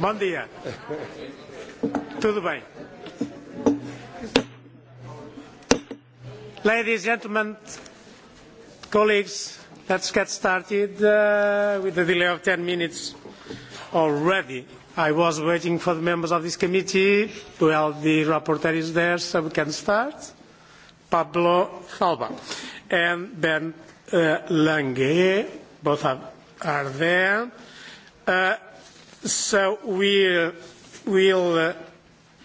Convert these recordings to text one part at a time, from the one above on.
Bom dia. Tudo bem. Ladies, gentlemen, colleagues, let's get started uh, with a delay of 10 minutes already. I was waiting for the members of this committee. Well, the rapporteur is there, so we can start. Pablo Halba and Ben uh, Lange, both are, are there. Uh, So uh, we'll uh,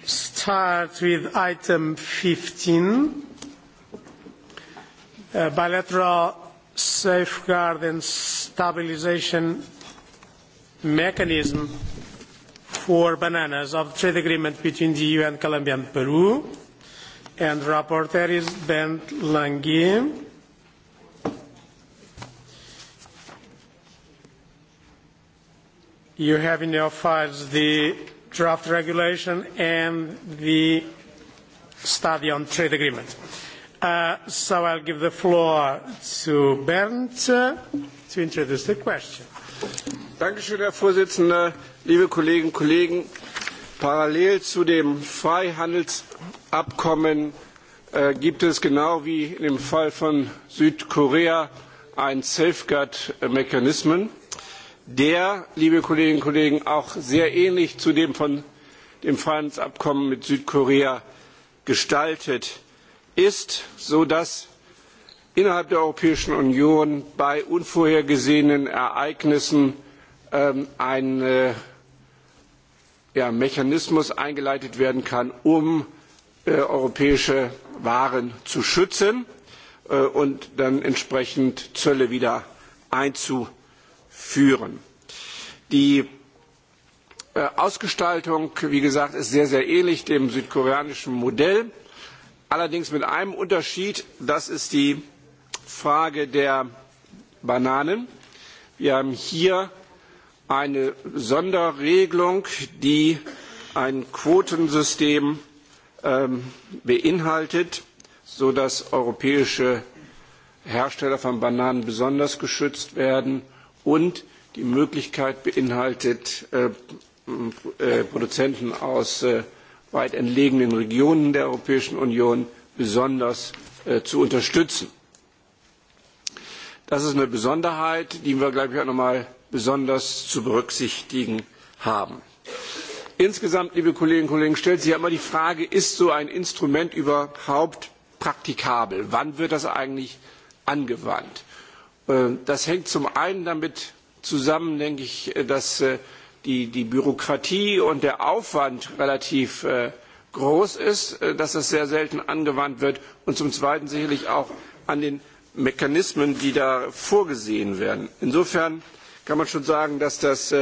start with item 15, uh, bilateral safeguard and stabilization mechanism for bananas of the trade agreement between the EU and Colombia and Peru, and rapporteur is Ben Lange. You have in your files the draft regulation and the study on trade agreement. Uh, so I'll give the floor to Bernd uh, to introduce the question. Dankeschön, Herr Vorsitzender, liebe Kolleginnen und Kollegen. Parallel zu dem Freihandelsabkommen äh, gibt es genau wie im Fall von Südkorea ein Safeguard-Mechanismus der liebe kolleginnen und kollegen auch sehr ähnlich zu dem von dem freihandelsabkommen mit südkorea gestaltet ist sodass innerhalb der europäischen union bei unvorhergesehenen ereignissen ähm, ein äh, ja, mechanismus eingeleitet werden kann um äh, europäische waren zu schützen äh, und dann entsprechend zölle wieder einzuführen führen. Die äh, Ausgestaltung, wie gesagt, ist sehr, sehr ähnlich dem südkoreanischen Modell, allerdings mit einem Unterschied, das ist die Frage der Bananen. Wir haben hier eine Sonderregelung, die ein Quotensystem ähm, beinhaltet, sodass europäische Hersteller von Bananen besonders geschützt werden und die Möglichkeit beinhaltet, äh, äh, Produzenten aus äh, weit entlegenen Regionen der Europäischen Union besonders zu unterstützen. Das ist eine Besonderheit, die wir, glaube ich, auch noch einmal besonders zu berücksichtigen haben. Insgesamt, liebe Kolleginnen und Kollegen, stellt sich ja immer die Frage, ist so ein Instrument überhaupt praktikabel? Wann wird das eigentlich angewandt? Ähm, das hängt zum einen damit zusammen, denke ich, äh, dass äh, die, die Bürokratie und der Aufwand relativ äh, groß ist, dass das sehr selten angewandt wird und zum zweiten sicherlich auch an den Mechanismen, die da vorgesehen werden. Insofern kann man schon sagen, dass das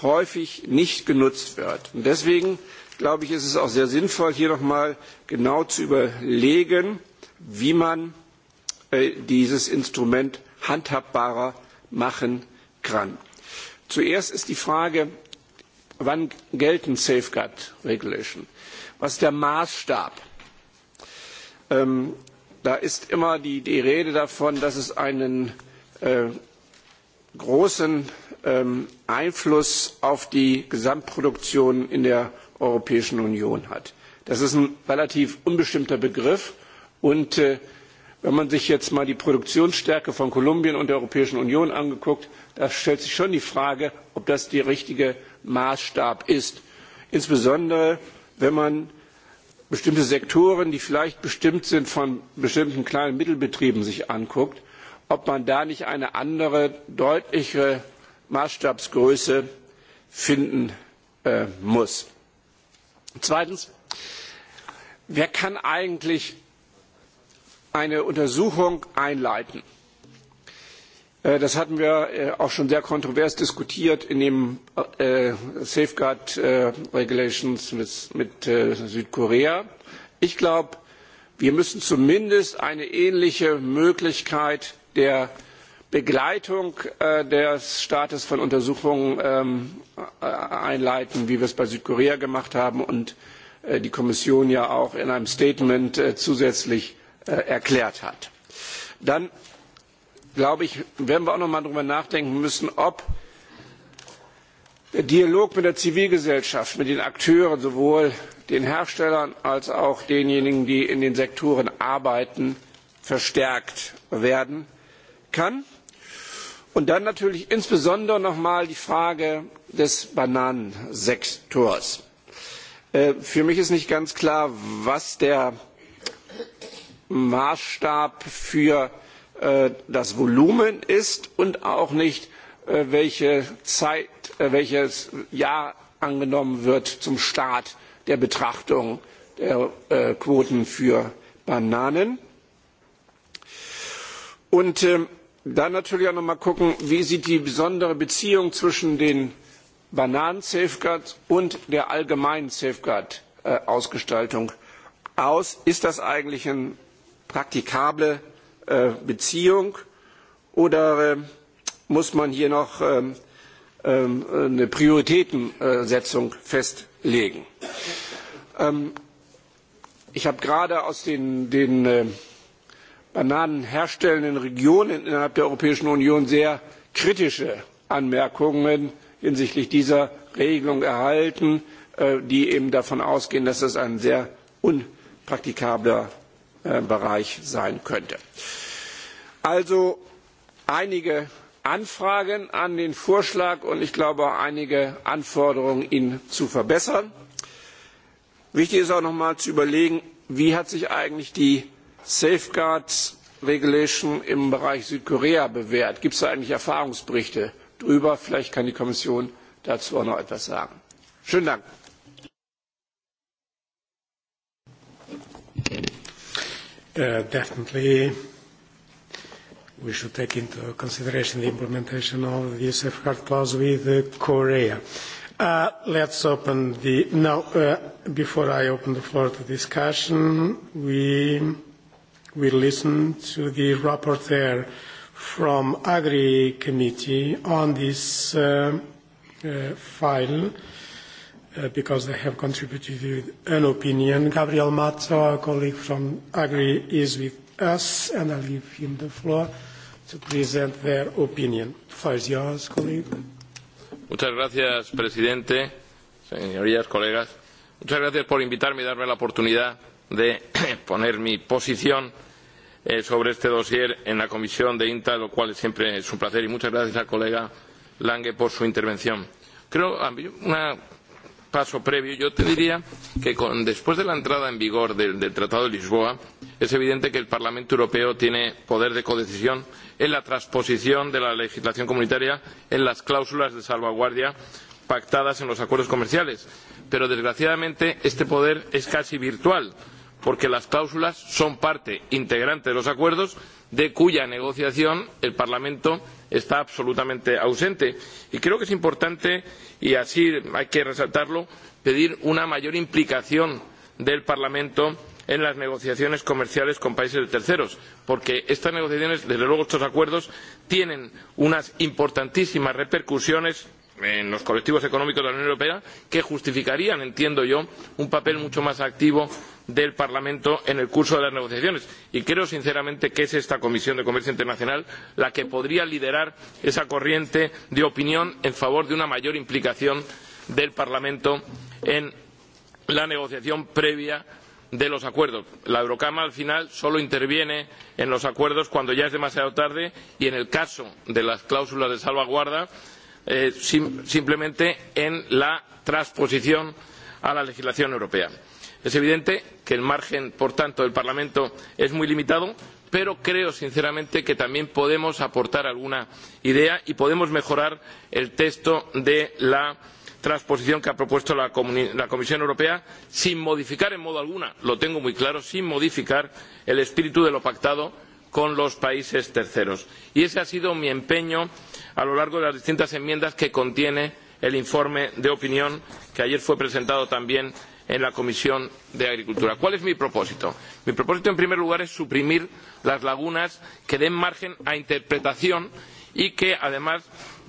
häufig nicht genutzt wird. Und deswegen glaube ich, ist es auch sehr sinnvoll, hier nochmal genau zu überlegen, wie man dieses Instrument handhabbarer machen kann. Zuerst ist die Frage, wann gelten Safeguard Regulations? Was ist der Maßstab? Ähm, da ist immer die, die Rede davon, dass es einen äh, großen ähm, Einfluss auf die Gesamtproduktion in der Europäischen Union hat. Das ist ein relativ unbestimmter Begriff und äh, Wenn man sich jetzt mal die Produktionsstärke von Kolumbien und der Europäischen Union anguckt, da stellt sich schon die Frage, ob das der richtige Maßstab ist. Insbesondere, wenn man bestimmte Sektoren, die vielleicht bestimmt sind von bestimmten kleinen und Mittelbetrieben, sich anguckt, ob man da nicht eine andere, deutlichere Maßstabsgröße finden äh, muss. Zweitens, wer kann eigentlich eine Untersuchung einleiten. Äh, das hatten wir äh, auch schon sehr kontrovers diskutiert in dem äh, Safeguard Regulations mit Südkorea. Ich glaube, wir müssen zumindest eine ähnliche Möglichkeit der Begleitung des Staates von Untersuchungen ähm, einleiten, wie wir es bei Südkorea gemacht haben und die Kommission ja auch in einem Statement zusätzlich Äh, erklärt hat. dann glaube ich werden wir auch noch einmal darüber nachdenken müssen ob der dialog mit der zivilgesellschaft mit den akteuren sowohl den herstellern als auch denjenigen die in den sektoren arbeiten verstärkt werden kann. und dann natürlich insbesondere noch einmal die frage des bananensektors. Äh, für mich ist nicht ganz klar was der maßstab für äh, das volumen ist und auch nicht äh, welche zeit äh, welches jahr angenommen wird zum start der betrachtung der quoten für bananen. und ähm, dann natürlich auch noch mal gucken wie sieht die besondere beziehung zwischen den bananen safeguards und der allgemeinen safeguard ausgestaltung aus? ist das eigentlich ein praktikable äh, Beziehung oder äh, muss man hier noch äh, äh, eine Prioritätensetzung festlegen? Ähm, ich habe gerade aus den, den äh, bananenherstellenden Regionen innerhalb der Europäischen Union sehr kritische Anmerkungen hinsichtlich dieser Regelung erhalten, äh, die eben davon ausgehen, dass das ein sehr unpraktikabler Äh, Bereich sein könnte. Also einige Anfragen an den Vorschlag und ich glaube auch einige Anforderungen, ihn zu verbessern. Wichtig ist auch noch einmal zu überlegen, wie hat sich eigentlich die Safeguards Regulation im Bereich Südkorea bewährt? Gibt es da eigentlich Erfahrungsberichte darüber? Vielleicht kann die Kommission dazu auch noch etwas sagen. Schönen Dank. Uh, definitely we should take into consideration the implementation of the safeguard clause with uh, Korea. Uh, let's open the... Now, uh, before I open the floor to discussion, we will listen to the rapporteur from Agri Committee on this uh, uh, file. Uh, because they have contributed with an opinion. Gabriel Mato, our colleague from Agri, is with us, and I'll give him the floor to present their opinion. The floor is yours, colleague. Muchas gracias, presidente, señorías, colegas. Muchas gracias por invitarme y darme la oportunidad de poner mi posición eh, sobre este dossier en la comisión de INTA, lo cual siempre es un placer. Y muchas gracias al colega Lange por su intervención. Creo, una paso previo. Yo te diría que con, después de la entrada en vigor del, del Tratado de Lisboa, es evidente que el Parlamento Europeo tiene poder de codecisión en la transposición de la legislación comunitaria en las cláusulas de salvaguardia pactadas en los acuerdos comerciales. Pero, desgraciadamente, este poder es casi virtual porque las cláusulas son parte integrante de los acuerdos de cuya negociación el Parlamento está absolutamente ausente. Y creo que es importante, y así hay que resaltarlo, pedir una mayor implicación del Parlamento en las negociaciones comerciales con países de terceros, porque estas negociaciones, desde luego estos acuerdos, tienen unas importantísimas repercusiones en los colectivos económicos de la Unión Europea que justificarían, entiendo yo, un papel mucho más activo del parlamento en el curso de las negociaciones y creo sinceramente que es esta comisión de comercio internacional la que podría liderar esa corriente de opinión en favor de una mayor implicación del parlamento en la negociación previa de los acuerdos. La Eurocámara, al final, solo interviene en los acuerdos cuando ya es demasiado tarde y, en el caso de las cláusulas de salvaguarda, eh, sim simplemente en la transposición a la legislación europea es evidente que el margen por tanto del parlamento es muy limitado pero creo sinceramente que también podemos aportar alguna idea y podemos mejorar el texto de la transposición que ha propuesto la, la Comisión Europea sin modificar en modo alguno lo tengo muy claro sin modificar el espíritu de lo pactado con los países terceros. Y ese ha sido mi empeño a lo largo de las distintas enmiendas que contiene el informe de opinión que ayer fue presentado también en la comisión de agricultura. cuál es mi propósito? mi propósito en primer lugar es suprimir las lagunas que den margen a interpretación y que además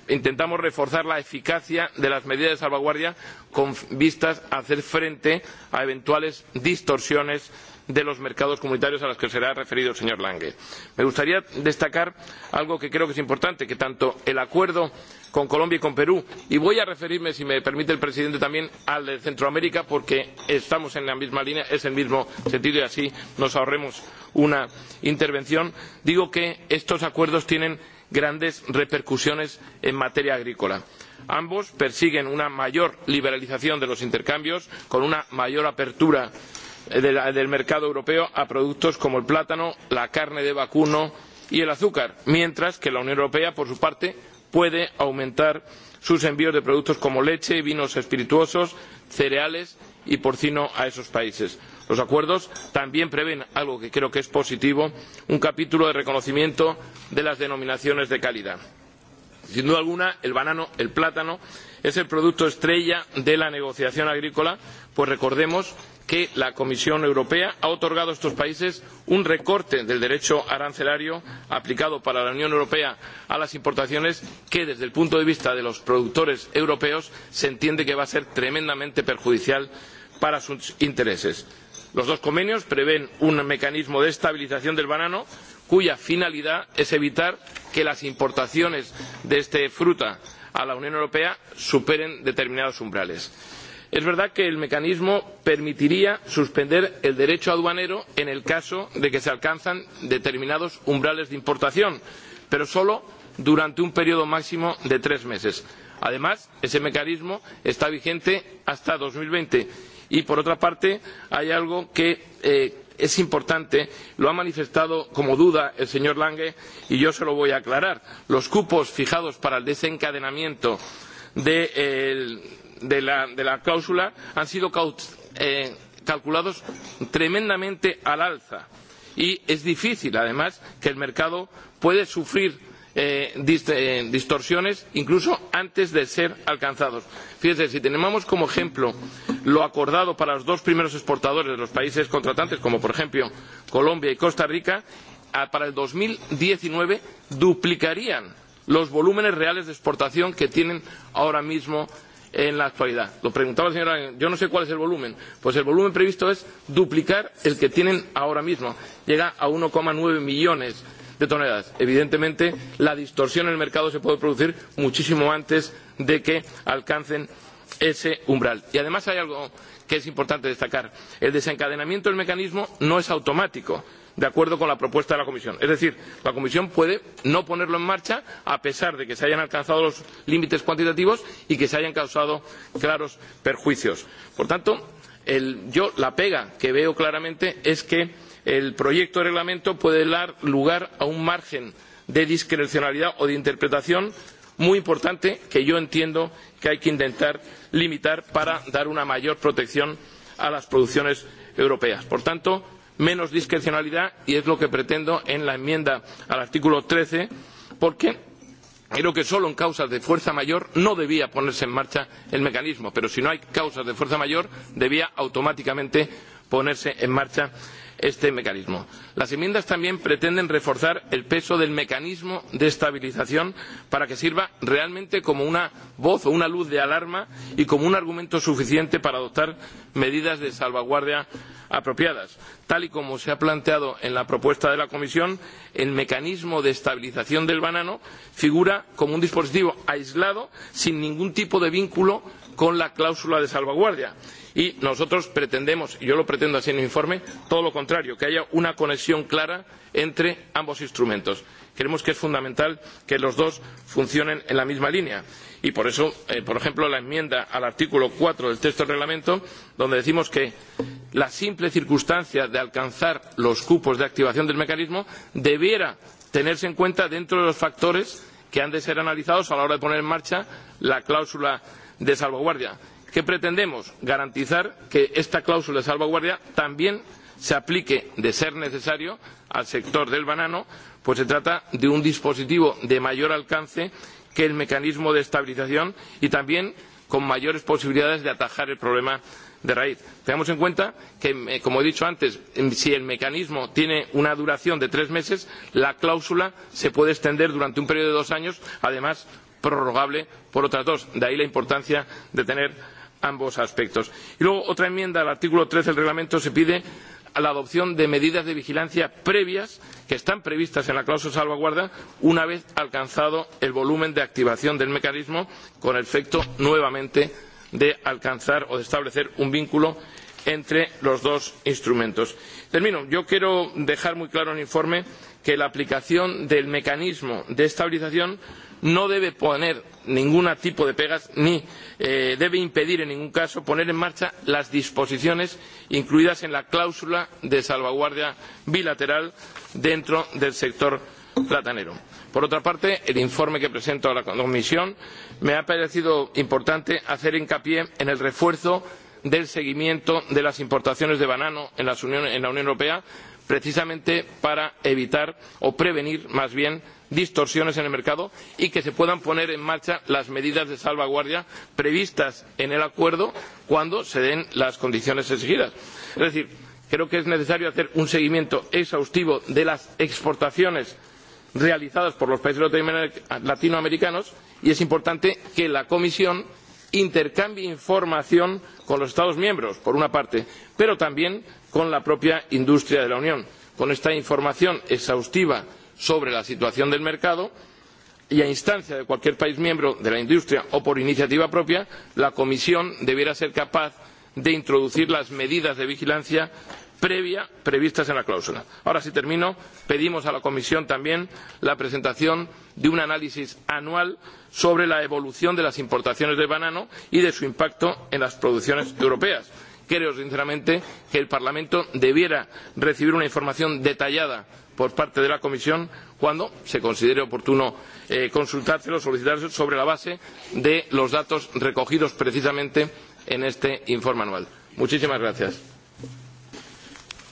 intentamos reforzar la eficacia de las medidas de salvaguardia con vistas a hacer frente a eventuales distorsiones de los mercados comunitarios a las que se ha referido el señor Lange. Me gustaría destacar algo que creo que es importante, que tanto el acuerdo con Colombia y con Perú, y voy a referirme, si me permite el presidente, también al de Centroamérica, porque estamos en la misma línea, es el mismo sentido y así nos ahorremos una intervención. Digo que estos acuerdos tienen grandes repercusiones en materia agrícola. Ambos persiguen una mayor liberalización de los intercambios, con una mayor apertura Eh, del mercado europeo a productos como el plátano la carne de vacuno y el azúcar mientras que la unión europea por su parte puede aumentar sus envíos de productos como leche vinos espirituosos cereales y porcino a esos países. los acuerdos también prevén algo que creo que es positivo un capítulo de reconocimiento de las denominaciones de calidad. sin duda alguna el banano el plátano es el producto estrella de la negociación agrícola pues recordemos que la comisión europea ha otorgado a estos países un recorte del derecho arancelario aplicado para la unión europea a las importaciones que desde el punto de vista de los productores europeos se entiende que va a ser tremendamente perjudicial para sus intereses. Los dos convenios prevén un mecanismo de estabilización del banano cuya finalidad es evitar que las importaciones de esta fruta a la Unión Europea superen determinados umbrales es verdad que el mecanismo permitiría suspender el derecho aduanero en el caso de que se alcancen determinados umbrales de importación pero solo durante un periodo máximo de tres meses. además ese mecanismo está vigente hasta dos mil veinte y por otra parte hay algo que eh, es importante lo ha manifestado como duda el señor lange y yo se lo voy a aclarar los cupos fijados para el desencadenamiento del de de la cláusula han sido eh, calculados tremendamente al alza y es difícil además que el mercado puede sufrir eh, dist eh, distorsiones incluso antes de ser alcanzados. Fíjense, si tenemos como ejemplo lo acordado para los dos primeros exportadores de los países contratantes, como por ejemplo Colombia y Costa Rica, a, para el 2019 duplicarían los volúmenes reales de exportación que tienen ahora mismo en la actualidad. Lo preguntaba la señora, yo no sé cuál es el volumen. Pues el volumen previsto es duplicar el que tienen ahora mismo. Llega a 1,9 millones de toneladas. Evidentemente, la distorsión en el mercado se puede producir muchísimo antes de que alcancen ese umbral. Y además hay algo que es importante destacar. El desencadenamiento del mecanismo no es automático de acuerdo con la propuesta de la comisión es decir la comisión puede no ponerlo en marcha a pesar de que se hayan alcanzado los límites cuantitativos y que se hayan causado claros perjuicios. por tanto yo la pega que veo claramente es que el proyecto de reglamento puede dar lugar a un margen de discrecionalidad o de interpretación muy importante que yo entiendo que hay que intentar limitar para dar una mayor protección a las producciones europeas. por tanto menos discrecionalidad y es lo que pretendo en la enmienda al artículo trece porque creo que solo en causas de fuerza mayor no debía ponerse en marcha el mecanismo pero si no hay causas de fuerza mayor debía automáticamente ponerse en marcha este mecanismo. las enmiendas también pretenden reforzar el peso del mecanismo de estabilización para que sirva realmente como una voz o una luz de alarma y como un argumento suficiente para adoptar medidas de salvaguardia apropiadas. tal y como se ha planteado en la propuesta de la comisión el mecanismo de estabilización del banano figura como un dispositivo aislado sin ningún tipo de vínculo con la cláusula de salvaguardia y nosotros pretendemos y yo lo pretendo así en el informe todo lo contrario que haya una conexión clara entre ambos instrumentos. Creemos que es fundamental que los dos funcionen en la misma línea y por eso, eh, por ejemplo, la enmienda al artículo 4 del texto del reglamento, donde decimos que la simple circunstancia de alcanzar los cupos de activación del mecanismo debiera tenerse en cuenta dentro de los factores que han de ser analizados a la hora de poner en marcha la cláusula de salvaguardia. ¿Qué pretendemos? Garantizar que esta cláusula de salvaguardia también se aplique, de ser necesario, al sector del banano, pues se trata de un dispositivo de mayor alcance que el mecanismo de estabilización y también con mayores posibilidades de atajar el problema de raíz. Tenemos en cuenta que, eh, como he dicho antes, si el mecanismo tiene una duración de tres meses, la cláusula se puede extender durante un periodo de dos años, además prorrogable por otras dos de ahí la importancia de tener ambos aspectos. y luego otra enmienda al artículo tres del reglamento se pide la adopción de medidas de vigilancia previas que están previstas en la cláusula de salvaguardia una vez alcanzado el volumen de activación del mecanismo con el efecto nuevamente de alcanzar o de establecer un vínculo entre los dos instrumentos. Termino. Yo quiero dejar muy claro en el informe que la aplicación del mecanismo de estabilización no debe poner ningún tipo de pegas ni eh, debe impedir en ningún caso poner en marcha las disposiciones incluidas en la cláusula de salvaguardia bilateral dentro del sector platanero. por otra parte el informe que presento a la comisión me ha parecido importante hacer hincapié en el refuerzo del seguimiento de las importaciones de banano en la unión europea precisamente para evitar o prevenir más bien distorsiones en el mercado y que se puedan poner en marcha las medidas de salvaguardia previstas en el acuerdo cuando se den las condiciones exigidas. Es decir, creo que es necesario hacer un seguimiento exhaustivo de las exportaciones realizadas por los países latinoamericanos y es importante que la Comisión intercambie información con los Estados miembros, por una parte, pero también con la propia industria de la Unión. Con esta información exhaustiva sobre la situación del mercado y a instancia de cualquier país miembro de la industria o por iniciativa propia, la Comisión debiera ser capaz de introducir las medidas de vigilancia previa previstas en la cláusula. Ahora, si termino, pedimos a la Comisión también la presentación de un análisis anual sobre la evolución de las importaciones de banano y de su impacto en las producciones europeas creo sinceramente que el Parlamento debiera recibir una información detallada por parte de la Comisión cuando se considere oportuno eh, consultárselo, solicitárselo sobre la base de los datos recogidos precisamente en este informe anual. Muchísimas gracias.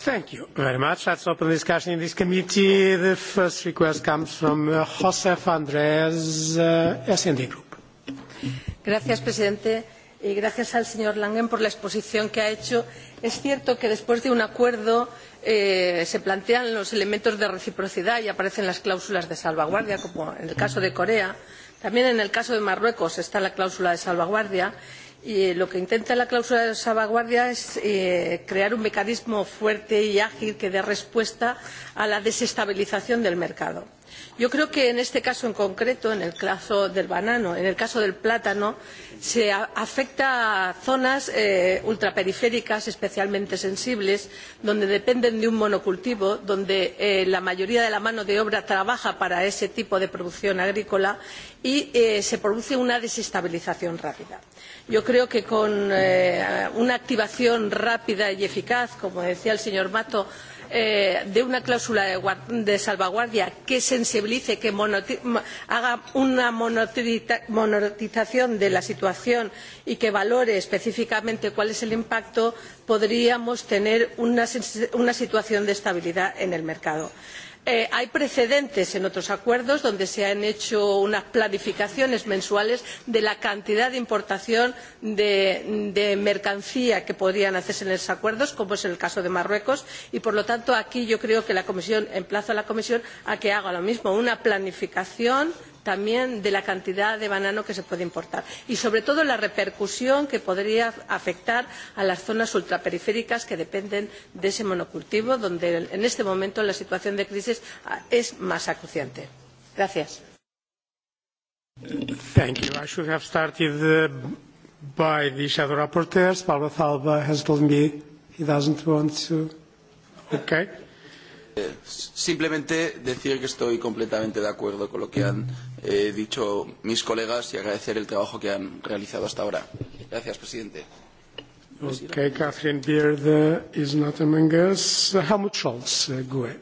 Thank you very much. Let's open the discussion in this committee. The first request comes from uh, Josef Andres, uh, SND Group. Gracias, Presidente y gracias al señor langen por la exposición que ha hecho. es cierto que después de un acuerdo eh, se plantean los elementos de reciprocidad y aparecen las cláusulas de salvaguardia como en el caso de corea. también en el caso de marruecos está la cláusula de salvaguardia y eh, lo que intenta la cláusula de salvaguardia es eh, crear un mecanismo fuerte y ágil que dé respuesta a la desestabilización del mercado yo creo que en este caso en concreto en el caso del banano en el caso del plátano se afecta a zonas eh, ultraperiféricas especialmente sensibles donde dependen de un monocultivo donde eh, la mayoría de la mano de obra trabaja para ese tipo de producción agrícola y eh, se produce una desestabilización rápida. yo creo que con una activación rápida y eficaz como decía el señor mato Eh, de una cláusula de salvaguardia que sensibilice que haga una monitorización de la situación y que valore específicamente cuál es el impacto podríamos tener una situación de estabilidad en el mercado. por Eh, hay precedentes en otros acuerdos en los que se han hecho unas planificaciones mensuales de la cantidad de importación de mercancía que podría hacerse en esos acuerdos como es el caso de marruecos y por lo tanto aquí emplazo a la comisión a que haga lo mismo una planificación de también de la cantidad de banano que se puede importar y sobre todo la repercusión que podría afectar a las zonas ultraperiféricas que dependen de ese monocultivo donde en este momento la situación de crisis es más acuciante. Gracias. Thank you. I should have started uh, by the shadow rapporteurs. Pablo Zalba has told me he doesn't want to. Okay. Eh, simplemente decir que estoy completamente de acuerdo con lo que han eh, dicho mis colegas y agradecer el trabajo que han realizado hasta ahora. Gracias, presidente. Okay, Catherine Beard uh, is not among us. Uh, Helmut Scholz, uh, go ahead.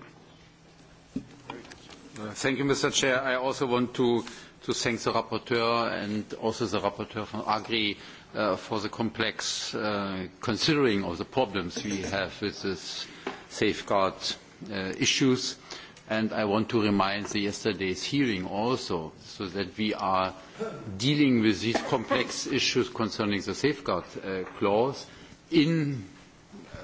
Uh, thank you, Mr. Chair. I also want to, to thank the rapporteur and also the rapporteur from AGRI uh, for the complex uh, considering of the problems we have with this safeguard uh, issues and I want to remind the yesterday's hearing also, so that we are dealing with these complex issues concerning the safeguard uh, clause in, uh,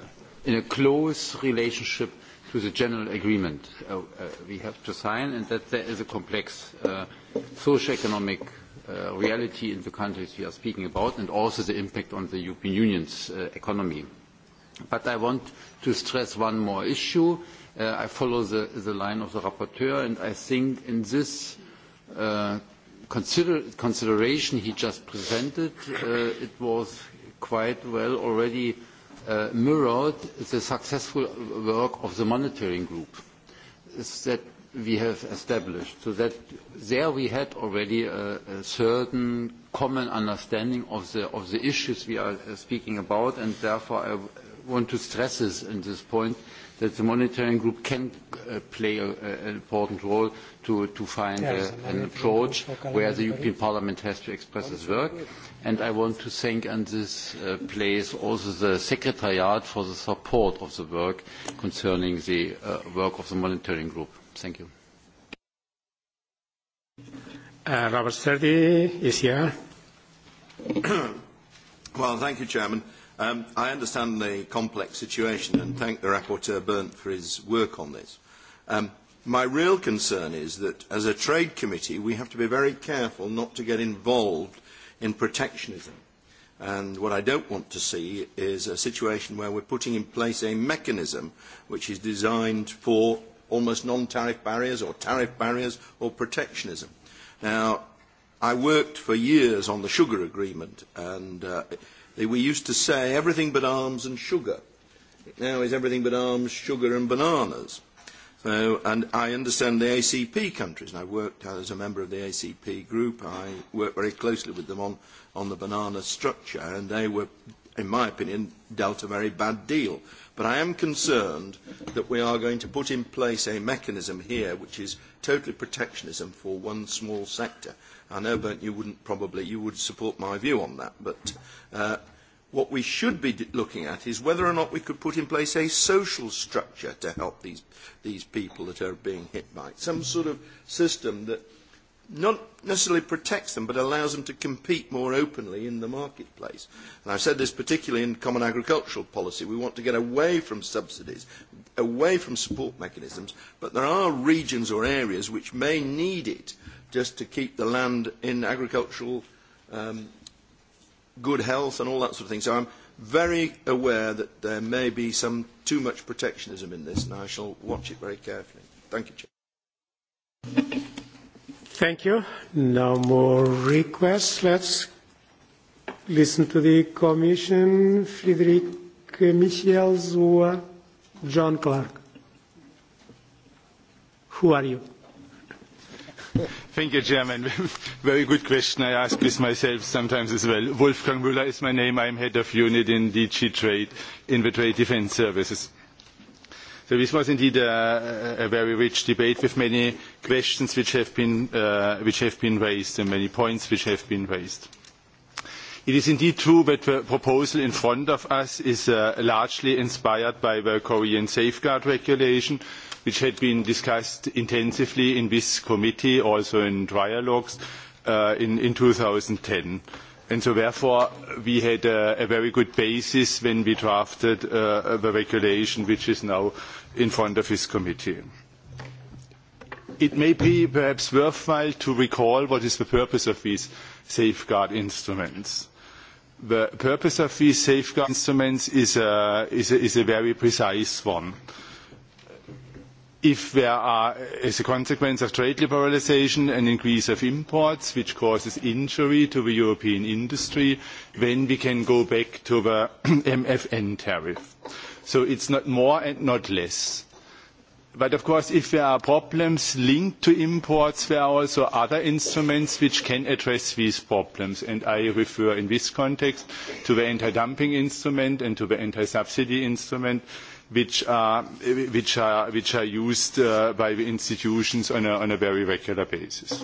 in a close relationship to the general agreement uh, uh, we have to sign, and that there is a complex uh, socio-economic uh, reality in the countries we are speaking about, and also the impact on the European Union's uh, economy. But I want to stress one more issue. Uh, I follow the, the line of the rapporteur, and I think in this uh, consider, consideration he just presented, uh, it was quite well already uh, mirrored the successful work of the monitoring group that we have established. So that there we had already a, a certain common understanding of the, of the issues we are uh, speaking about, and therefore I want to stress this in this point that the monitoring group can uh, play an important role to find an approach where the European Parliament has to express its work. I want to thank in this uh, place also the secretariat for the support of the work concerning the uh, work of the monitoring group. Thank you. Robert Sturdy is here. Well, thank you, Chairman. Um, I understand the complex situation and thank the rapporteur Bernd for his work on this. Um, my real concern is that as a trade committee we have to be very careful not to get involved in protectionism. And what I don't want to see is a situation where we're putting in place a mechanism which is designed for almost non-tariff barriers or tariff barriers or protectionism. Now, I worked for years on the sugar agreement and uh, We used to say everything but arms and sugar. Now is everything but arms, sugar and bananas. So, and I understand the ACP countries, and I've worked as a member of the ACP group. I worked very closely with them on, on the banana structure, and they were, in my opinion, dealt a very bad deal. But I am concerned that we are going to put in place a mechanism here which is totally protectionism for one small sector. I know, Bernd, you wouldn't probably, you would support my view on that, but uh, what we should be looking at is whether or not we could put in place a social structure to help these, these people that are being hit by it, some sort of system that not necessarily protects them, but allows them to compete more openly in the marketplace. And I've said this particularly in common agricultural policy. We want to get away from subsidies, away from support mechanisms, but there are regions or areas which may need it just to keep the land in agricultural um, good health and all that sort of thing. So I'm very aware that there may be some too much protectionism in this, and I shall watch it very carefully. Thank you, Chair. Thank you. No more requests. Let's listen to the Commission. Friedrich Michel Zua, John Clark. Who are you? Thank you, Chairman. Very good question. I ask this myself sometimes as well. Wolfgang Müller is my name. I'm head of unit in DG Trade in the Trade Defence Services. So this was indeed a, a very rich debate with many questions which have been uh, which have been raised and many points which have been raised. It is indeed true that the proposal in front of us is uh, largely inspired by the Korean Safeguard Regulation, which had been discussed intensively in this committee, also in trialogues uh, in, in 2010. And so therefore, we had a, a very good basis when we drafted uh, the regulation, which is now in front of this committee. It may be perhaps worthwhile to recall what is the purpose of these safeguard instruments. The purpose of these safeguard instruments is a, is a, is a very precise one. Uh, If there are, uh, as a consequence of trade liberalization, an increase of imports, which causes injury to the European industry, then we can go back to the MFN tariff. So it's not more and not less. But of course, if there are problems linked to imports, there are also other instruments which can address these problems, and I refer in this context to the anti-dumping instrument and to the anti-subsidy instrument, which are used uh, by the institutions on a very regular basis.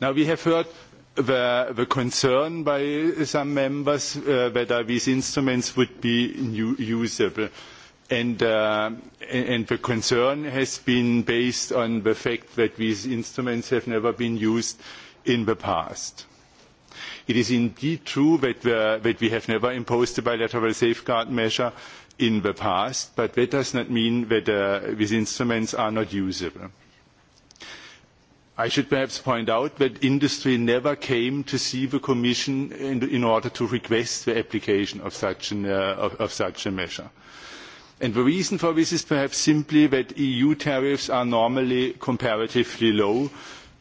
now we have heard the concern by some members uh, whether these instruments would be usable uh, and the concern has been based on the fact that these instruments have never been used in the past. it is indeed true that we have never imposed a bilateral safeguard measure in the past, but that does not mean that uh, these instruments are not usable. I should perhaps point out that industry never came to see the Commission in order to request the application of such uh, a measure. The reason for this is perhaps simply that EU tariffs are normally comparatively low.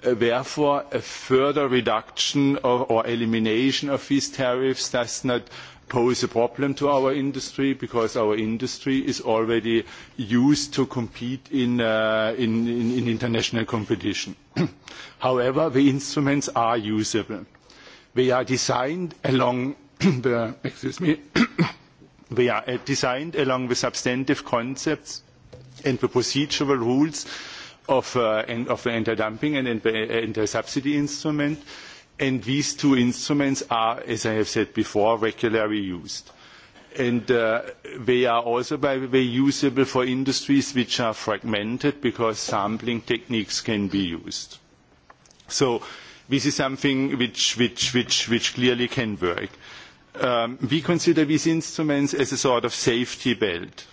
Uh, therefore, a further reduction or elimination of these tariffs does not pose a problem to our industry because our industry is already used to compete in, uh, in, in, in international competition. However, the instruments are usable. They are designed along the, excuse me, they are uh, designed along the substantive concepts and the procedural rules of, uh, and of the anti-dumping and anti-subsidy instrument and these two instruments are as i have said before regularly used and uh, they are also by the way usable for industries which are fragmented because sampling techniques can be used so this is something which, which, which, which clearly can work. Um, we consider these instruments as a sort of safety belt.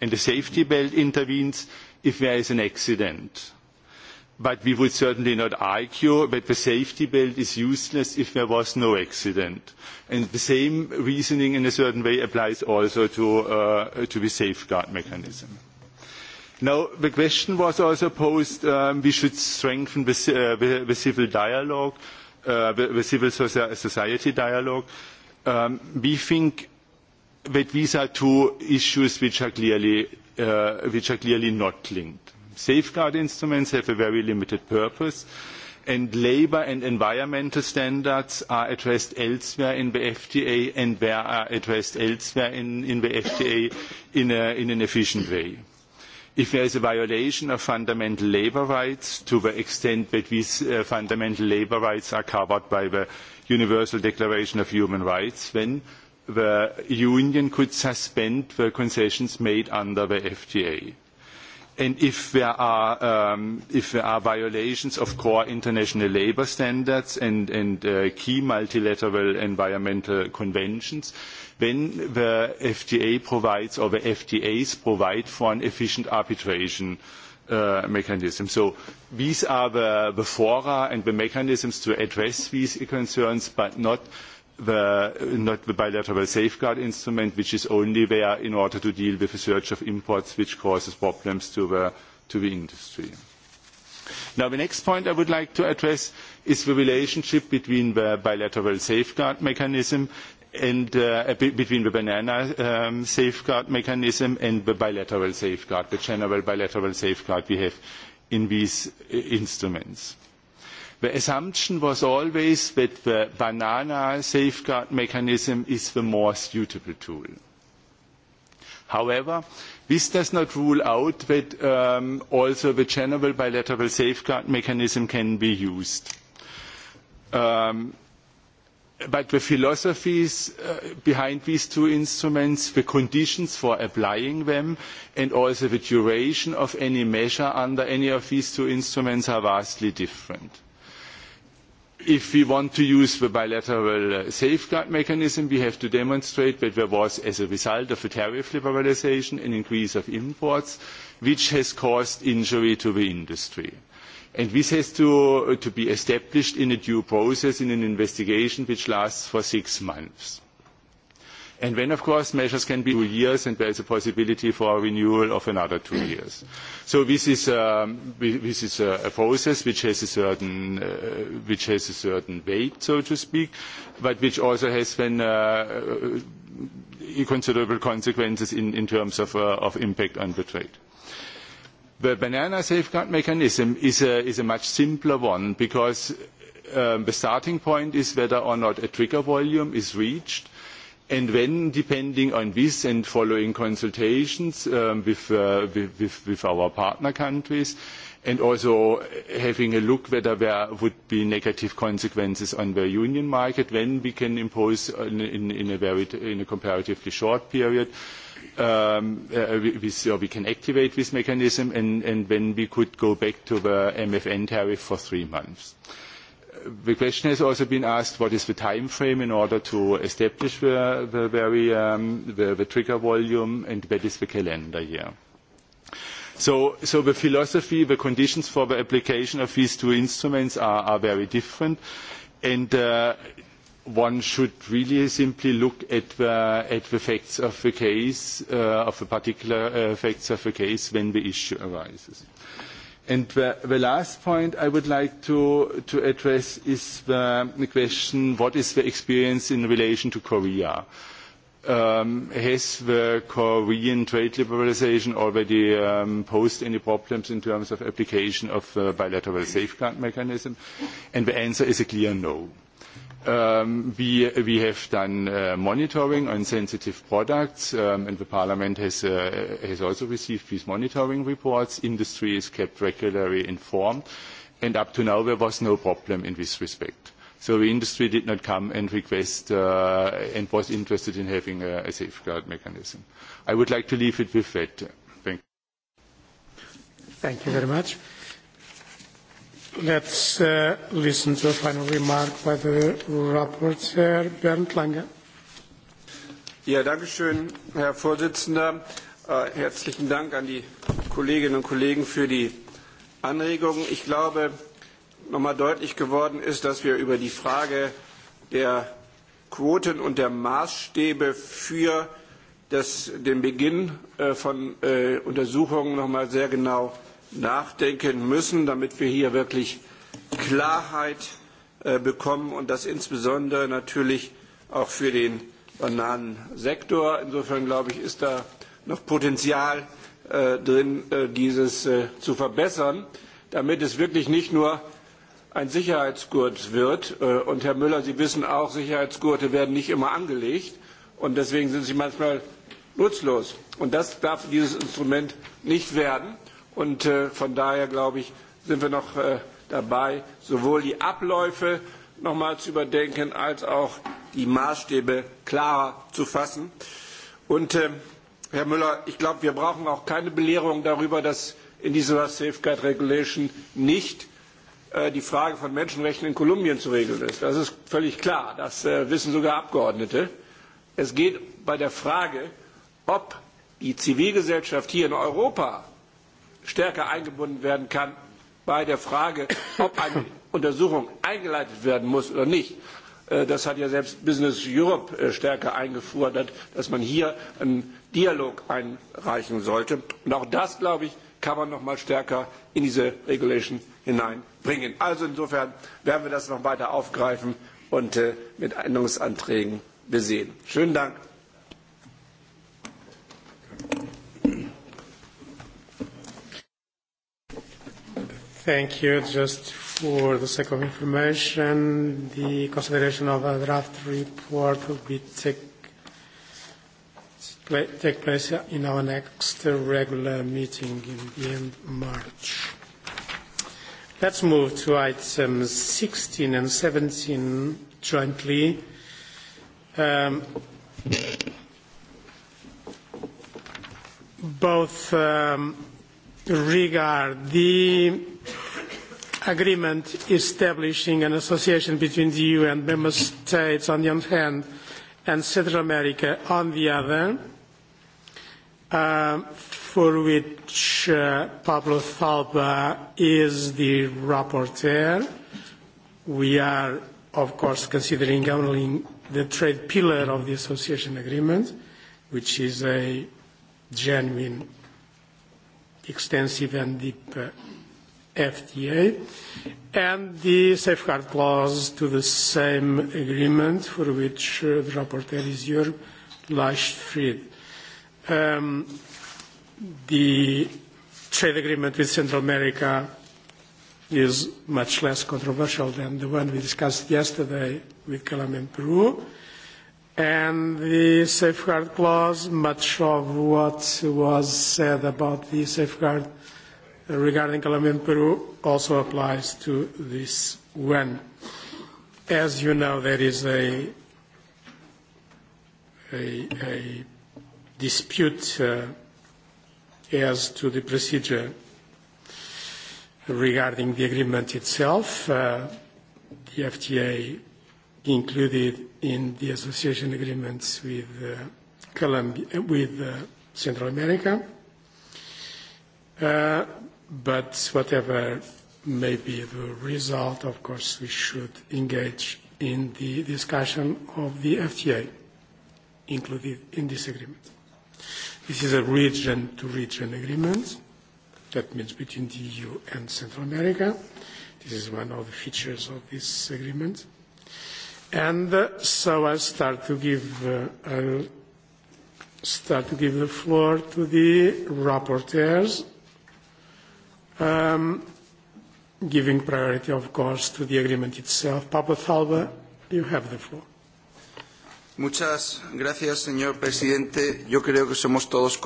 And the safety belt intervenes if there is an accident but we would certainly not argue that the safety belt is useless if there was no accident. And the same reasoning in a certain way applies also to, uh, to the safeguard mechanism. Now, the question was also posed, um, we should strengthen the, uh, the, the civil dialogue, uh, the, the civil socia- society dialogue. Um, we think that these are two issues which are clearly, uh, which are clearly not linked safeguard instruments have a very limited purpose. And labor and environmental standards are addressed elsewhere in the FDA and they are addressed elsewhere in, in the FDA in, a, in an efficient way. If there is a violation of fundamental labor rights to the extent that these uh, fundamental labor rights are covered by the Universal Declaration of Human Rights, then the union could suspend the concessions made under the FDA. Um, if there are violations of core international labor standards and uh, key multilateral environmental conventions, then the FTA provides or the FTAs provide for an efficient arbitration uh, mechanism. These are the fora and the mechanisms to address these concerns, but not the bilateral safeguard instrument which is only there in order to deal with a surge of imports which causes problems to the, to the industry. Now the next point I would like to address is the relationship between the bilateral safeguard mechanism and uh, between the banana um, safeguard mechanism and the bilateral safeguard, the general bilateral safeguard we have in these uh, instruments the assumption was always that the banana safeguard mechanism is the more suitable tool. however this does not rule out that um, also the general bilateral safeguard mechanism can be used. Um, but the philosophies uh, behind these two instruments, the conditions for applying them, and also the duration of any measure under any of these two instruments are vastly different if we want to use the bilateral uh, safeguard mechanism, we have to demonstrate that there was, as a result of the tariff liberalization, an increase of imports, which has caused injury to the industry. And this has to, uh, to be established in a due process in an investigation which lasts for six months when of course measures can be two years and there is a possibility for a renewal of another two years. So this is, um, this is uh, a process which has a certain, uh, which has a certain weight, so to speak, but which also has been uh, uh, considerable consequences in, in terms of, uh, of impact on the trade. The banana safeguard mechanism is a, is a much simpler one because um, the starting point is whether or not a trigger volume is reached When depending on this and following consultations um, uh, with our partner countries and also having a look whether there would be negative consequences on the union market, then we can impose in a comparatively short period, this um, uh, or we can activate this mechanism and then we could go back to the MFN tariff for three months the question has also been asked what is the time frame in order to establish the, the, very, um, the, the trigger volume and that is the calendar year. So, so the philosophy, the conditions for the application of these two instruments are, are very different and uh, one should really simply look at the, at the facts of the case, uh, of the particular uh, facts of the case when the issue arises. Uh, The last point I would like to address is the question, what is the experience in relation to Korea? Um, has the Korean trade liberalization already um, posed any problems in terms of application of the bilateral safeguard mechanism? The answer is a clear no. Um, we have done uh, monitoring on sensitive products, um, and the parliament uh, has also received these monitoring reports. Industry is kept regularly informed, and up to now, there was no problem in this respect. So the industry did not come and request uh, and was interested in having a safeguard mechanism. I would like to leave it with that. Thank you. Thank you very much. Let's uh, listen to a final remark by the rapporteur, Bernd Lange. Ja, danke schön, Herr Vorsitzender. Äh, herzlichen Dank an die Kolleginnen und Kollegen für die Anregungen. Ich glaube, nochmal deutlich geworden ist, dass wir über die Frage der Quoten und der Maßstäbe für das, den Beginn äh, von äh, Untersuchungen nochmal sehr genau nachdenken müssen, damit wir hier wirklich Klarheit äh, bekommen und das insbesondere natürlich auch für den Bananensektor. Insofern glaube ich, ist da noch Potenzial äh, drin, äh, dieses äh, zu verbessern, damit es wirklich nicht nur ein Sicherheitsgurt wird. Äh, und Herr Müller, Sie wissen auch, Sicherheitsgurte werden nicht immer angelegt und deswegen sind sie manchmal nutzlos. Und das darf dieses Instrument nicht werden. Und äh, von daher, glaube ich, sind wir noch äh, dabei, sowohl die Abläufe nochmal zu überdenken, als auch die Maßstäbe klarer zu fassen. Und äh, Herr Müller, ich glaube, wir brauchen auch keine Belehrung darüber, dass in dieser Safeguard Regulation nicht äh, die Frage von Menschenrechten in Kolumbien zu regeln ist. Das ist völlig klar. Das äh, wissen sogar Abgeordnete. Es geht bei der Frage, ob die Zivilgesellschaft hier in Europa stärker eingebunden werden kann bei der Frage, ob eine Untersuchung eingeleitet werden muss oder nicht. Äh, das hat ja selbst Business Europe äh, stärker eingefordert, dass man hier einen Dialog einreichen sollte. Und auch das, glaube ich, kann man noch mal stärker in diese Regulation hineinbringen. Also insofern werden wir das noch weiter aufgreifen und äh, mit Änderungsanträgen besehen. Schönen Dank. Thank you. Just for the sake of information, the consideration of a draft report will be take, take place in our next regular meeting in the end of March. Let's move to items 16 and 17 jointly. Um, both um, regard the agreement establishing an association between the EU and member states on the one hand and Central America on the other, uh, for which uh, Pablo Falba is the rapporteur. We are, of course, considering only the trade pillar of the association agreement, which is a genuine, extensive, and deep uh, FTA and the safeguard clause to the same agreement for which uh, the rapporteur is your last freed. Um, the trade agreement with Central America is much less controversial than the one we discussed yesterday with Calam and Peru. And the safeguard clause, much of what was said about the safeguard clause regarding Colombia and Peru also applies to this one. As you know, there is a, a, a dispute uh, as to the procedure regarding the agreement itself. Uh, the FTA included in the association agreements with uh, Colombia, with uh, Central America. Uh, but whatever may be the result, of course, we should engage in the discussion of the FTA included in this agreement. This is a region-to-region -region agreement. That means between the EU and Central America. This is one of the features of this agreement. And uh, so I'll start, to give, uh, I'll start to give the floor to the rapporteurs Um, giving priority, of course, to the agreement itself. Pablo Zalba, you have the floor. Muchas gracias, señor presidente. Yo creo que somos todos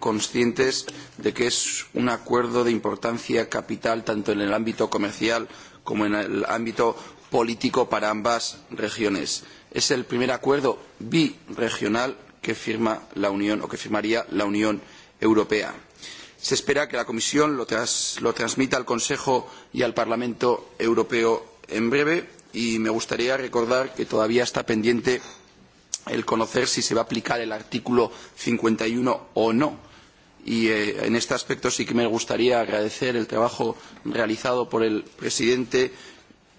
conscientes de que es un acuerdo de importancia capital tanto en el ámbito comercial como en el ámbito político para ambas regiones. Es el primer acuerdo biregional que firma la Unión o que firmaría la Unión Europea se espera que la comisión lo, tras, lo transmita al consejo y al parlamento europeo en breve y me gustaría recordar que todavía está pendiente el conocer si se va a aplicar el artículo 51 o no. Y eh, en este aspecto sí que me gustaría agradecer el trabajo realizado por el presidente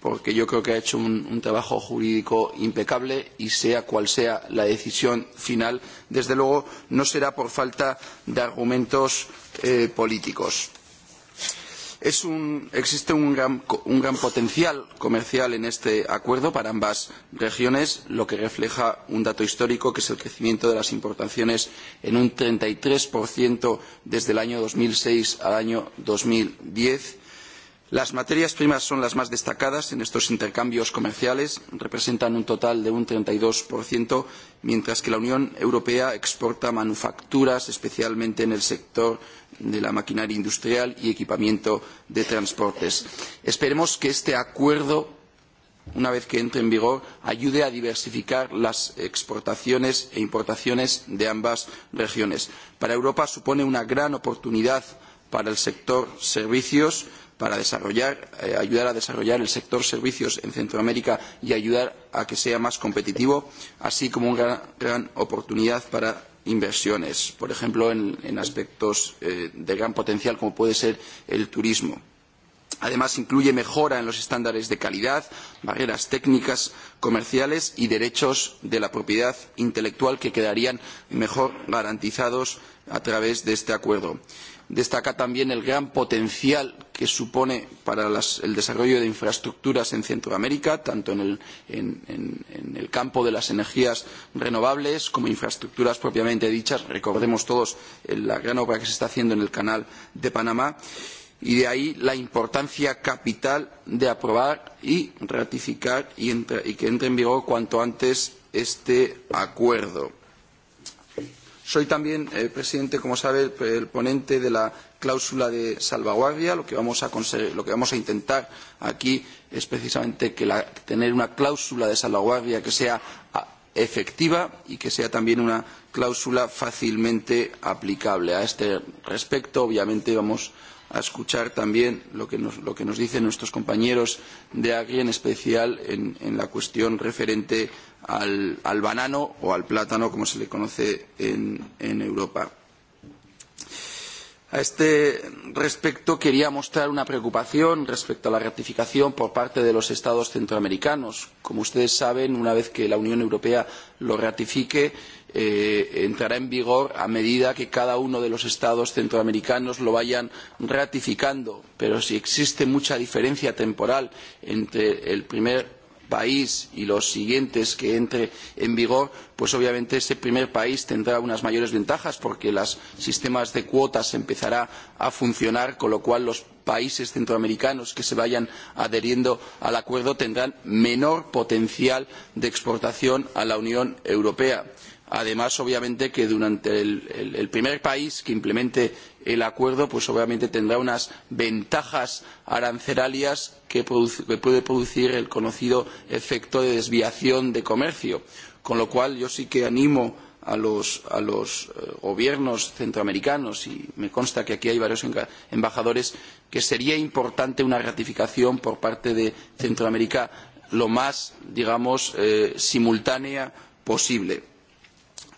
porque yo creo que ha hecho un, un trabajo jurídico impecable y sea cual sea la decisión final, desde luego no será por falta de argumentos eh, políticos. Es un, existe un gran, un gran potencial comercial en este acuerdo para ambas regiones, lo que refleja un dato histórico, que es el crecimiento de las importaciones en un 33% desde el año 2006 al año 2010. Las materias primas son las más destacadas en estos intercambios comerciales, representan un total de un 32%, mientras que la Unión Europea exporta manufacturas, especialmente en el sector de la maquinaria industrial y equipamiento de transportes. Esperemos que este acuerdo, una vez que entre en vigor, ayude a diversificar las exportaciones e importaciones de ambas regiones. Para Europa supone una gran oportunidad para el sector servicios, para desarrollar, eh, ayudar a desarrollar el sector servicios en Centroamérica y ayudar a que sea más competitivo, así como una gran, gran oportunidad para inversiones, por ejemplo, en, en aspectos eh, de gran potencial como puede ser el turismo. Además, incluye mejora en los estándares de calidad, barreras técnicas, comerciales y derechos de la propiedad intelectual que quedarían mejor garantizados a través de este acuerdo destaca también el gran potencial que supone para las, el desarrollo de infraestructuras en Centroamérica, tanto en el, en, en, en el campo de las energías renovables como infraestructuras propiamente dichas. Recordemos todos eh, la gran obra que se está haciendo en el canal de Panamá. Y de ahí la importancia capital de aprobar y ratificar y, entra, y que entre en vigor cuanto antes este acuerdo. Soy también, eh, presidente, como sabe, el ponente de la cláusula de salvaguardia. Lo que vamos a, conseguir, lo que vamos a intentar aquí es precisamente que la, tener una cláusula de salvaguardia que sea ah, efectiva y que sea también una cláusula fácilmente aplicable. A este respecto, obviamente, vamos a escuchar también lo que nos, lo que nos dicen nuestros compañeros de Agri, en especial en, en la cuestión referente a al, al banano o al plátano, como se le conoce en, en Europa. A este respecto quería mostrar una preocupación respecto a la ratificación por parte de los Estados centroamericanos. Como ustedes saben, una vez que la Unión Europea lo ratifique, eh, entrará en vigor a medida que cada uno de los Estados centroamericanos lo vayan ratificando. Pero si existe mucha diferencia temporal entre el primer país y los siguientes que entre en vigor, pues obviamente ese primer país tendrá unas mayores ventajas porque los sistemas de cuotas empezarán a funcionar, con lo cual los países centroamericanos que se vayan adheriendo al acuerdo tendrán menor potencial de exportación a la Unión Europea. Además, obviamente, que durante el, el, el primer país que implemente el acuerdo obviamente tendrá unas ventajas arancelarias que puede producir el conocido efecto de desviación de comercio. Con lo cual, yo sí que animo a los, a los eh, gobiernos centroamericanos y me consta que aquí hay varios embajadores que sería importante una ratificación por parte de Centroamérica lo más, digamos, eh, simultánea posible.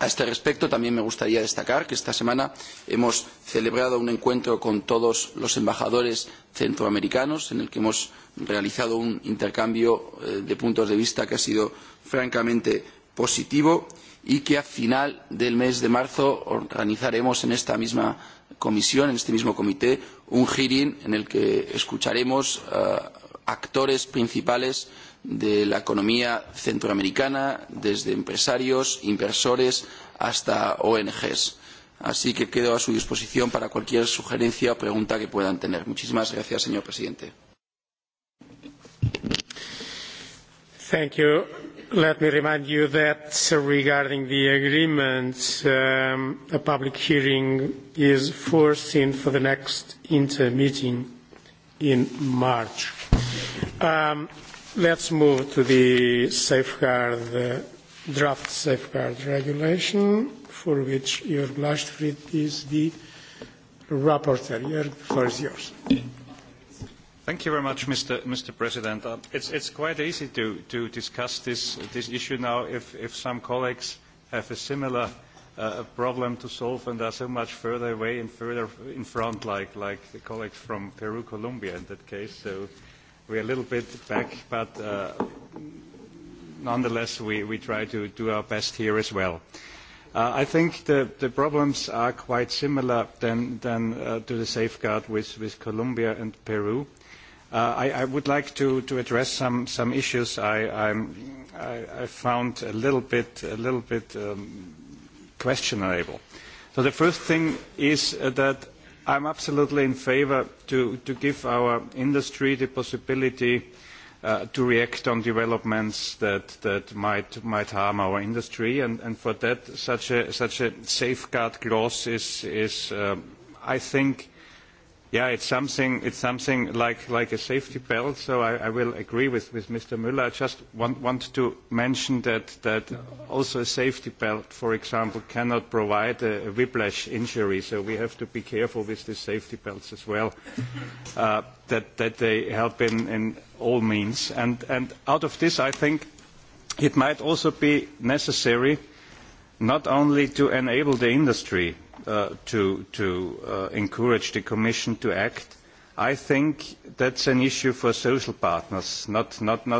A este respecto, también me gustaría destacar que esta semana hemos celebrado un encuentro con todos los embajadores centroamericanos, en el que hemos realizado un intercambio eh, de puntos de vista que ha sido francamente positivo y que a final del mes de marzo organizaremos en esta misma comisión, en este mismo comité, un hearing en el que escucharemos uh, actores principales uh, de la economía centroamericana, desde empresarios, inversores hasta ONGs. Así que quedo a su disposición para cualquier sugerencia o pregunta que puedan tener. Muchísimas gracias, señor presidente. Thank you. Let me remind you that regarding the agreement, um, a public hearing is foreseen for the next inter meeting in March. Um, Let's move to the safeguard, uh, draft safeguard regulation, for which Jörg Lashfried is the rapporteur. Jörg, the floor is yours. Thank you very much, Mr. Mr. President. Uh, it's, it's quite easy to, to discuss this, this issue now if, if some colleagues have a similar uh, problem to solve and are so much further away and further in front, like, like the colleagues from Peru, Colombia in that case. So, uh, we're a little bit back, but uh, nonetheless, we try to do our best here as well. Uh, I think the problems are quite similar uh, to the safeguard with Colombia and Peru. I would like to address some issues I found a little bit um, questionable. The first thing is that I am absolutely in favor to, to give our industry the possibility uh, to react on developments that, that might, might harm our industry, and, and for that such a, such a safeguard clause is, is um, I think, uh, Yeah, it's something, it's something like, like a safety belt, so I, I will agree with, with Mr. Müller. I just want, want to mention that, that also a safety belt, for example, cannot provide a, a whiplash injury, so we have to be careful with the safety belts as well, uh, that, that they help in, in all means. And, and out of this, I think it might also be necessary not only to enable the industry Uh, to uh, encourage the commission to act i think that is an issue for social partners not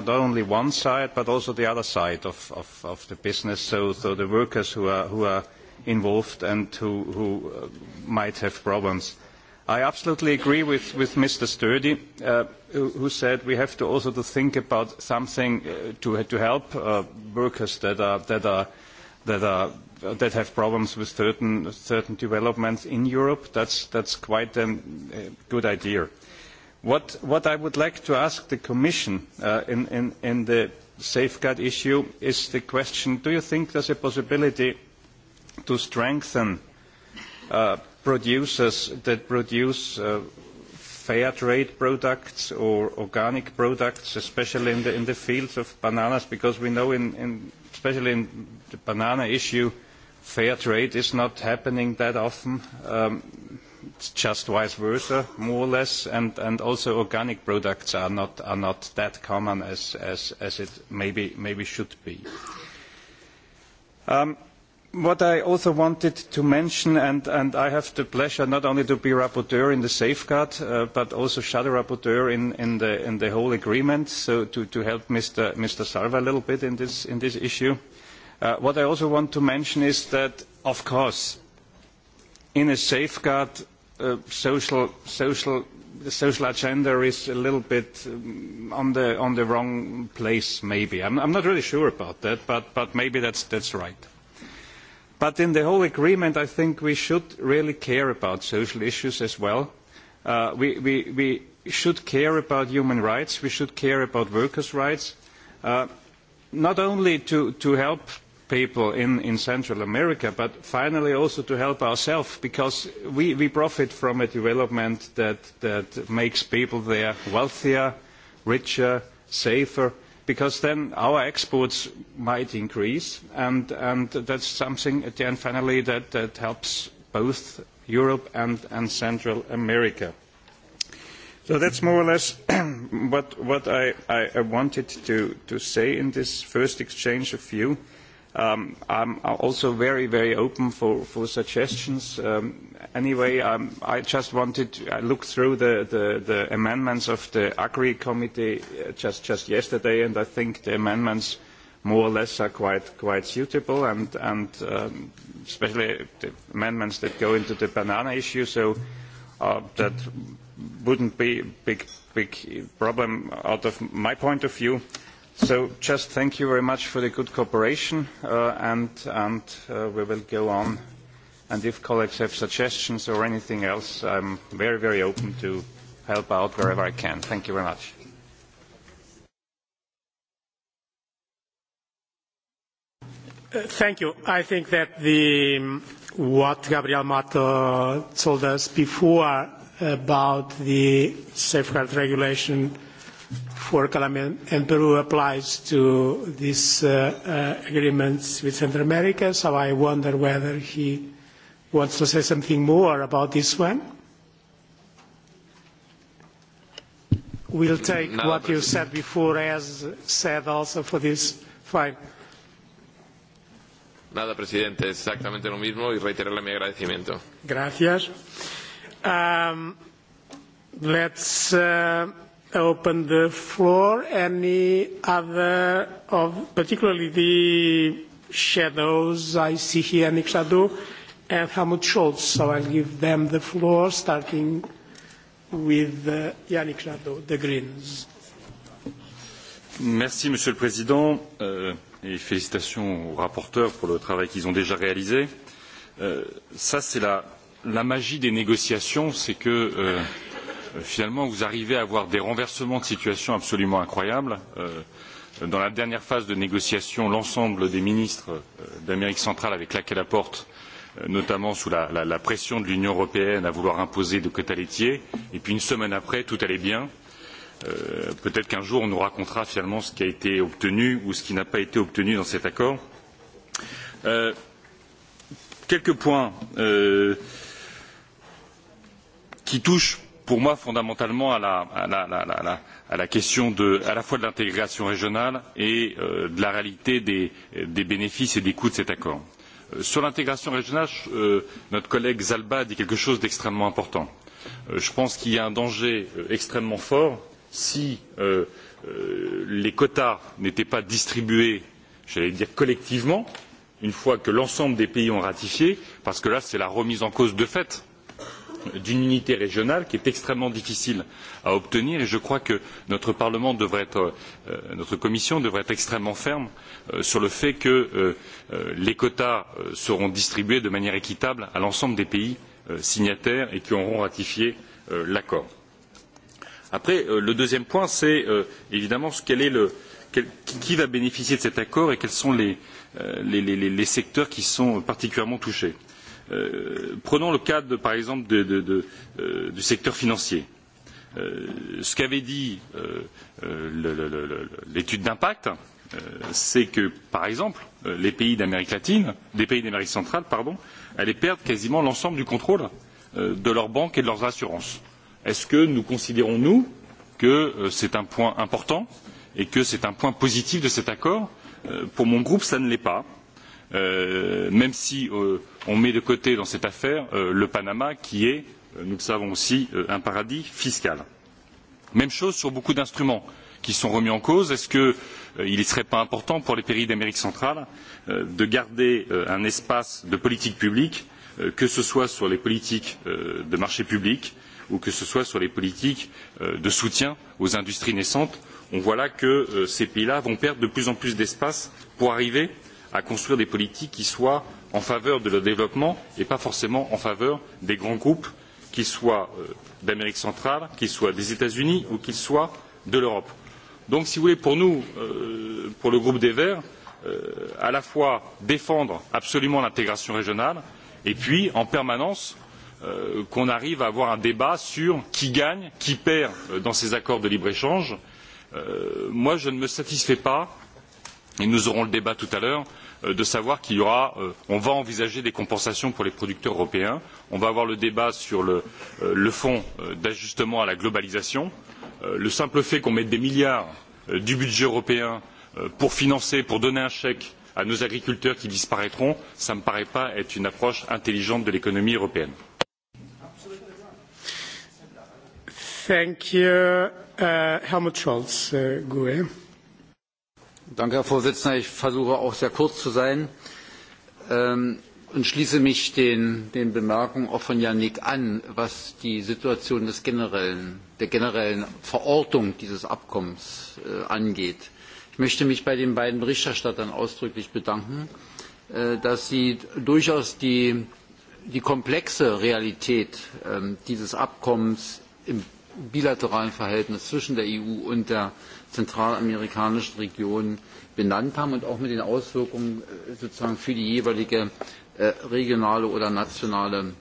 only one side but also the other side of the business so the workers who are involved and who uh, might have problems. i absolutely agree with mr sturdy who said we have to also think about something to help workers that are that have problems with certain, certain developments in Europe. That's, that's quite um, a good idea. What, what I would like to ask the Commission uh, in, in, in the safeguard issue is the question, do you think there's a possibility to strengthen uh, producers that produce uh, fair trade products or organic products, especially in the, in the fields of bananas, because we know in, in, especially in the banana issue, uh, fair trade is not happening that often. Um, it's just vice versa, more or less. And, and also organic products are not, are not that common as, as, as it maybe, maybe should be. Um, what I also wanted to mention, and, and I have the pleasure not only to be rapporteur in the safeguard, uh, but also shadow rapporteur in, in, the, in the whole agreement, so to, to help Mr. Mr. Salva a little bit in this, in this issue. Uh, what i also want to mention is that of course in a safeguard uh, social social the social agenda is a little bit um, on the on the wrong place maybe i'm, I'm not really sure about that but, but maybe that's that's right but in the whole agreement i think we should really care about social issues as well uh, we, we we should care about human rights we should care about workers rights uh, not only to to help people in, in Central America, but finally also to help ourselves because we, we profit from a development that, that makes people there wealthier, richer, safer, because then our exports might increase, and, and that's something at the end finally that, that helps both Europe and, and Central America. So that's more or less what, what I, I wanted to, to say in this first exchange of views. Um, I'm also very, very open for, for suggestions. Um, anyway, um, I just wanted to look through the, the, the amendments of the Agri Committee uh, just, just yesterday, and I think the amendments more or less are quite, quite suitable, and, and um, especially the amendments that go into the banana issue, so uh, that wouldn't be a big, big problem out of my point of view. So just thank you very much for the good cooperation, uh, and, and uh, we will go on. And if colleagues have suggestions or anything else, I'm very, very open to help out wherever I can. Thank you very much. Uh, thank you. I think that the, um, what Gabriel Mato told us before about the safeguard regulation for Colombia and Peru applies to these uh, uh, agreements with Central America, so I wonder whether he wants to say something more about this one. We'll mm, take no, what you said before as said also for this fine. Nada, Presidente, exactamente lo mismo y reiterarle mi agradecimiento. Gracias. Um, let's uh, I open the floor. Any other of, particularly the shadows I see here, Nick Shadow and Helmut Schultz. So I'll give them the floor, starting with uh, Yannick Shadow, the Greens. Merci, Monsieur le Président, euh, et félicitations aux rapporteurs pour le travail qu'ils ont déjà réalisé. Euh, ça, c'est la, la magie des négociations, c'est que euh, Euh, finalement, vous arrivez à avoir des renversements de situation absolument incroyables. Euh, dans la dernière phase de négociation, l'ensemble des ministres euh, d'Amérique centrale avaient claqué la porte, euh, notamment sous la, la, la pression de l'Union européenne à vouloir imposer de quotas laitiers. Et puis une semaine après, tout allait bien. Euh, Peut-être qu'un jour, on nous racontera finalement ce qui a été obtenu ou ce qui n'a pas été obtenu dans cet accord. Euh, quelques points euh, qui touchent pour moi fondamentalement à la, à la, à la, à la, à la question de, à la fois de l'intégration régionale et euh, de la réalité des, des bénéfices et des coûts de cet accord. Euh, sur l'intégration régionale, euh, notre collègue Zalba a dit quelque chose d'extrêmement important. Euh, je pense qu'il y a un danger euh, extrêmement fort si euh, euh, les quotas n'étaient pas distribués, j'allais dire collectivement, une fois que l'ensemble des pays ont ratifié, parce que là, c'est la remise en cause de fait euh, d'une unité régionale qui est extrêmement difficile à obtenir et je crois que notre Parlement devrait être, euh, notre Commission devrait être extrêmement ferme euh, sur le fait que euh, euh, les quotas euh, seront distribués de manière équitable à l'ensemble des pays euh, signataires et qui auront ratifié euh, l'accord. Après, euh, le deuxième point, c'est euh, évidemment ce quel est le, quel, qui va bénéficier de cet accord et quels sont les, euh, les, les, les secteurs qui sont particulièrement touchés. Euh, prenons le cas par exemple euh, du secteur financier euh, ce qu'avait dit l'étude d'impact c'est que par exemple les pays d'amérique latine les pays d'amérique centrale pardon allaient perdre quasiment l'ensemble du contrôle de leurs banques et de leurs assurances. est ce que nous considérons nous que c'est un point important et que c'est un point positif de cet accord? pour mon groupe ça ne l'est pas euh, même si euh, on met de côté dans cette affaire euh, le Panama, qui est, euh, nous le savons aussi, euh, un paradis fiscal. Même chose sur beaucoup d'instruments qui sont remis en cause. Est-ce qu'il euh, ne serait pas important pour les pays d'Amérique centrale euh, de garder euh, un espace de politique publique, euh, que ce soit sur les politiques euh, de marché public ou que ce soit sur les politiques euh, de soutien aux industries naissantes On voit là que euh, ces pays-là vont perdre de plus en plus d'espace pour arriver euh, à construire des politiques qui soient en faveur de leur développement et pas forcément en faveur des grands groupes, qu'ils soient euh, d'Amérique centrale, qu'ils soient des États-Unis ou qu'ils soient de l'Europe. Donc, si vous voulez, pour nous, euh, pour le groupe des Verts, euh, à la fois défendre absolument l'intégration régionale et puis en permanence qu'on arrive à avoir un débat sur qui gagne, qui perd dans ces accords de libre-échange. Moi, je ne me satisfais pas, et nous aurons le débat tout à l'heure, Euh, de savoir qu'il y aura euh, on va envisager des compensations pour les producteurs européens, on va avoir le débat sur le, euh, le fonds euh, d'ajustement à la globalisation. Euh, le simple fait qu'on mette des milliards euh, du budget européen euh, pour financer, pour donner un chèque à nos agriculteurs qui disparaîtront, ça ne me paraît pas être une approche intelligente de l'économie européenne. Thank you, uh, Helmut Scholz, uh, herr präsident! ich versuche auch sehr kurz zu sein ähm, und schließe mich den bemerkungen auch von yannick an was die situation der generellen verortung dieses abkommens äh, angeht. ich möchte mich bei den beiden berichterstattern ausdrücklich bedanken äh, dass sie durchaus die komplexe realität ähm, dieses abkommens im bilateralen verhältnis zwischen der eu und der zentralamerikanischen Regionen benannt haben und auch mit den Auswirkungen äh, sozusagen für die jeweilige äh, regionale oder nationale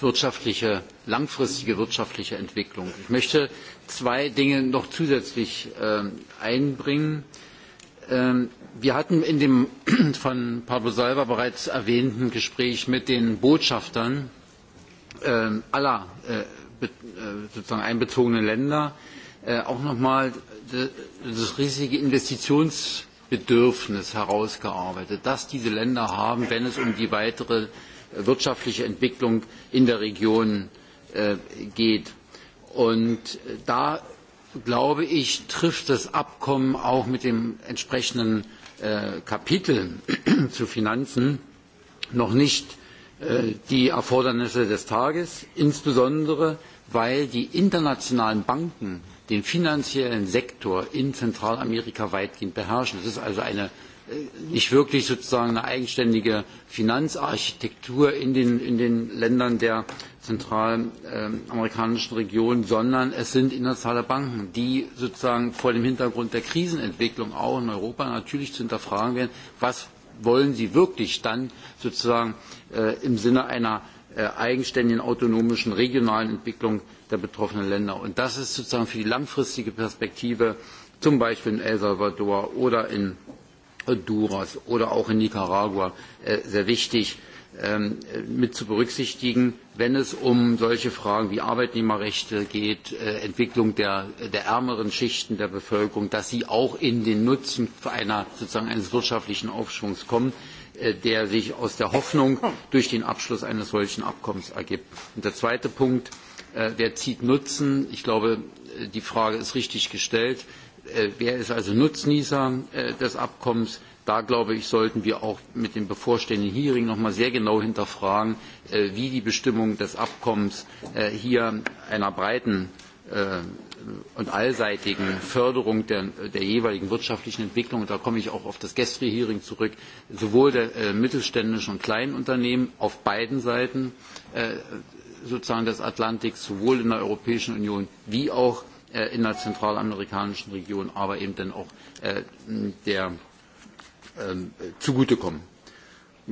wirtschaftliche, langfristige wirtschaftliche Entwicklung. Ich möchte zwei Dinge noch zusätzlich äh, einbringen. Ähm, wir hatten in dem von Pablo Salva bereits erwähnten Gespräch mit den Botschaftern ähm, äh, aller äh, sozusagen einbezogenen Länder äh, auch nochmal das riesige Investitionsbedürfnis herausgearbeitet, das diese Länder haben, wenn es um die weitere äh, wirtschaftliche Entwicklung in der Region äh, geht. Und äh, da, glaube ich, trifft das Abkommen auch mit dem entsprechenden Kapitel zu Finanzen noch nicht die erfordernisse des tages insbesondere weil die internationalen banken den finanziellen sektor in zentralamerika weitgehend beherrschen. es ist also äh, nicht wirklich eine eigenständige finanzarchitektur in den ländern der zentralamerikanischen ähm, region sondern es sind internationale banken die sozusagen vor dem hintergrund der krisenentwicklung auch in europa natürlich zu hinterfragen wären was wollen sie wirklich dann sozusagen äh, im Sinne einer äh, eigenständigen autonomischen regionalen Entwicklung der betroffenen Länder. Und das ist sozusagen für die langfristige Perspektive, zum Beispiel in El Salvador oder in Honduras oder auch in Nicaragua, äh, sehr wichtig. Ähm, mit zu berücksichtigen, wenn es um solche Fragen wie Arbeitnehmerrechte geht, äh, Entwicklung der, der ärmeren Schichten der Bevölkerung, dass sie auch in den Nutzen einer, sozusagen eines wirtschaftlichen Aufschwungs kommen, äh, der sich aus der Hoffnung durch den Abschluss eines solchen Abkommens ergibt. Und der zweite Punkt, äh, wer zieht Nutzen? Ich glaube, die Frage ist richtig gestellt. Wer ist also Nutznießer des Abkommens? da glaube ich sollten wir auch mit dem bevorstehenden hearing noch einmal sehr genau hinterfragen äh, wie die bestimmungen des abkommens äh, hier einer breiten äh, und allseitigen förderung der, der jeweiligen wirtschaftlichen entwicklung und da komme ich auch auf das gestrige hearing zurück sowohl der mittelständischen und kleinen unternehmen auf beiden seiten sozusagen des atlantiks sowohl in der europäischen union wie auch in der zentralamerikanischen region aber eben dann auch der Ähm, zugute kommen.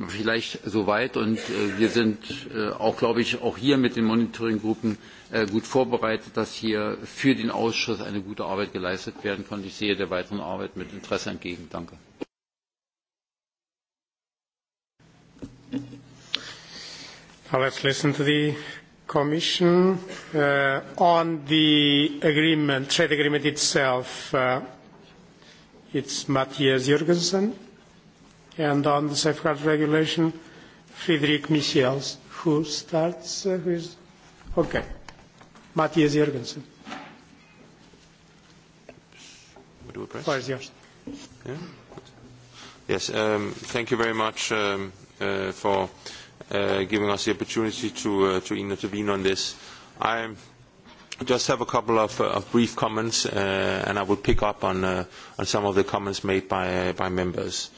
Vielleicht soweit und äh, wir sind äh, auch, glaube ich, auch hier mit den Monitoringgruppen äh, gut vorbereitet, dass hier für den Ausschuss eine gute Arbeit geleistet werden kann. Ich sehe der weiteren Arbeit mit Interesse entgegen. Danke. Let's listen to the Commission uh, on the agreement, trade agreement itself. Uh, it's Matthias Jürgensen and on the safeguard regulation, Friedrich Michels, who starts uh, with, okay, Matthias Jürgensen. We do a press? Where is yours? Yeah. Yes, um, thank you very much um, uh, for uh, giving us the opportunity to, uh, to intervene on this. I just have a couple of, uh, of brief comments, uh, and I will pick up on, uh, on some of the comments made by, uh, by members. Uh,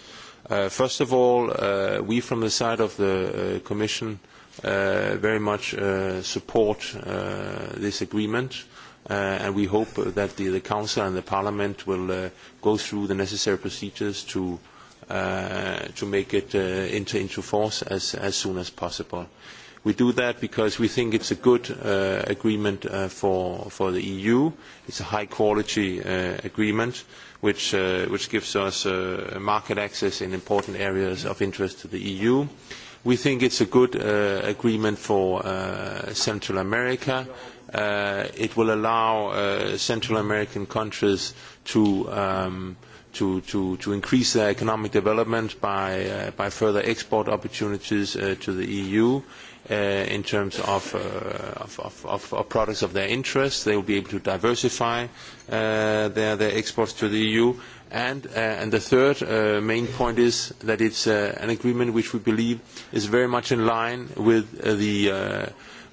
Uh, first of all, uh, we from the side of the uh, Commission uh, very much uh, support uh, this agreement, uh, and we hope that the, the Council and the Parliament will uh, go through the necessary procedures to uh, to make it uh, enter into force as, as soon as possible. We do that because we think it's a good uh, agreement uh, for for the EU. It's a high quality uh, agreement. Uh, which gives us uh, market access in important areas of interest to the EU. We think it's a good uh, agreement for Central America. It will allow Central American countries um, to increase their economic development by further export opportunities to the EU. Uh, in terms of, uh, of, of, of products of their interest. They will be able to diversify uh, their, their exports to the EU. And, uh, and the third uh, main point is that it's uh, an agreement which we believe is very much in line with uh, the uh,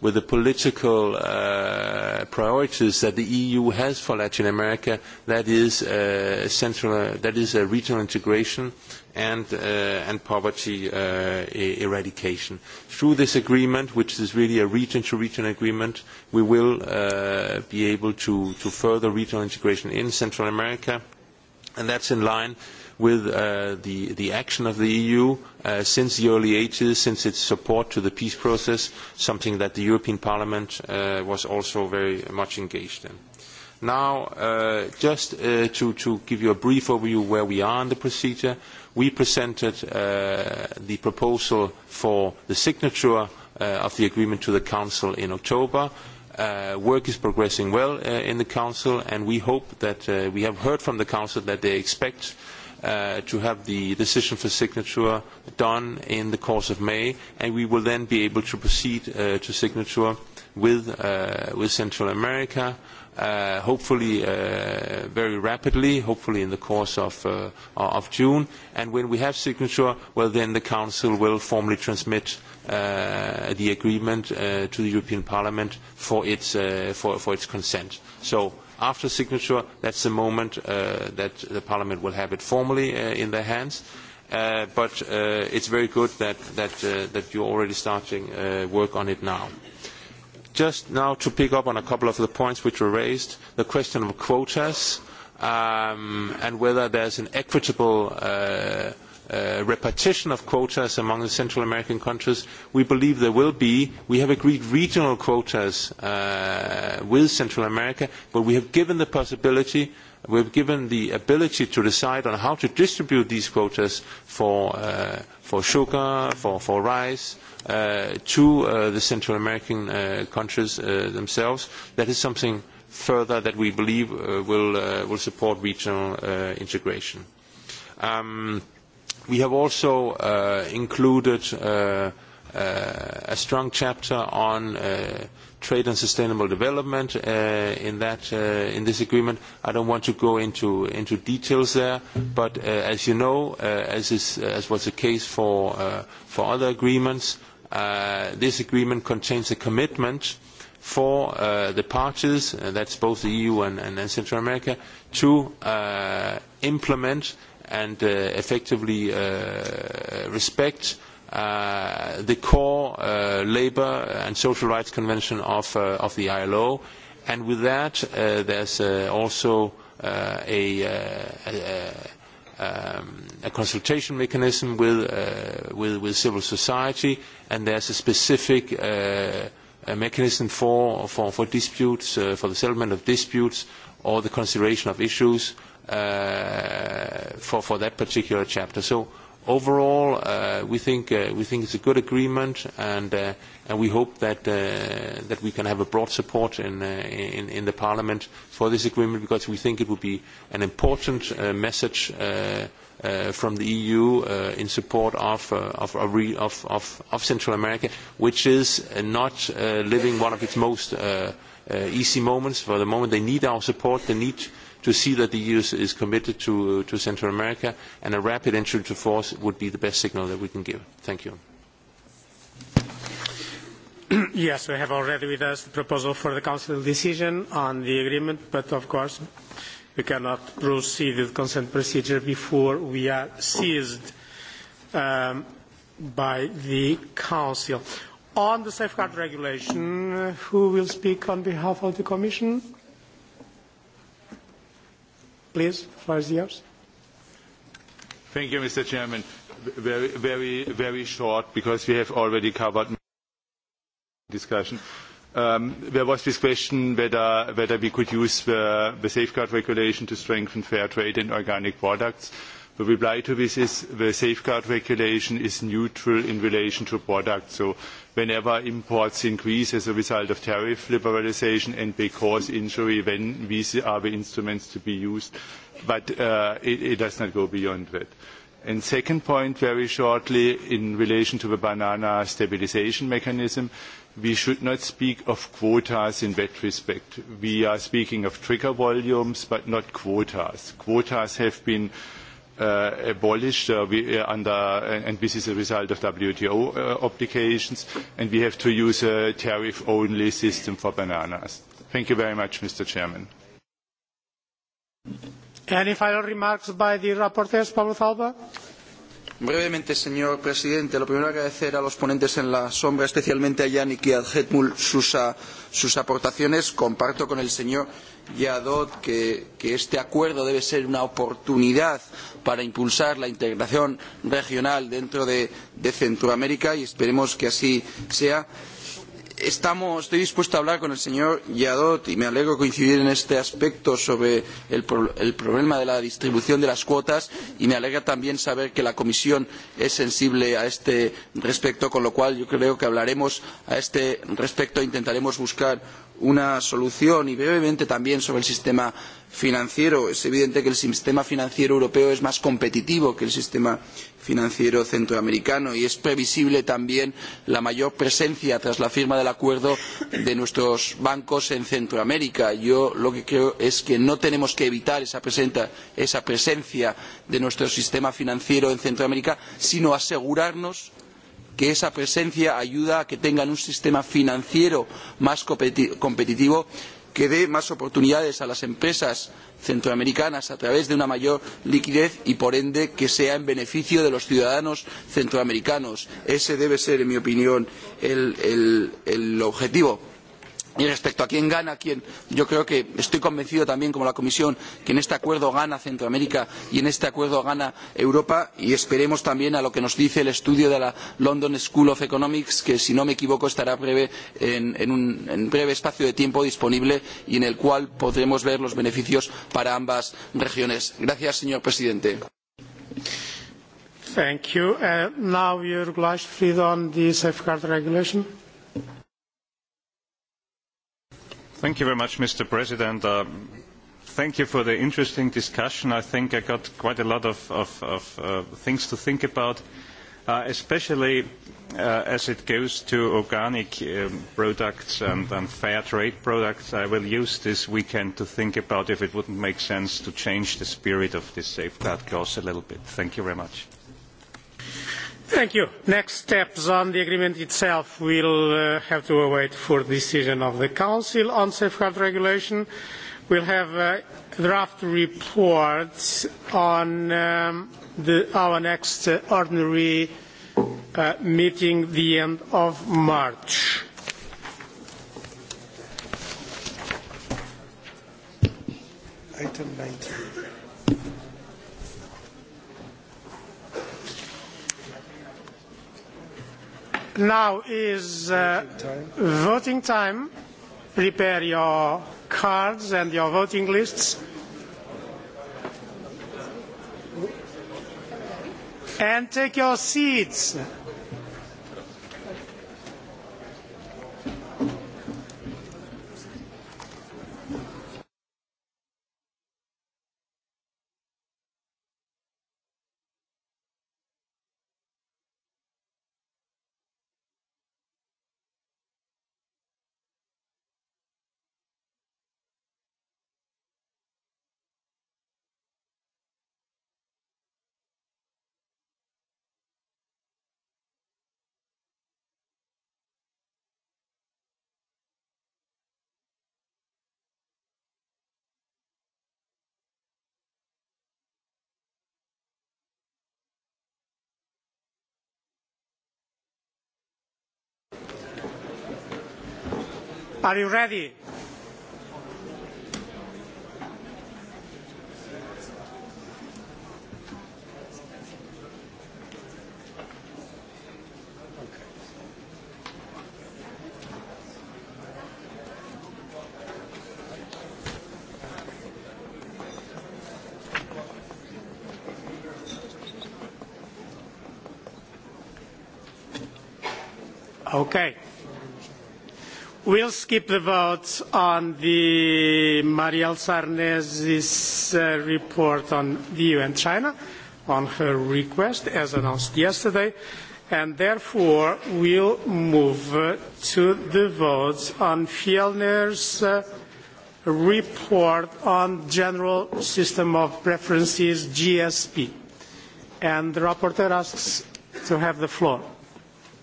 with the political uh, priorities that the EU has for Latin America, that is, uh, central, uh, that is a regional integration uh, and, uh, and poverty uh, e-, eradication. Through this agreement, which is really a region-to-region agreement, we will uh, be able to, to further regional integration in Central America, and that's in line with uh, the, the action of the EU uh, since the early 80s, since its support to the peace process, something that the European Parliament uh, was also very much engaged in. Now, uh, just uh, to, to give you a brief overview of where we are in the procedure, we presented uh, the proposal for the signature uh, of the agreement to the Council in October. Uh, work is progressing well uh, in the Council, and we hope that uh, we have heard from the Council that they expect uh, to have the decision for signature done in the course of May, and we will then be able to proceed uh, to signature with, uh, with Central America uh, hopefully uh, very rapidly, hopefully in the course of, uh, of June. And when we have signature, well, then the Council will formally transmit uh, the agreement uh, to the European Parliament for its, uh, for, for its consent. So after signature, that's the moment uh, that the Parliament will have it formally uh, in their hands. Uh, but uh, it's very good that, that, uh, that you're already starting uh, work on it now just now to pick up on a couple of the points which were raised, the question of quotas um, and whether there's an equitable uh, uh, repartition of quotas among the Central American countries. We believe there will be. We have agreed regional quotas uh, with Central America, but we have given the possibility We've given the ability to decide on how to distribute these quotas for, uh, for sugar, for, for rice, uh, uh, to uh, the Central American uh, countries uh, themselves. That is something further that we believe uh, will, uh, will support regional uh, integration. Um, we have also uh, included uh, uh, a strong chapter on uh, trade and sustainable development uh, in that uh, in this agreement. I don't want to go into into details there, but uh, as you know, uh, as is as was the case for uh, for other agreements, uh, this agreement contains a commitment for uh, the parties, uh, that's both the EU and, and, and Central America, to uh, implement and uh, effectively uh, respect uh, Uh, the core uh, labor and social rights convention of, uh, of the ILO. And with that, uh, there's uh, also uh, a, uh, a, um, a consultation mechanism with, uh, with, with civil society, and there's a specific uh, a mechanism for, for, for disputes, uh, for the settlement of disputes, or the consideration of issues uh, for, for that particular chapter. So Overall, uh, uh, we think it's a good agreement, and uh, we hope that we can have a broad support in the parliament for this agreement because we think it will be an important message from the EU in support of Central America, which is not living one of its most easy moments. For the moment, they need our support. They need to see that the EU is committed to, uh, to Central America, and a rapid entry into force would be the best signal that we can give. Thank you. Yes, we have already with us the proposal for the Council decision on the agreement, but of course we cannot proceed with consent procedure before we are seized um, by the Council. On the safeguard regulation, uh, who will speak on behalf of the Commission? please, the floor is yours. Thank you, Mr. Chairman. Very, very, very short, because we have already covered discussion. Um, there was this question whether, whether we could use the, the safeguard regulation to strengthen fair trade and organic products the reply to this is the safeguard regulation is neutral in relation to products so whenever imports increase as a result of tariff liberalisation and they cause injury then these are the instruments to be used but uh, it, it does not go beyond that and second point very shortly in relation to the banana stabilisation mechanism we should not speak of quotas in that respect we are speaking of trigger volumes but not quotas quotas have been uh, abolished uh, we, uh, under, uh, and this is a result of WTO uh, obligations, and we have to use a tariff-only system for bananas. Thank you very much, Mr. Chairman. Any final remarks by the rapporteurs, Pablo Zalba? Brevemente, señor presidente, lo primero agradecer a los ponentes en la sombra, especialmente a Yannick y a Hetmul Susa sus aportaciones. Comparto con el señor Yadot que, que este acuerdo debe ser una oportunidad para impulsar la integración regional dentro de, de Centroamérica y esperemos que así sea estamos, estoy dispuesto a hablar con el señor Yadot y me alegro coincidir en este aspecto sobre el, pro, el problema de la distribución de las cuotas y me alegra también saber que la comisión es sensible a este respecto, con lo cual yo creo que hablaremos a este respecto e intentaremos buscar una solución y brevemente también sobre el sistema financiero. Es evidente que el sistema financiero europeo es más competitivo que el sistema europeo financiero centroamericano y es previsible también la mayor presencia tras la firma del acuerdo de nuestros bancos en Centroamérica. Yo lo que creo es que no tenemos que evitar esa, presenta, esa presencia de nuestro sistema financiero en Centroamérica, sino asegurarnos que esa presencia ayuda a que tengan un sistema financiero más competitivo que dé más oportunidades a las empresas centroamericanas a través de una mayor liquidez y, por ende, que sea en beneficio de los ciudadanos centroamericanos. Ese debe ser, en mi opinión, el, el, el objetivo. Y respecto a quién gana, quién, yo creo que estoy convencido también, como la Comisión, que en este acuerdo gana Centroamérica y en este acuerdo gana Europa. Y esperemos también a lo que nos dice el estudio de la London School of Economics, que si no me equivoco estará breve en, en un en breve espacio de tiempo disponible y en el cual podremos ver los beneficios para ambas regiones. Gracias, señor presidente. Thank you. Uh, now you're glad to on the safeguard regulation. mr president uh, thank you for the interesting discussion. i think i got quite a lot of uh, things to think about uh, especially as it goes to organic um, products and fair trade products. i will use this weekend to think about whether it would not make sense to change the spirit of the safeguard clause a little bit. thank you very much next steps on the agreement itself will uh, have to await for decision of the council on safeguard regulation. we'll have a draft report on um, the, our next uh, ordinary uh, meeting the end of march. item 19. Now is uh, voting time. Prepare your cards and your voting lists. Take your seats. Are you ready? Okay. We'll skip the vote on the Marielle Sarnez's uh, report on the EU and China on her request, as announced yesterday, and therefore, we'll move uh, to the votes on Fjellner's uh, report on General System of Preferences, GSP. The reporter asks to have the floor.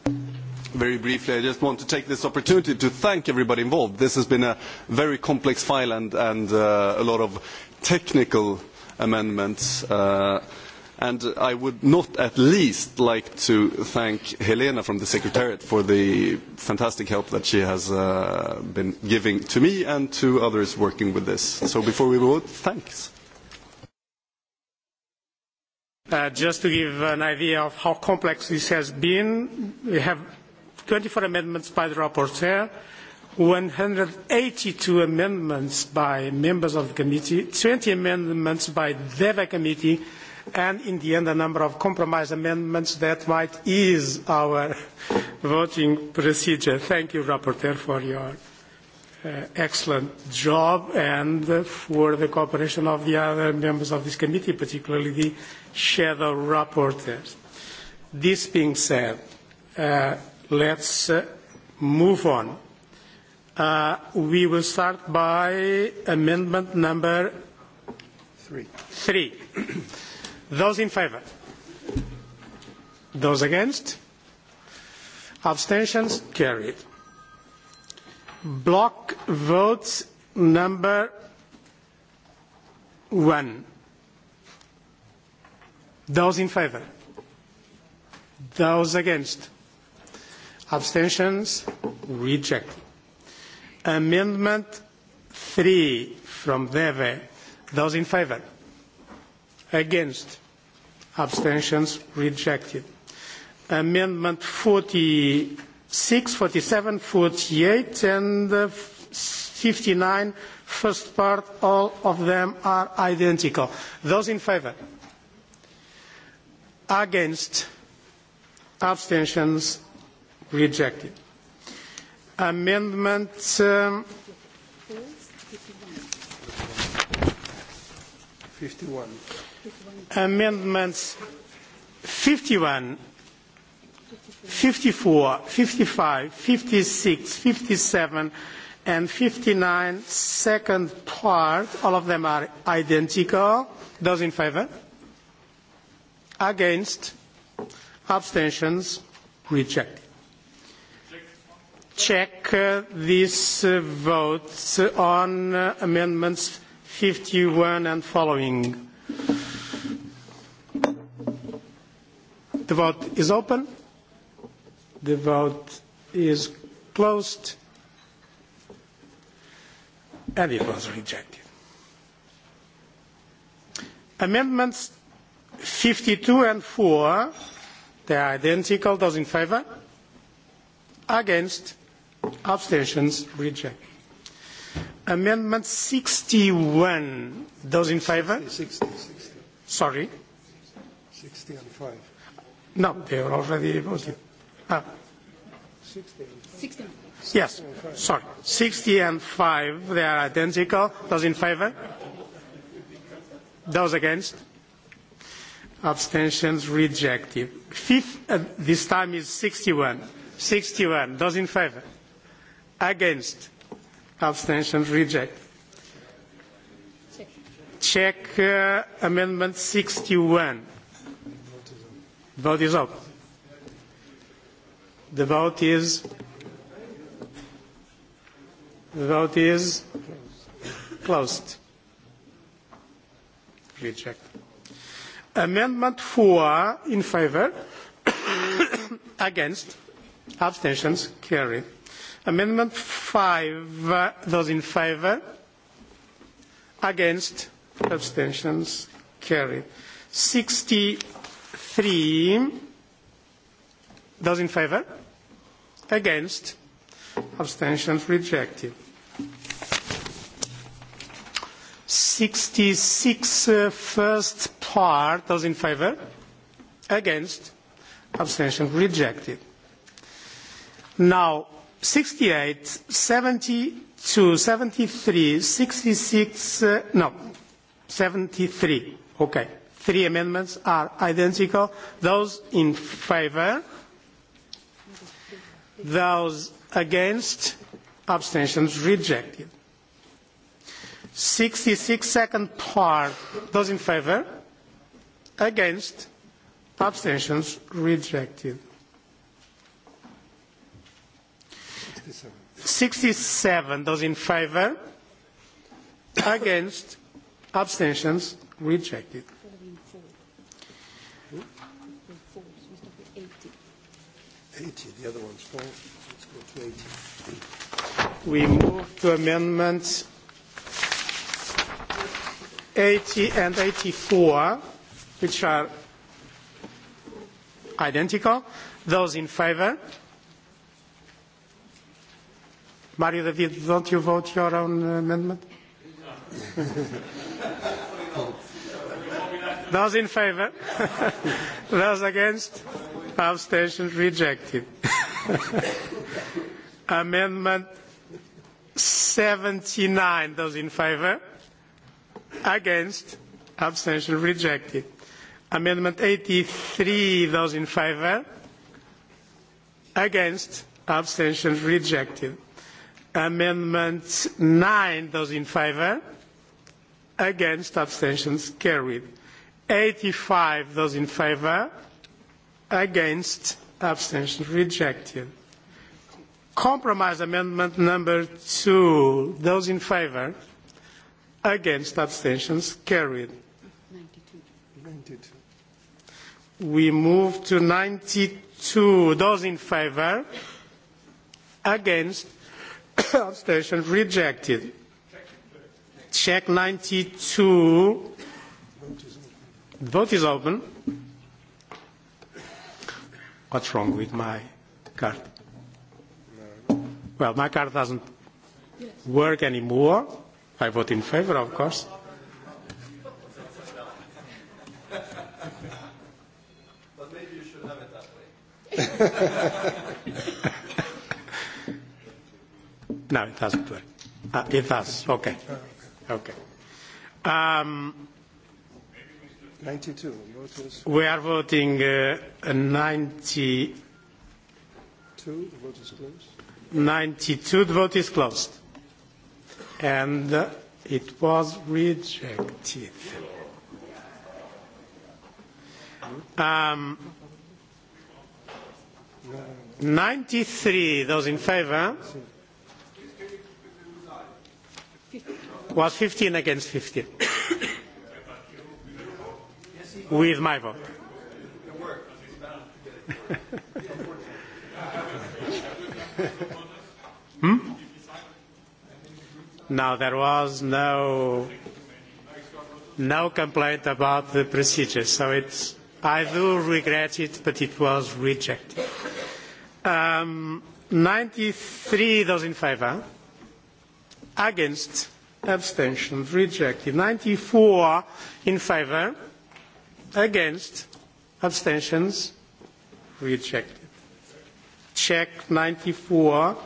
Thank you, very briefly, I just want to take this opportunity to thank everybody involved. This has been a very complex file and uh, a lot of technical amendments. Uh, I would not at least like to thank Helena from the secretariat for the fantastic help that she has uh, been giving to me and to others working with this. Before we vote, thanks. Just to give an idea of how complex this has been, we have twenty four amendments by the rapporteur, one hundred eighty two amendments by members of the committee, twenty amendments by the committee, and in the end a number of compromise amendments that might ease our voting procedure. Thank you, Rapporteur, for your uh, excellent job and for the cooperation of the other members of this committee, particularly the shadow rapporteurs. This being said, uh, let's uh, move on. Uh, we will start by amendment number three. three. Those in favour? Those against? Abstentions? Carried. Block votes number one. Those in favour? Those against? Abstentions? Rejected. Amendment 3 from DEVE. Those in favor? Against. Abstentions? Rejected. Amendment 46, 47, 48, and 59, uh, first part, all of them are identical. Those in favor? Against. Abstentions? rejected. Amendment um, 51. Amendments 51, 54, 55, 56, 57, and 59, second part, all of them are identical. Those in favor? Against? Abstentions? Rejected check uh, this uh, vote on uh, amendments 51 and following. The vote is open. The vote is closed. And it was rejected. Amendments 52 and 4, they are identical. Those in favour? Against? Abstentions reject. Amendment 61, those in favor? 60, 60, 60. Sorry? 60 and 5. No, they are already voted. Ah. 60. 60. 60. Yes, 60 sorry. 60 and 5, they are identical. Those in favor? those against? Abstentions rejected. Fifth, uh, this time is 61. 61, those in favor? against abstention reject check, check uh, amendment 61 vote is up the vote is the vote is closed reject amendment 4 in favor against abstentions carried amendment five uh, those in favour against abstentions carried sixty three those in favour against abstentions rejected sixty six uh, first part those in favour against abstentions rejected now 68, 72, 73, 66, uh, no, 73. Okay. Three amendments are identical. Those in favor, those against, abstentions rejected. 66, second part, those in favor, against, abstentions rejected. sixty seven those in favour against abstentions rejected we move to amendments 80 and 84 which are identical those in favour Mario, that you, don't you vote your own uh, amendment? Those in favor? Those against? Abstentions rejected. amendment 79. Those in favor? Against? Abstention rejected. Amendment 83. Those in favor? Against? Abstention rejected amendment nine those in favour against abstentions carried eighty five those in favour against abstentions rejected compromise amendment number two those in favour against abstentions carried 92. we move to ninety two those in favour against Abstention rejected. Check 92. Vote is open. What's wrong with my card? Well, my card doesn't work anymore. I vote in favor, of course. But maybe you should have it that way. No, it doesn't work. Uh, it does. Okay. Okay. Um, 92. We are voting uh, 92. The vote is closed. 92. The vote is closed. And uh, it was rejected. Um, 93. No. Those in favor? was fifteen against fifteen with my vote. hmm? Now there was no no complaint about the procedure, so it's I do regret it, but it was rejected. Um, Ninety-three those in favour, against abstentions rejected ninety four in favour against abstentions rejected check ninety four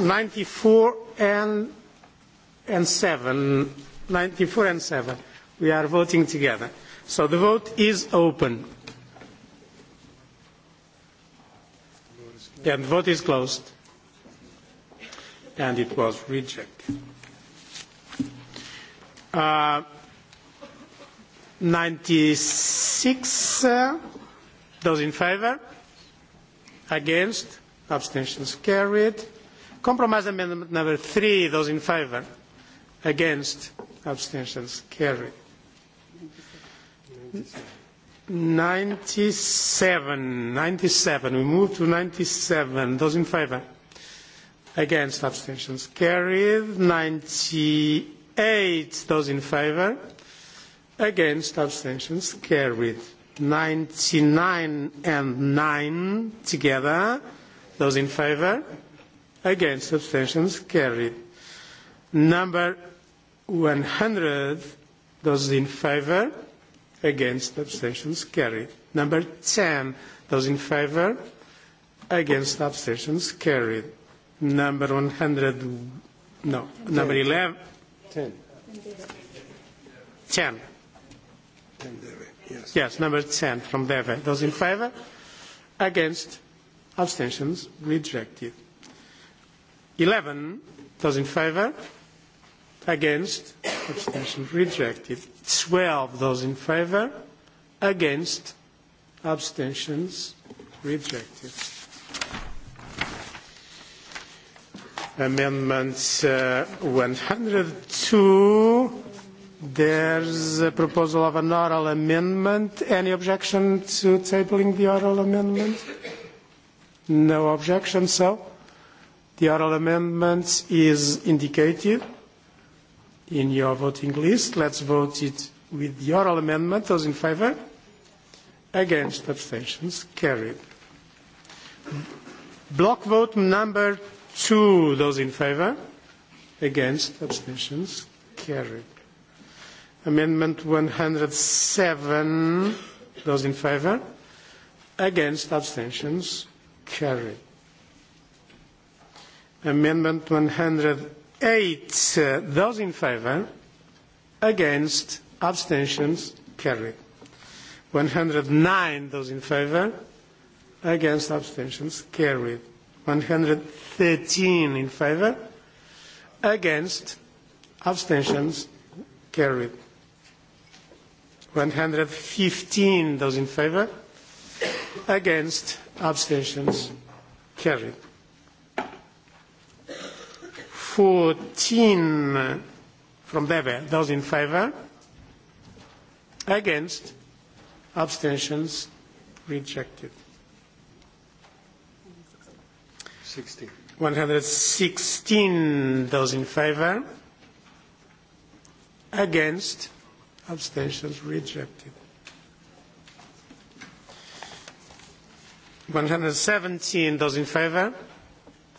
ninety four and and seven ninety four and seven we are voting together so the vote is open and the vote is closed and it was rejected Uh, ninety six those in favour against abstentions carried compromise amendment number three those in favour against abstentions carried ninety seven ninety seven we move to ninety seven those in favour against abstentions carried ninety eight those in favour against abstentions carried ninety nine and nine together those in favour against abstentions carried number one hundred those in favour against abstentions carried number ten those in favour against abstentions carried number one hundred no number eleven 10. 10. Yes, number 10 from Deve. Those in favour? Against? Abstentions? Rejected. 11. Those in favour? Against? Abstentions? Rejected. 12. Those in favour? Against? Abstentions? Rejected amendments uh, 102. There's a proposal of an oral amendment. Any objection to tabling the oral amendment? No objection, so the oral amendment is indicated in your voting list. Let's vote it with the oral amendment. Those in favour? Against abstentions? Carried. Block vote number Two, those in favor? Against? Abstentions? Carried. Amendment 107, those in favor? Against? Abstentions? Carried. Amendment 108, those in favor? Against? Abstentions? Carried. 109, those in favor? Against? Abstentions? Carried one hundred thirteen in favour against abstentions carried one hundred fifteen those in favour against abstentions carried fourteen from there those in favour against abstentions rejected 116 those in favor against abstentions rejected 117 those in favor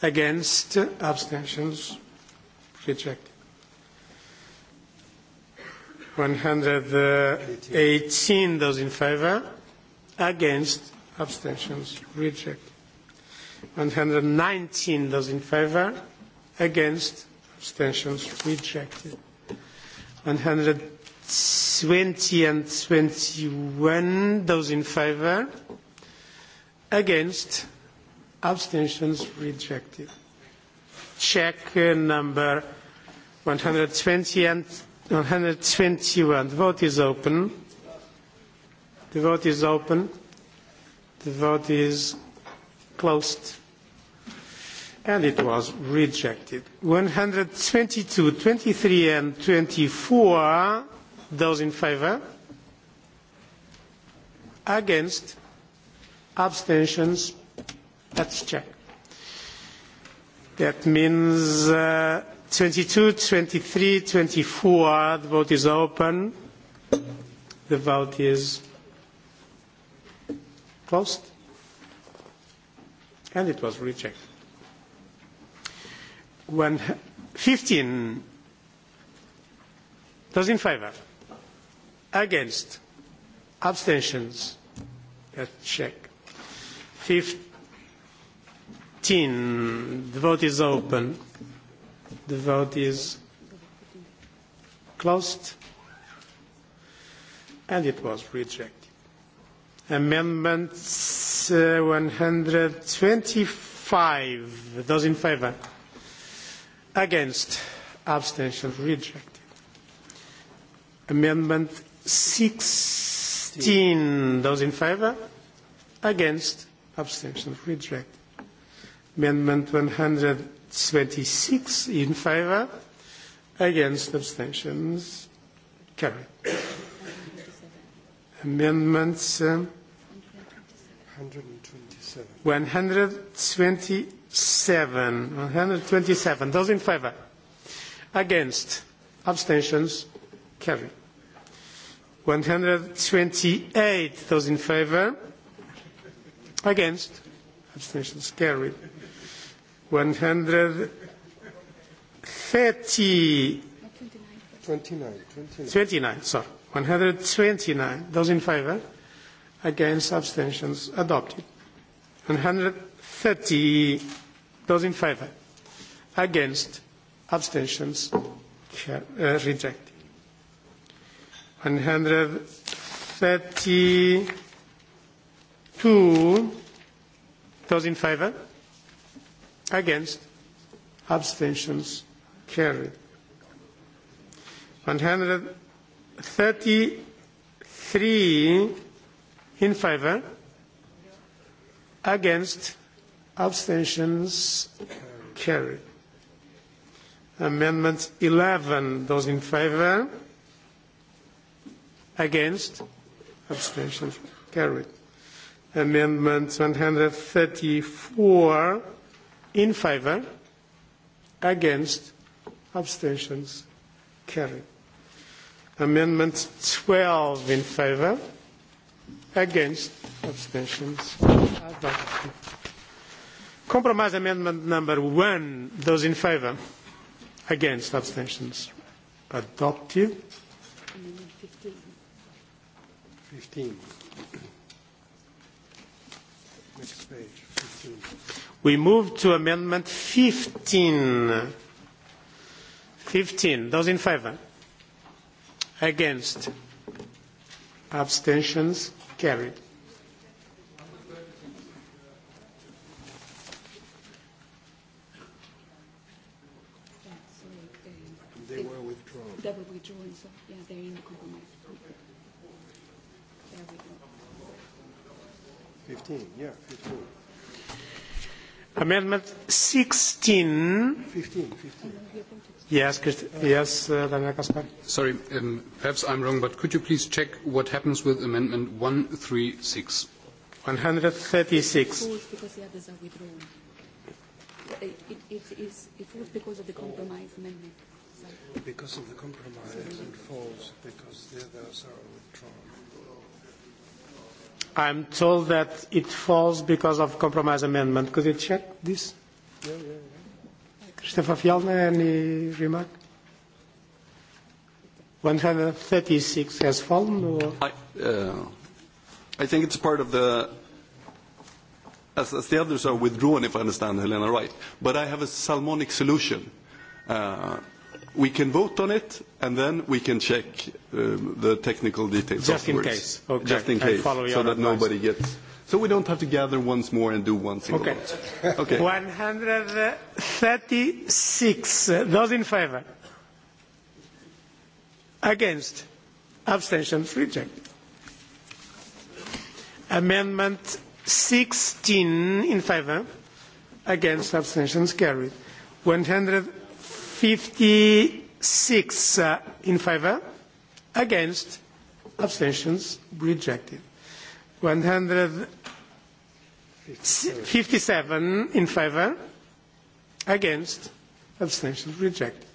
against abstentions rejected 118 those in favor against abstentions rejected 119 those in favor against abstentions rejected 120 and 21 those in favor against abstentions rejected check uh, number 120 and 121 the vote is open the vote is open the vote is closed and it was rejected. 122, 23, and 24, those in favour? Against? Abstentions? Let's check. That means uh, 22, 23, 24, the vote is open. The vote is closed. And it was rejected. 115 those in favor against abstentions let's check 15 the vote is open the vote is closed and it was rejected amendments uh, 125 those in favor against abstention rejected amendment 16 those in favor against abstention rejected amendment 126 in favor against abstentions carried amendments uh, 127 seven one hundred and twenty seven those in favour against abstentions carry one hundred and twenty eight those in favour against abstentions carry one hundred thirty twenty nine twenty nine sorry one hundred twenty nine those in favour against abstentions adopted one hundred thirty those in favour against abstentions uh, rejected one hundred thirty two those in favour against abstentions carried one hundred thirty three in favour against Abstentions carried. Amendment 11. Those in favour? Against? Abstentions carried. Amendment 134. In favour? Against? Abstentions carried. Amendment 12. In favour? Against? Abstentions adopted compromise amendment number one those in favour against abstentions adopted 15. Next page, 15. we move to amendment 15 15 those in favour against abstentions carried Amendment 16. 15, 15. Yes, Christ- uh, yes uh, Daniel Kaspar. Sorry, um, perhaps I'm wrong, but could you please check what happens with Amendment 136? 136. It falls because the others are withdrawn. It, it, it, it, it falls because of the compromise. Sorry. It falls because the others are withdrawn. I am told that it falls because of compromise amendment. Could you check this? Yeah, yeah, yeah. Christopher Fjellner, any remark? 136 has fallen? Or? I, uh, I think it's part of the... As, as the others are withdrawn, if I understand Helena right. But I have a Salmonic solution. Uh, we can vote on it, and then we can check um, the technical details afterwards. Just in case. Okay. Just in case. I follow your advice. That nobody gets. We don't have to gather once more and do one single vote. Okay. Okay. 136. Those in favor? Against? Abstentions? Reject. Amendment 16 in favor? Against? Abstentions? Carried. 137. 56 uh, in favor, against, abstentions, rejected. 157 in favor, against, abstentions, rejected.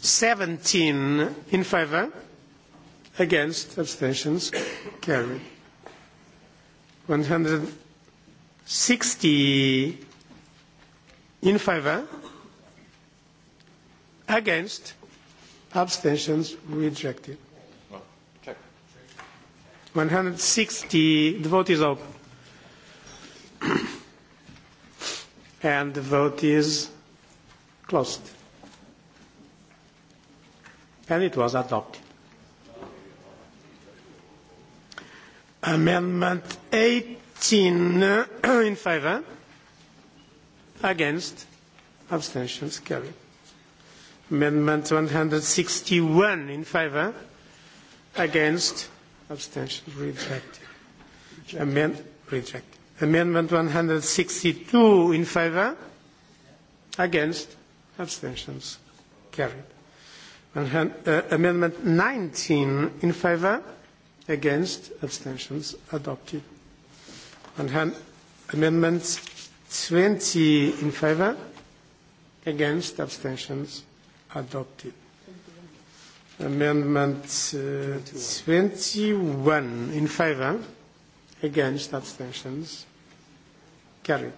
17 in favor, against, abstentions, carried. 160 in favor against abstentions rejected one hundred and sixty the vote is open and the vote is closed and it was adopted amendment eighteen in favor against abstentions carried amendment 161 in favor against abstentions rejected amendment rejected amendment 162 in favor against abstentions carried uh, amendment 19 in favor against abstentions adopted amendments 20 in favor, against abstentions, adopted. Amendment uh, 21 in favor, against abstentions, carried.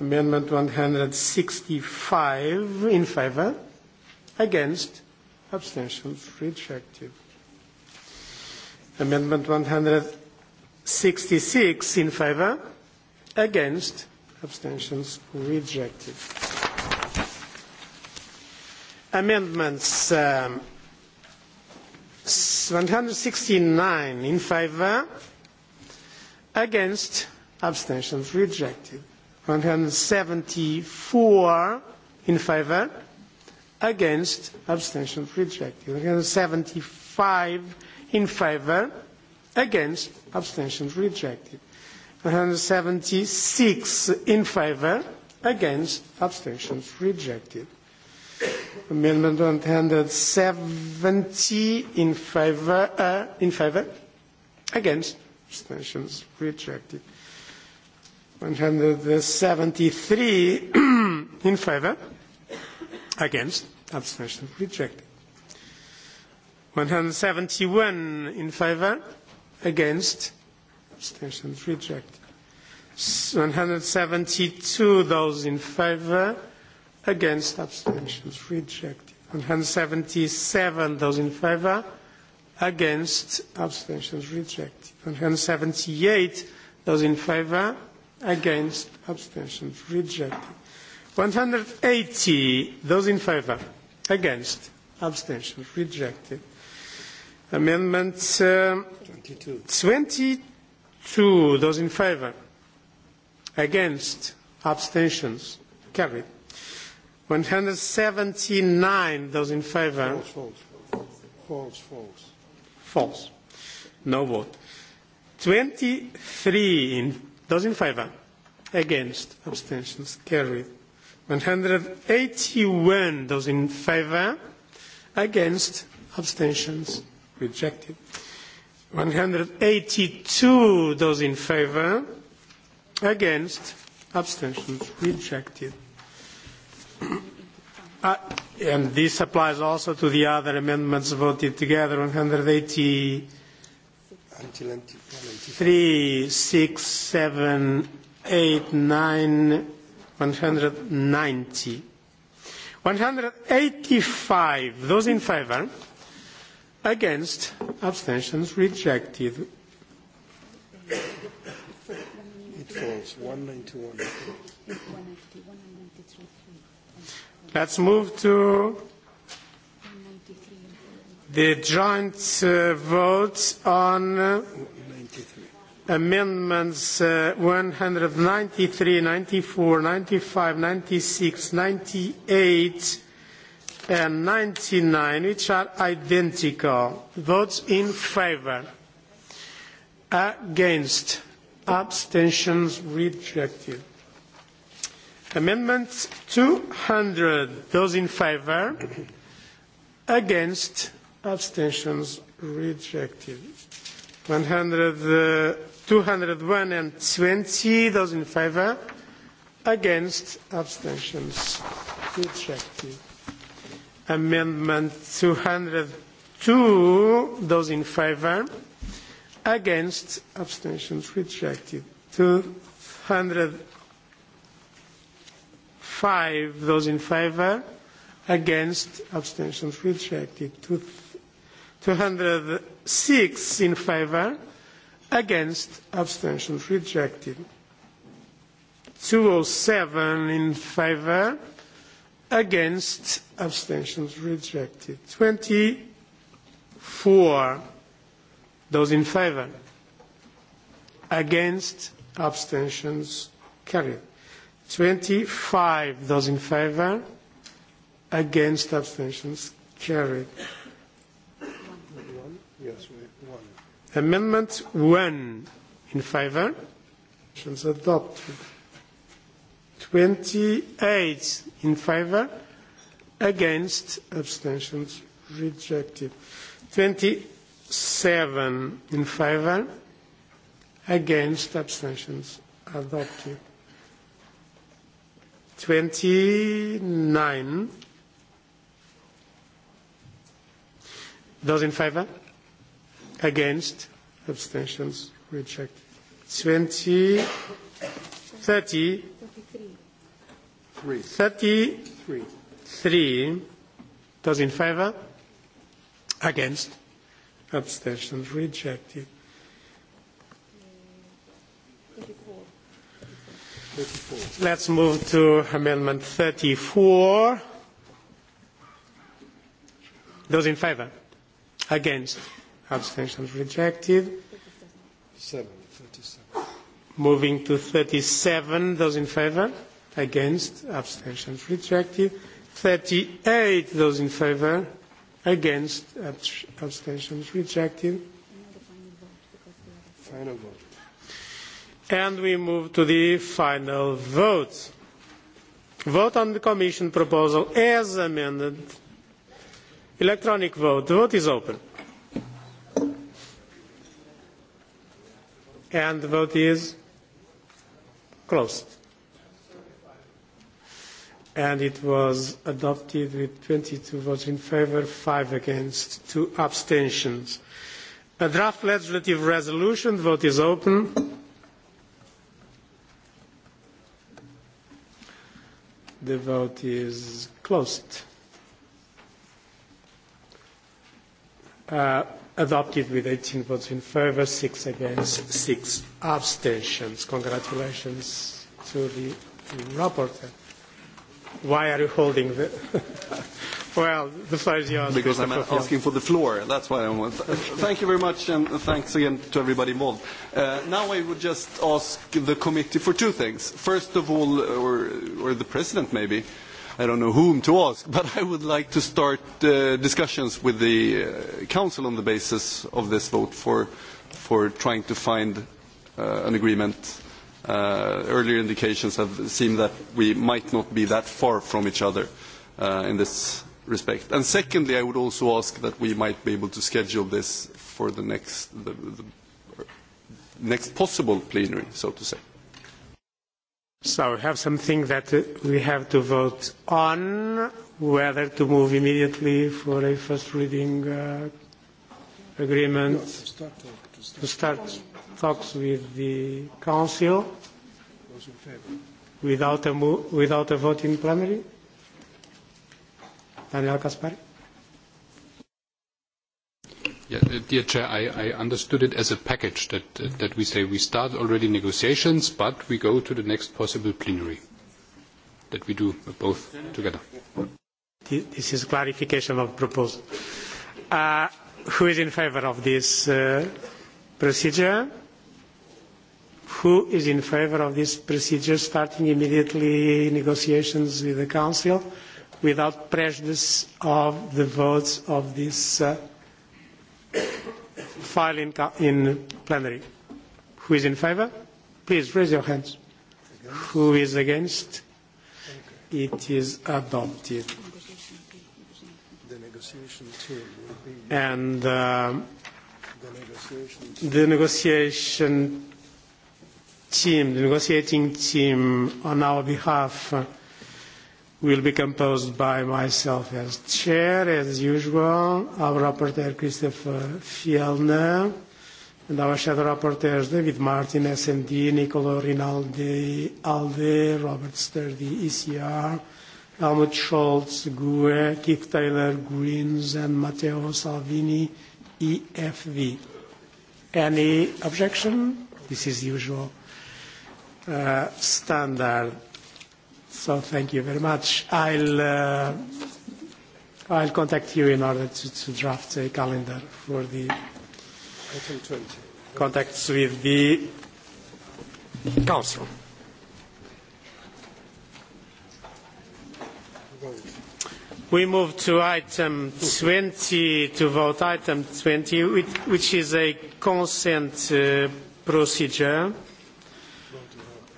Amendment 165 in favor, against abstentions, rejected. Amendment 166 in favor, against abstentions abstentions rejected. Amendments um, 169 in favor, against, abstentions rejected. 174 in favor, against, abstentions rejected. 175 in favor, against, abstentions rejected. 176 in favor, against, abstentions, rejected. Amendment 170 in favor, uh, in favor, against, abstentions, rejected. 173 in favor, against, abstentions, rejected. 171 in favor, against, abstention is rejected. 172, those in favor. Against abstentions, rejected. 177, those in favor. Against abstentions, rejected. 178, those in favor. Against abstentions, rejected. 180, those in favor. Against abstentions, rejected. Amendment uh, 22. 22 two those in favour against abstentions carried one hundred seventy nine those in favour false false false, false, false. false. no vote twenty three in those in favour against abstentions carried one hundred eighty one those in favour against abstentions rejected one hundred and eighty two those in favour against abstentions rejected uh, and this applies also to the other amendments voted together one hundred and eighty until three six seven eight nine one hundred ninety one hundred eighty five those in favour Against. Abstentions. Rejected. It falls. 191. Let's move to the joint uh, votes on uh, amendments uh, 193, 94, 95, 96, 98 and 99, which are identical. Votes in favour. Against. Abstentions rejected. Amendment 200. Those in favour. Against. Abstentions rejected. 100, uh, 201 and 20. Those in favour. Against. Abstentions rejected amendment 202. Those in favour? Against? Abstentions? Rejected. 205. Those in favour? Against? Abstentions? Rejected. 206 in favour? Against? Abstentions? Rejected. 207 in favour? against abstentions rejected 24 those in favor against abstentions carried 25 those in favor against abstentions carried amendment 1 in favor abstentions adopted 28 in favour against abstentions rejected 27 in favour against abstentions adopted 29 those in favour against abstentions rejected 20 30 33 those in favor against abstentions rejected 34. let's move to amendment 34 those in favor against abstentions rejected 37. moving to 37 those in favor against, abstentions rejected, 38 those in favour, against, abstentions rejected. Final vote. And we move to the final vote. Vote on the Commission proposal as amended. Electronic vote. The vote is open. And the vote is closed and it was adopted with 22 votes in favor, five against, two abstentions. A draft legislative resolution. Vote is open. The vote is closed. Uh, adopted with 18 votes in favor, six against, six abstentions. Congratulations to the rapporteur. Why are you holding the? well, the floor is yours. Because I'm asking floor. for the floor. That's why I'm. With. Thank you very much, and thanks again to everybody involved. Uh, now I would just ask the committee for two things. First of all, uh, or, or the president maybe. I don't know whom to ask, but I would like to start uh, discussions with the uh, council on the basis of this vote for, for trying to find uh, an agreement Uh, earlier indications have seemed that we might not be that far from each other uh, in this respect. And secondly, I would also ask that we might be able to schedule this for the next, the, the next possible plenary, so to say. So we have something that we have to vote on, whether to move immediately for a first reading uh, agreement no, to start. To start. To start talks with the council without a, mo- without a vote in plenary. Daniel Kaspari. Yeah, uh, dear Chair, I, I understood it as a package that, uh, that we say we start already negotiations, but we go to the next possible plenary that we do both together. This is clarification of proposal. Uh, who is in favour of this uh, procedure? who is in favor of this procedure starting immediately negotiations with the Council without prejudice of the votes of this uh, file in, in plenary? Who is in favor? Please raise your hands. Against. Who is against? Okay. It is adopted. The negotiation team will be... And um, the negotiation, team. The negotiation team, the negotiating team on our behalf uh, will be composed by myself as chair, as usual, our rapporteur Christopher Fielner, and our shadow rapporteurs David Martin, SMD, Nicolo Rinaldi, Alde, Robert Sturdy, ECR, Helmut Schultz, GUE, Keith Taylor, Greens, and Matteo Salvini, EFV. Any objection? This is usual uh, standard. So thank you very much. I'll, uh, I'll contact you in order to, to draft a calendar for the item 20. contacts with the council. We move to item 20, to vote item 20, which is a consent uh, procedure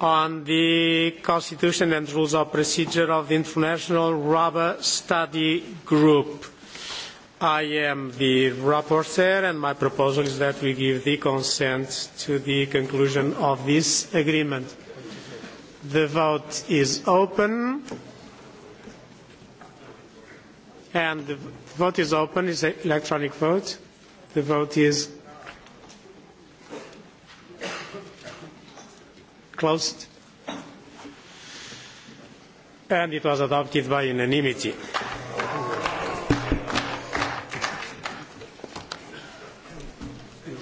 on the constitution and rules of procedure of the International Rubber Study Group. I am the rapporteur and my proposal is that we give the consent to the conclusion of this agreement. The vote is open. And the vote is open, it's an electronic vote. The vote is closed and it was adopted by unanimity.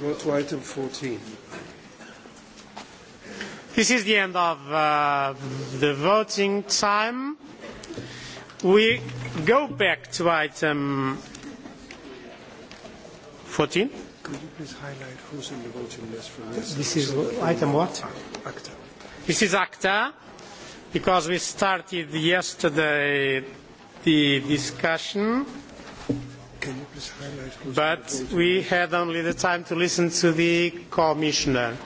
Go to item 14. This is the end of uh, the voting time. We go back to item 14. Could you please highlight who's in the voting list for this? This is item what? Actor. This is ACTA, because we started yesterday the discussion, but we had only the time to listen to the Commissioner.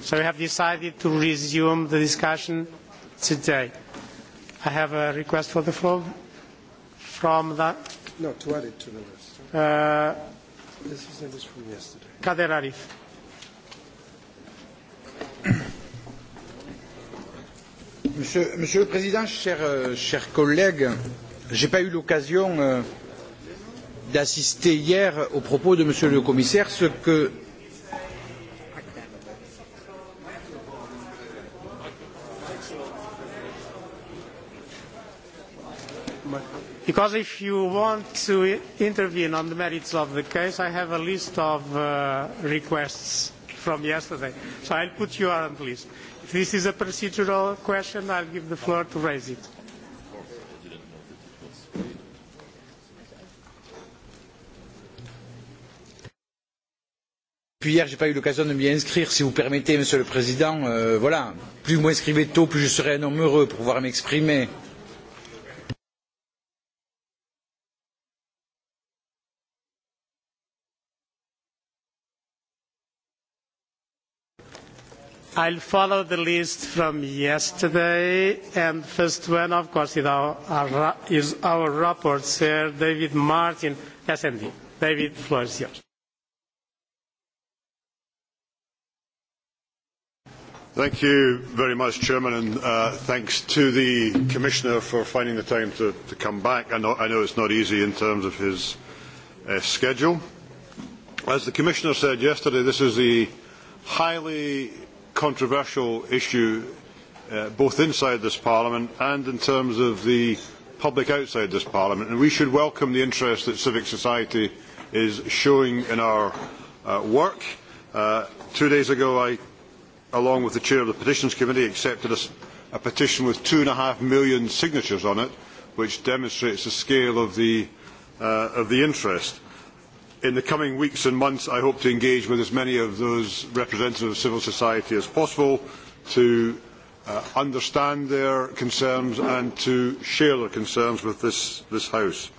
So we have decided to resume the discussion today. I have a request for the floor from the... No, to add it to the list. Uh, this is from yesterday. Kader Arif. Monsieur, Monsieur le Président, chers, euh, chers collègues, je n'ai pas eu l'occasion euh, d'assister hier aux propos de Monsieur le Commissaire, ce que Because if you want to intervene on the merits of the case, I have a list of uh, requests from yesterday. So I'll put you on the list this is a procedural question. I'll give the floor to raise it. Puis hier, je n'ai pas eu l'occasion de m'y inscrire, si vous permettez, Monsieur le Président. Euh, voilà, plus vous m'inscrivez tôt, plus je serai un homme heureux pour pouvoir m'exprimer. Euh, I'll follow the list from yesterday, and first one, of course, is our, our, is our rapport, Sir David Martin, SND. David, floor is yours. Thank you very much, Chairman, and uh, thanks to the Commissioner for finding the time to, to come back. I know, I know it's not easy in terms of his uh, schedule. As the Commissioner said yesterday, this is the highly controversial issue uh, both inside this Parliament and in terms of the public outside this Parliament. And we should welcome the interest that civic society is showing in our uh, work. Uh, two days ago, I, along with the Chair of the Petitions Committee, accepted a, a petition with two and a half million signatures on it, which demonstrates the scale of the, uh, of the interest in the coming weeks and months i hope to engage with as many of those representatives of civil society as possible to uh, understand their concerns and to share their concerns with this house.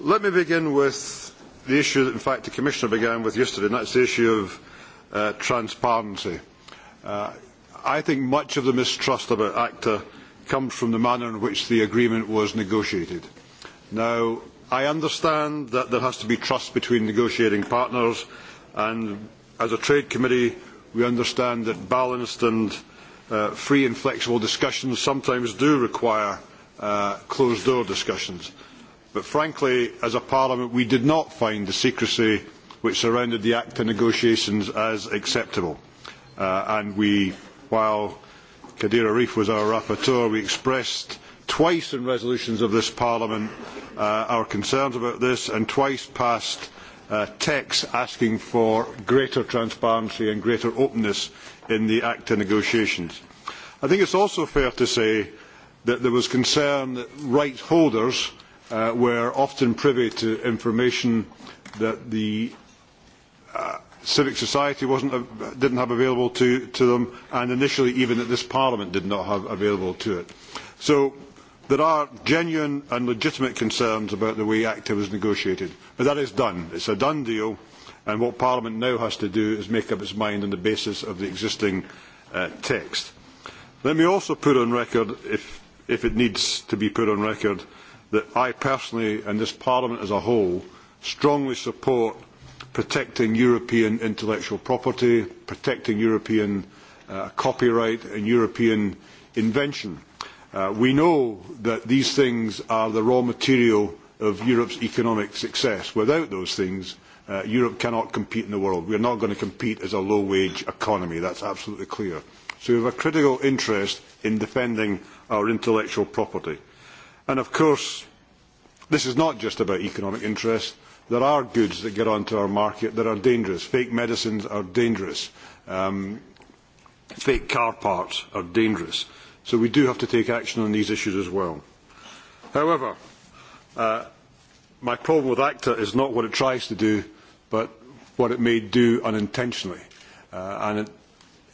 let me begin with the issue that in fact the commissioner began with yesterday and that is the issue of uh, transparency. Uh, i think much of the mistrust about acta comes from the manner in which the agreement was negotiated. now, i understand that there has to be trust between negotiating partners and as a trade committee we understand that balanced and uh, free and flexible discussions sometimes do require uh, closed door discussions but frankly as a parliament we did not find the secrecy which surrounded the acta negotiations as acceptable uh, and we while Kadira Reef was our rapporteur we expressed uh, twice in resolutions of this parliament uh, our concerns about this and twice passed uh, texts asking for greater transparency and greater openness in the ACTA negotiations. I think it's also fair to say that there was concern that rights holders uh, were often privy to information that the uh, civic society wasn't, uh, didn't have available to, to them and initially even that this parliament did not have available to it. So there are genuine and legitimate concerns about the way ACTA was negotiated. But that is done. It's a done deal. And what Parliament now has to do is make up its mind on the basis of the existing uh, text. Let me also put on record, if, if it needs to be put on record, that I personally and this Parliament as a whole strongly support protecting European intellectual property, protecting European uh, copyright and European invention. Uh, we know that these things are the raw material of europe's economic success. without those things uh, europe cannot compete in the world. we are not going to compete as a low wage economy. that is absolutely clear. so we have a critical interest in defending our intellectual property. and of course this is not just about economic interest. there are goods that get onto our market that are dangerous. fake medicines are dangerous. Um, fake car parts are dangerous so we do have to take action on these issues as well. However, uh, my problem with ACTA is not what it tries to do, but what it may do unintentionally. Uh, and it,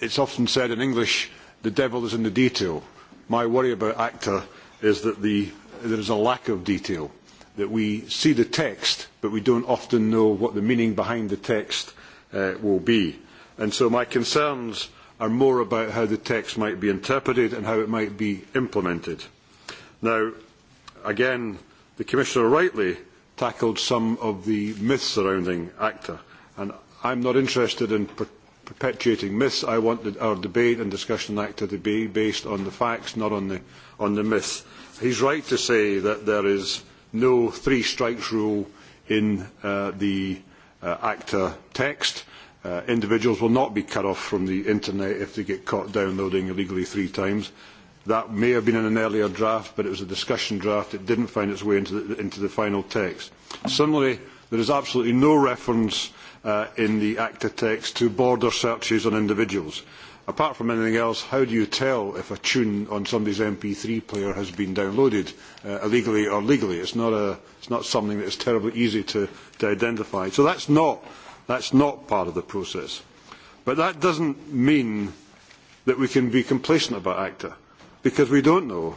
it's often said in English, the devil is in the detail. My worry about ACTA is that the, there is a lack of detail, that we see the text, but we don't often know what the meaning behind the text uh, will be. And so my concerns are more about how the text might be interpreted and how it might be implemented. Now, again, the Commissioner rightly tackled some of the myths surrounding ACTA, and I'm not interested in per perpetuating myths. I want the, our debate and discussion on ACTA to be based on the facts, not on the, on the myths. He's right to say that there is no three strikes rule in uh, the uh, ACTA text. Uh, Uh, individuals will not be cut off from the internet if they get caught downloading illegally three times. That may have been in an earlier draft, but it was a discussion draft. It didn't find its way into the, into the final text. Similarly, there is absolutely no reference uh, in the ACTA text to border searches on individuals. Apart from anything else, how do you tell if a tune on somebody's MP3 player has been downloaded uh, illegally or legally? It's not, a, it's not something that is terribly easy to, to identify. So that's not That is not part of the process. But that does not mean that we can be complacent about ACTA, because we do not know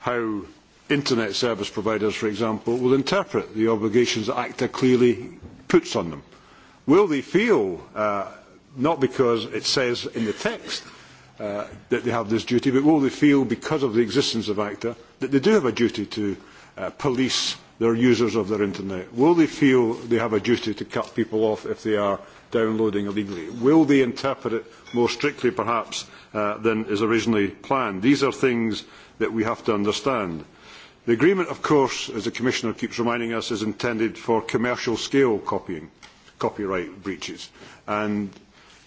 how internet service providers, for example, will interpret the obligations that ACTA clearly puts on them. Will they feel, uh, not because it says in the text uh, that they have this duty, but will they feel because of the existence of ACTA that they do have a duty to uh, police uh, their users of their internet? Will they feel they have a duty to cut people off if they are downloading illegally? Will they interpret it more strictly, perhaps, uh, than is originally planned? These are things that we have to understand. The agreement, of course, as the Commissioner keeps reminding us, is intended for commercial-scale copying, copyright breaches. And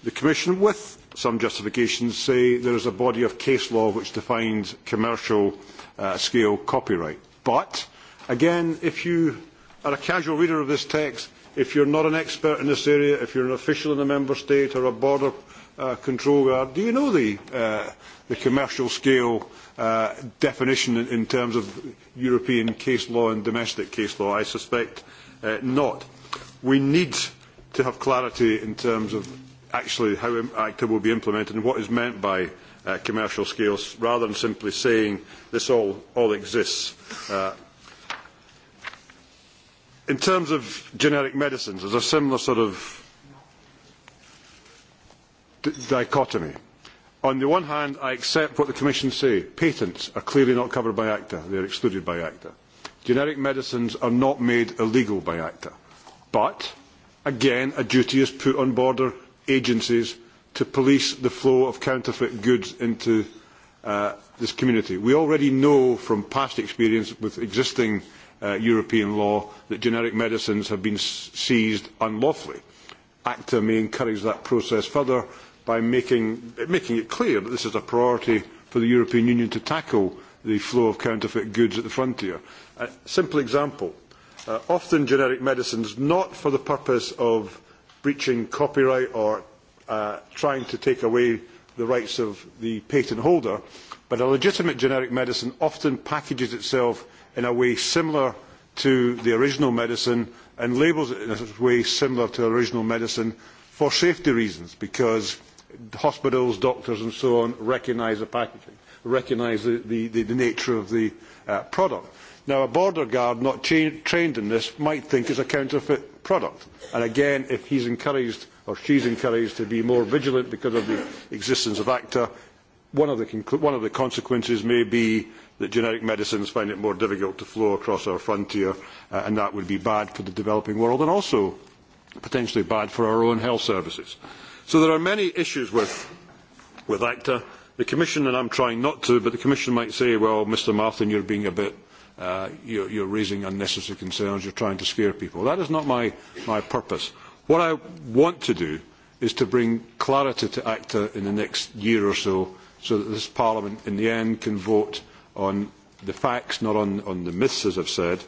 the Commission, with some justifications, say there is a body of case law which defines commercial-scale uh, copyright. But again, if you are a casual reader of this text, if you're not an expert in this area, if you're an official in a member state or a border uh, control guard, do you know the, uh, the commercial scale uh, definition in, in terms of European case law and domestic case law? I suspect uh, not. We need to have clarity in terms of actually how ACTA will be implemented and what is meant by uh, commercial scales, rather than simply saying this all, all exists. Uh, in terms of generic medicines, there's a similar sort of d- dichotomy. On the one hand, I accept what the Commission say. Patents are clearly not covered by ACTA. They are excluded by ACTA. Generic medicines are not made illegal by ACTA. But, again, a duty is put on border agencies to police the flow of counterfeit goods into uh, this community. We already know from past experience with existing uh, uh, European law that generic medicines have been seized unlawfully. ACTA may encourage that process further by making, making it clear that this is a priority for the European Union to tackle the flow of counterfeit goods at the frontier. A simple example, uh, often generic medicines, not for the purpose of breaching copyright or uh, trying to take away the rights of the patent holder, but a legitimate generic medicine often packages itself in a way similar to the original medicine and labels it in a way similar to the original medicine for safety reasons because hospitals, doctors and so on recognise the packaging, recognise the, the, the nature of the uh, product. Now a border guard not cha- trained in this might think it's a counterfeit product and again if he's encouraged or she's encouraged to be more vigilant because of the existence of ACTA, one of the, conc- one of the consequences may be that generic medicines find it more difficult to flow across our frontier, uh, and that would be bad for the developing world and also potentially bad for our own health services. So there are many issues with, with ACTA. The Commission, and I'm trying not to, but the Commission might say, well, Mr. Martin, you're being a bit, uh, you're, you're raising unnecessary concerns, you're trying to scare people. That is not my, my purpose. What I want to do is to bring clarity to ACTA in the next year or so, so that this Parliament, in the end, can vote on the facts, not on, on the myths, as I've said.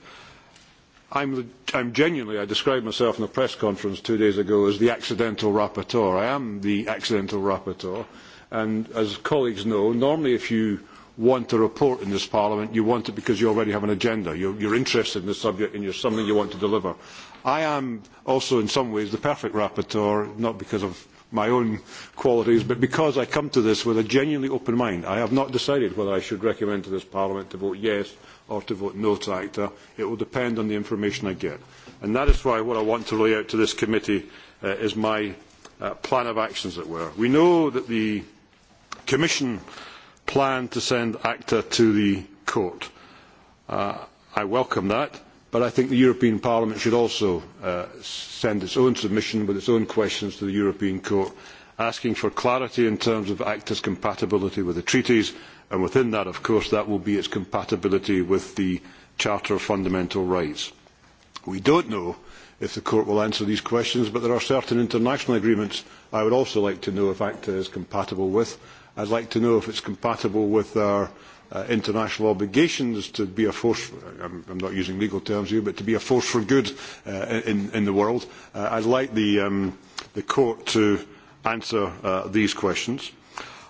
I'm, I'm genuinely, I described myself in a press conference two days ago as the accidental rapporteur. I am the accidental rapporteur. And as colleagues know, normally if you want a report in this Parliament, you want it because you already have an agenda. You're, you're interested in the subject and you're something you want to deliver. I am also in some ways the perfect rapporteur, not because of my own qualities, but because I come to this with a genuinely open mind, I have not decided whether I should recommend to this Parliament to vote yes or to vote no to ACTA. It will depend on the information I get. And that is why what I want to lay out to this committee uh, is my uh, plan of actions, as it were. We know that the Commission plan to send ACTA to the court. Uh, I welcome that but i think the european parliament should also uh, send its own submission with its own questions to the european court asking for clarity in terms of acta's compatibility with the treaties and within that of course that will be its compatibility with the charter of fundamental rights. we do not know if the court will answer these questions but there are certain international agreements i would also like to know if acta is compatible with. i would like to know if it is compatible with our uh, international obligations to be a force, I'm, I'm not using legal terms here, but to be a force for good uh, in, in the world. Uh, I'd like the, um, the court to answer uh, these questions.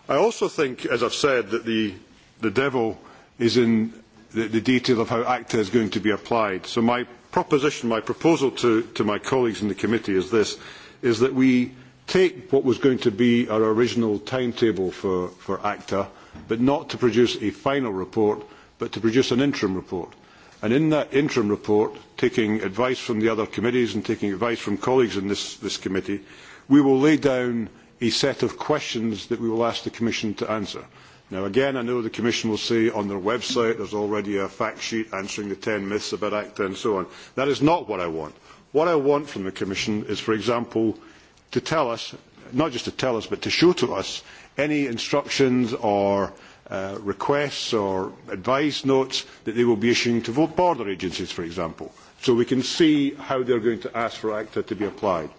I also think, as I've said, that the, the devil is in the, the detail of how ACTA is going to be applied. So my proposition, my proposal to, to my colleagues in the committee is this, is that we take what was going to be our original timetable for, for ACTA, uh, but not to produce a final report, but to produce an interim report. And in that interim report, taking advice from the other committees and taking advice from colleagues in this, this committee, we will lay down a set of questions that we will ask the Commission to answer. Now, again, I know the Commission will say on their website there's already a fact sheet answering the 10 myths about ACTA and so on. That is not what I want. What I want from the Commission is, for example, to tell us, not just to tell us, but to show to us any instructions or uh, requests or advice notes that they will be issuing to vote border agencies, for example, so we can see how they are going to ask for ACTA to be applied.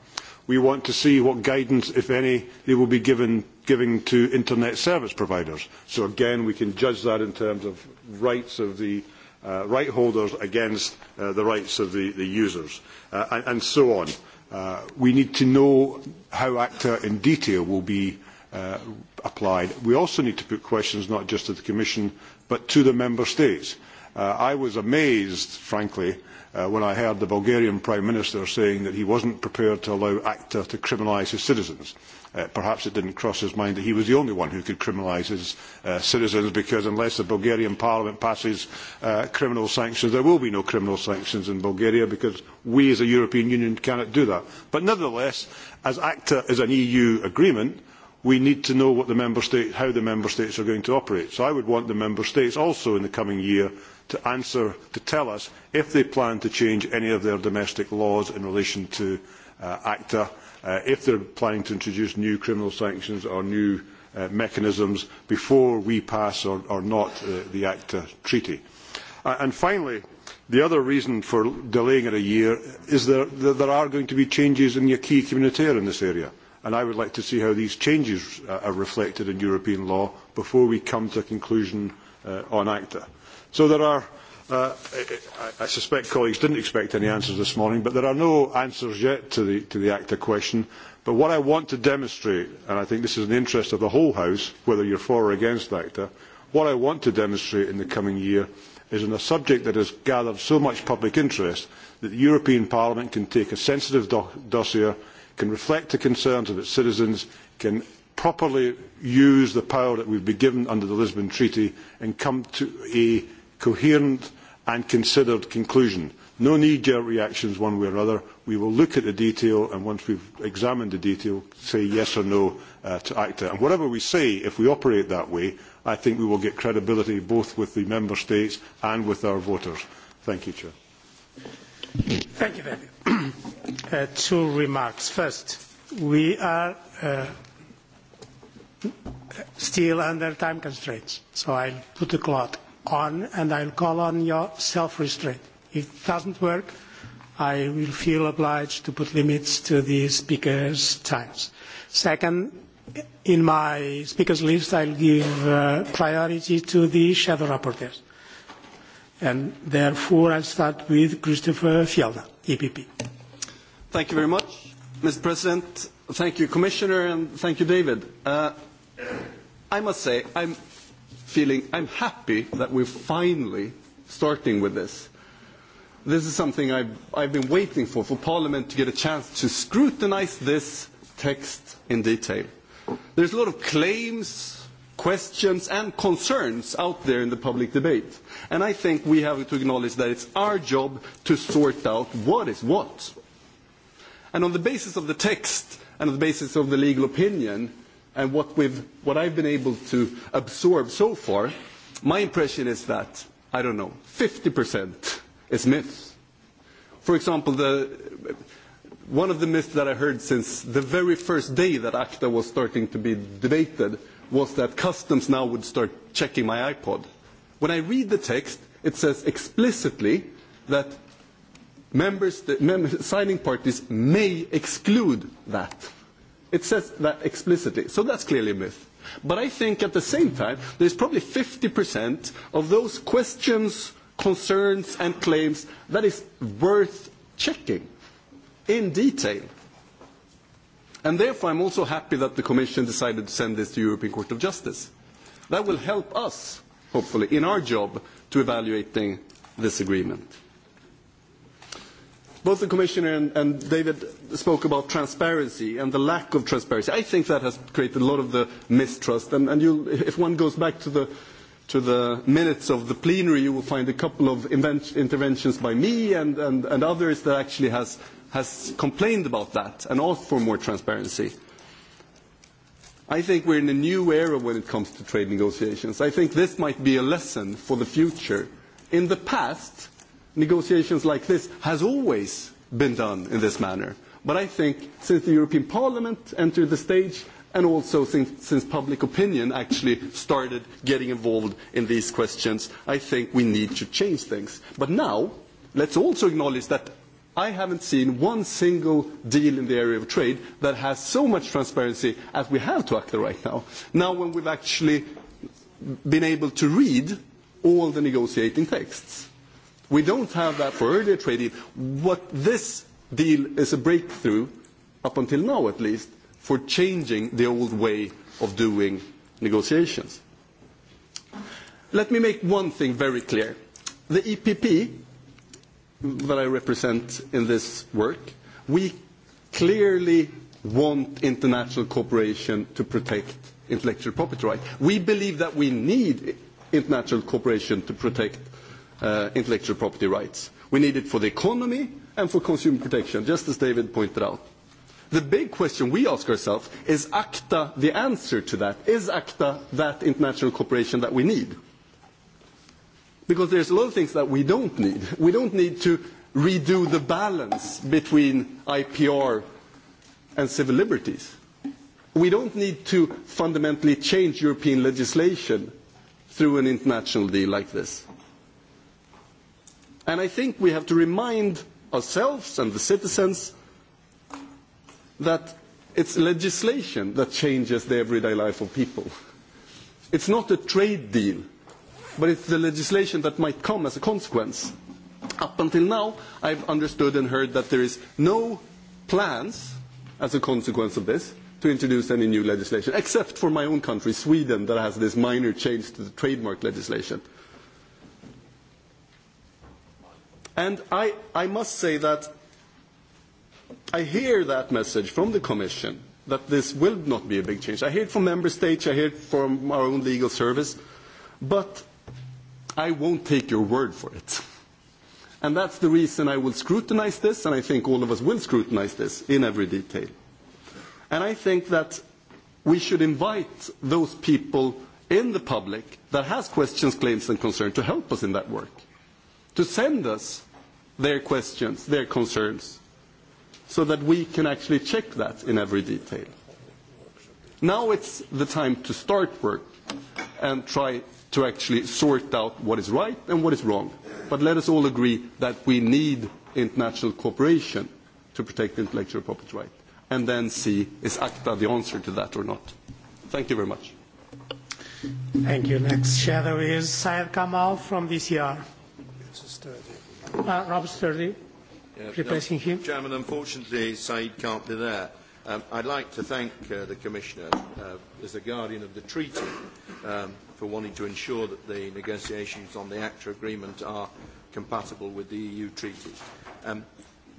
We want to see what guidance, if any, they will be given, giving to internet service providers. So again, we can judge that in terms of rights of the uh, right holders against uh, the rights of the, the users, uh, and, and so on. Uh, we need to know how ACTA in detail will be uh, uh, applied. We also need to put questions not just to the Commission but to the Member States. Uh, I was amazed, frankly, uh, when I heard the Bulgarian Prime Minister saying that he wasn't prepared to allow ACTA to criminalise his citizens. Uh, perhaps it didn't cross his mind that he was the only one who could criminalise his uh, citizens because unless the Bulgarian Parliament passes uh, criminal sanctions, there will be no criminal sanctions in Bulgaria because we as a European Union cannot do that. But nevertheless, as ACTA is an EU agreement, uh, we need to know what the member state, how the member states are going to operate. So I would want the member states also in the coming year to answer, to tell us if they plan to change any of their domestic laws in relation to uh, ACTA, uh, if they're planning to introduce new criminal sanctions or new uh, mechanisms before we pass or, or not uh, the ACTA treaty. Uh, and finally, the other reason for delaying it a year is that there, there are going to be changes in the key communitaire in this area and I would like to see how these changes uh, are reflected in European law before we come to a conclusion uh, on ACTA. So there are, uh, I, I suspect colleagues didn't expect any answers this morning, but there are no answers yet to the, to the ACTA question. But what I want to demonstrate, and I think this is in the interest of the whole House, whether you're for or against ACTA, what I want to demonstrate in the coming year is on a subject that has gathered so much public interest that the European Parliament can take a sensitive do- dossier can reflect the concerns of its citizens, can properly use the power that we've been given under the Lisbon Treaty and come to a coherent and considered conclusion. No knee-jerk reactions one way or other. We will look at the detail and once we've examined the detail, say yes or no uh, to ACTA. And whatever we say, if we operate that way, I think we will get credibility both with the Member States and with our voters. Thank you, Chair. Thank you, Matthew. Uh, two remarks. First, we are uh, still under time constraints, so I'll put the clock on, and I'll call on your self-restraint. If it doesn't work, I will feel obliged to put limits to the speakers' times. Second, in my speakers list, I'll give uh, priority to the shadow rapporteurs, and therefore, I'll start with Christopher Fielder, EPP. Thank you very much, Mr. President. Thank you, Commissioner, and thank you, David. Uh, I must say, I'm feeling I'm happy that we're finally starting with this. This is something I've, I've been waiting for, for Parliament to get a chance to scrutinize this text in detail. There's a lot of claims, questions, and concerns out there in the public debate. And I think we have to acknowledge that it's our job to sort out what is what. And on the basis of the text and on the basis of the legal opinion and what, we've, what I've been able to absorb so far, my impression is that, I don't know, 50% is myth. For example, the, one of the myths that I heard since the very first day that ACTA was starting to be debated was that customs now would start checking my iPod. When I read the text, it says explicitly that members, the mem- signing parties may exclude that. It says that explicitly. So that's clearly a myth. But I think at the same time, there's probably 50% of those questions, concerns, and claims that is worth checking in detail. And therefore, I'm also happy that the Commission decided to send this to the European Court of Justice. That will help us, hopefully, in our job to evaluating this agreement both the commissioner and, and david spoke about transparency and the lack of transparency. i think that has created a lot of the mistrust. and, and you'll, if one goes back to the, to the minutes of the plenary, you will find a couple of inven- interventions by me and, and, and others that actually has, has complained about that and asked for more transparency. i think we're in a new era when it comes to trade negotiations. i think this might be a lesson for the future. in the past, negotiations like this has always been done in this manner. But I think since the European Parliament entered the stage, and also since, since public opinion actually started getting involved in these questions, I think we need to change things. But now, let's also acknowledge that I haven't seen one single deal in the area of trade that has so much transparency as we have to ACTA right now. Now, when we've actually been able to read all the negotiating texts. We don't have that for earlier trading. What this deal is a breakthrough, up until now at least, for changing the old way of doing negotiations. Let me make one thing very clear. The EPP that I represent in this work, we clearly want international cooperation to protect intellectual property rights. We believe that we need international cooperation to protect Uh, intellectual property rights. We need it for the economy and for consumer protection, just as David pointed out. The big question we ask ourselves is ACTA the answer to that? Is ACTA that international cooperation that we need? Because there's a lot of things that we don't need. We don't need to redo the balance between IPR and civil liberties. We don't need to fundamentally change European legislation through an international deal like this. And I think we have to remind ourselves and the citizens that it's legislation that changes the everyday life of people. It's not a trade deal, but it's the legislation that might come as a consequence. Up until now, I've understood and heard that there is no plans as a consequence of this to introduce any new legislation, except for my own country, Sweden, that has this minor change to the trademark legislation. And I, I must say that I hear that message from the Commission that this will not be a big change. I hear it from Member States, I hear it from our own legal service, but I won't take your word for it. And that's the reason I will scrutinize this, and I think all of us will scrutinize this in every detail. And I think that we should invite those people in the public that has questions, claims and concerns to help us in that work, to send us their questions, their concerns, so that we can actually check that in every detail. Now it's the time to start work and try to actually sort out what is right and what is wrong. But let us all agree that we need international cooperation to protect intellectual property rights and then see is ACTA the answer to that or not. Thank you very much. Thank you. Next shadow is Syed Kamal from VCR. Uh, Robert Sturdy, yeah, no, replacing no, him. Chairman, unfortunately, Said can't be there. Um, I'd like to thank uh, the Commissioner uh, as the guardian of the treaty um, for wanting to ensure that the negotiations on the ACTA agreement are compatible with the EU treaties. Um,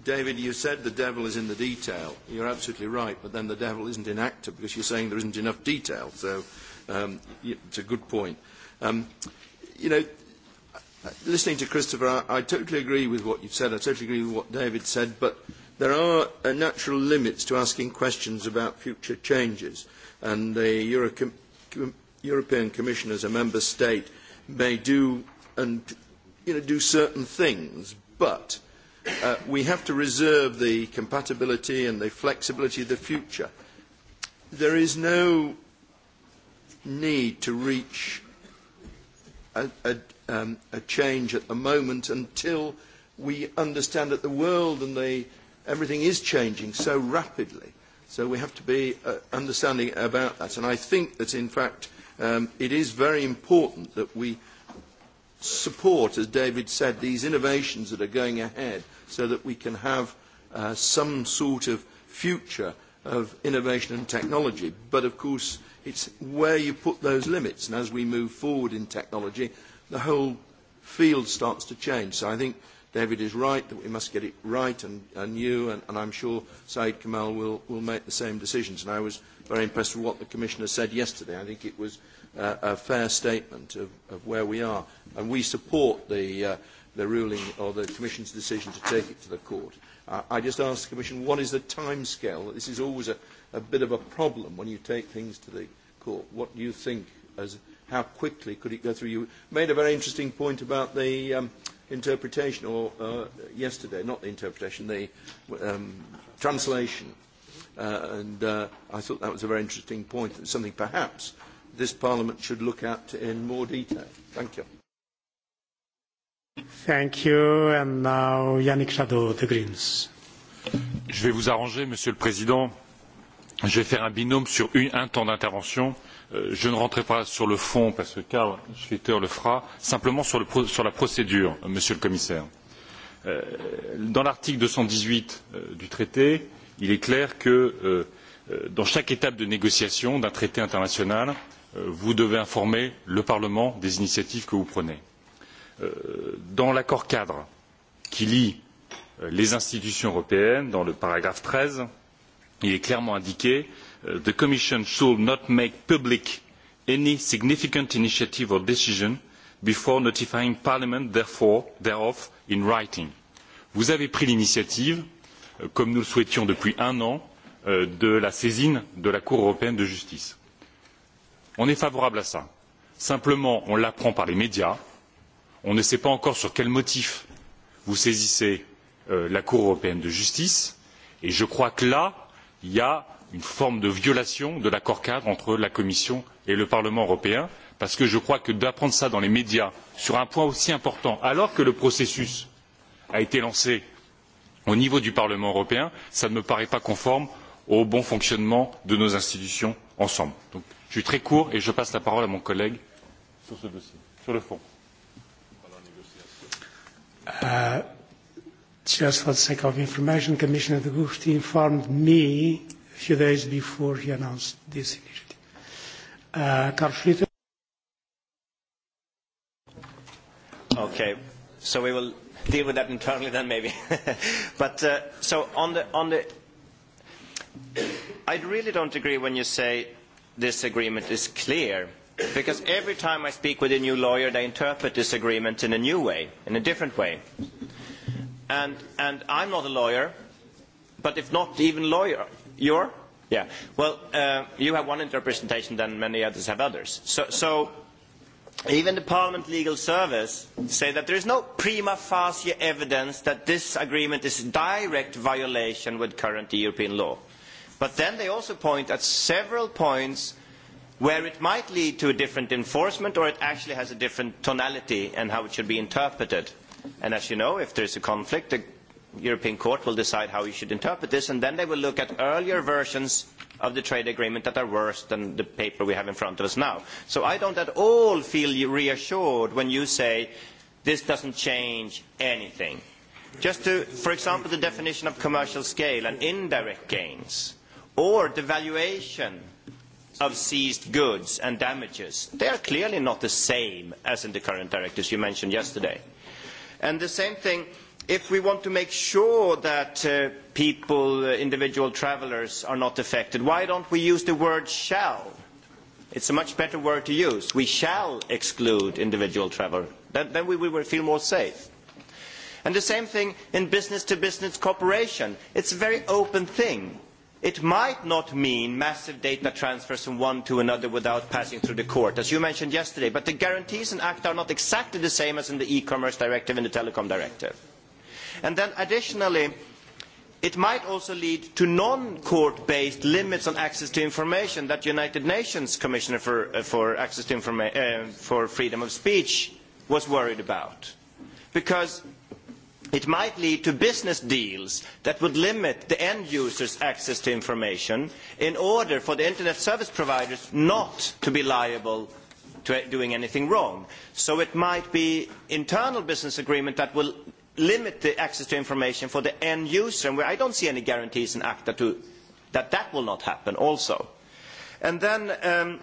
David, you said the devil is in the detail. You're absolutely right, but then the devil isn't in ACTA because you're saying there isn't enough detail. So um, it's a good point. Um, you know, listening to Christopher, I, I totally agree with what you've said. I totally agree with what David said. But there are uh, natural limits to asking questions about future changes. And the Euro com- com- European Commission, as a member state, may do and you know, do certain things. But uh, we have to reserve the compatibility and the flexibility of the future. There is no need to reach a, a, um, a change at the moment until we understand that the world and the, everything is changing so rapidly. So we have to be uh, understanding about that. And I think that, in fact, um, it is very important that we support, as David said, these innovations that are going ahead so that we can have uh, some sort of future of innovation and technology. But, of course, it's where you put those limits. And as we move forward in technology, the whole field starts to change. So I think David is right that we must get it right, and, and you, and, and I'm sure Saeed Kamal will, will make the same decisions. And I was very impressed with what the Commissioner said yesterday. I think it was uh, a fair statement of, of where we are. And we support the, uh, the ruling or the Commission's decision to take it to the court. Uh, I just asked the Commission, what is the timescale? This is always a, a bit of a problem when you take things to the court. What do you think as how quickly could it go through? You made a very interesting point about the um, interpretation or uh, yesterday, not the interpretation, the um, translation. Uh, and uh, I thought that was a very interesting point and something perhaps this Parliament should look at in more detail. Thank you. Thank you. And now Yannick Chadeau, The Greens. Je vais vous arranger, Monsieur le Président. Je vais faire un binôme sur une, un temps d'intervention. Euh, je ne rentrerai pas sur le fond parce que karl schlyter le fera simplement sur la procédure euh, monsieur le commissaire. Euh, dans l'article deux cent dix huit du traité il est clair que dans chaque étape de négociation d'un traité international vous devez informer le parlement des initiatives que vous prenez. dans l'accord cadre qui lie les institutions européennes dans le paragraphe treize il est clairement indiqué the commission should not make public any significant initiative or decision before notifying parliament thereof in writing. vous avez pris l'initiative euh, comme nous le souhaitions depuis un an euh, de la saisine de la cour européenne de justice. on est favorable à cela. simplement on l'apprend par les médias on ne sait pas encore sur quel motif vous saisissez euh, la cour européenne de justice et je crois que là il y a une forme de violation de l'accord cadre entre la commission et le parlement européen parce que je crois que d'apprendre cela dans les médias sur un point aussi important alors que le processus a été lancé au niveau du parlement européen ça ne me paraît pas conforme au bon fonctionnement de nos institutions ensemble. Donc, je suis très court et je passe la parole à mon collègue sur ce dossier, sur le fond. Uh, just for the sake of information, Commissioner Gusti informed me a few days before he announced this initiative. Uh, Carl Schlitter. Okay, so we will deal with that internally then maybe. but uh, so on the, on the, I really don't agree when you say this agreement is clear. Because every time I speak with a new lawyer, they interpret this agreement in a new way, in a different way. And, and I'm not a lawyer, but if not even lawyer, your? Yeah. Well, uh, you have one interpretation, then many others have others. So, so, even the Parliament Legal Service say that there is no prima facie evidence that this agreement is a direct violation with current European law. But then they also point at several points where it might lead to a different enforcement or it actually has a different tonality and how it should be interpreted. And as you know, if there is a conflict, the European Court will decide how you should interpret this, and then they will look at earlier versions of the trade agreement that are worse than the paper we have in front of us now. So I don't at all feel reassured when you say this doesn't change anything. Just to, for example, the definition of commercial scale and indirect gains, or the valuation of seized goods and damages, they are clearly not the same as in the current directives you mentioned yesterday. And the same thing, if we want to make sure that uh, people uh, individual travellers are not affected why don't we use the word shall it's a much better word to use we shall exclude individual travellers then, then we will feel more safe and the same thing in business to business cooperation it's a very open thing it might not mean massive data transfers from one to another without passing through the court, as you mentioned yesterday, but the guarantees in ACTA are not exactly the same as in the e commerce directive and the telecom directive additionally it might also lead to non court based limits on access to information that the united nations commissioner uh, uh, for freedom of speech was worried about because it might lead to business deals that would limit the end users' access to information in order for the internet service providers not to be liable for doing anything wrong. so it might be internal business agreements that will limit the access to information for the end user, and I don't see any guarantees in ACTA to, that that will not happen also. And then um,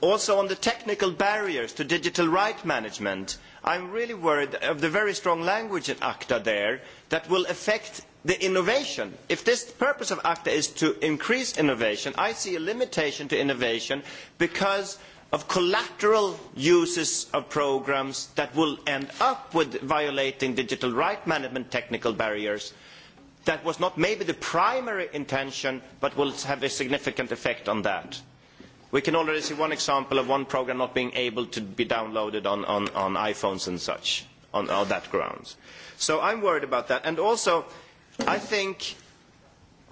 also on the technical barriers to digital right management, I'm really worried of the very strong language in ACTA there that will affect the innovation. If this purpose of ACTA is to increase innovation, I see a limitation to innovation because of collateral uses of programmes that will end up with violating digital right management technical barriers that was not maybe the primary intention but will have a significant effect on that. We can already see one example of one programme not being able to be downloaded on, on, on iPhones and such on, on that grounds. So I'm worried about that. And also, I think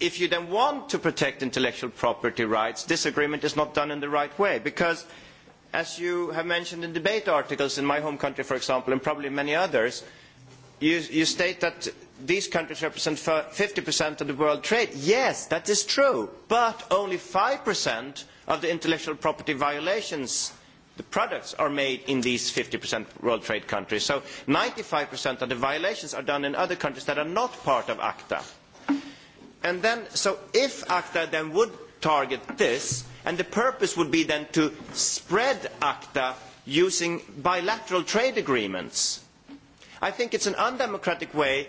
if you then want to protect intellectual property rights, this agreement is not done in the right way because as you have mentioned in debate articles in my home country, for example, and probably many others, you, you state that these countries represent 50% of the world trade. Yes, that is true, but only 5% of the intellectual property violations, the products, are made in these 50% world trade countries. So 95% of the violations are done in other countries that are not part of ACTA. And then, so if ACTA then would target this, and the purpose would be then to spread acta using bilateral trade agreements i think it's an undemocratic way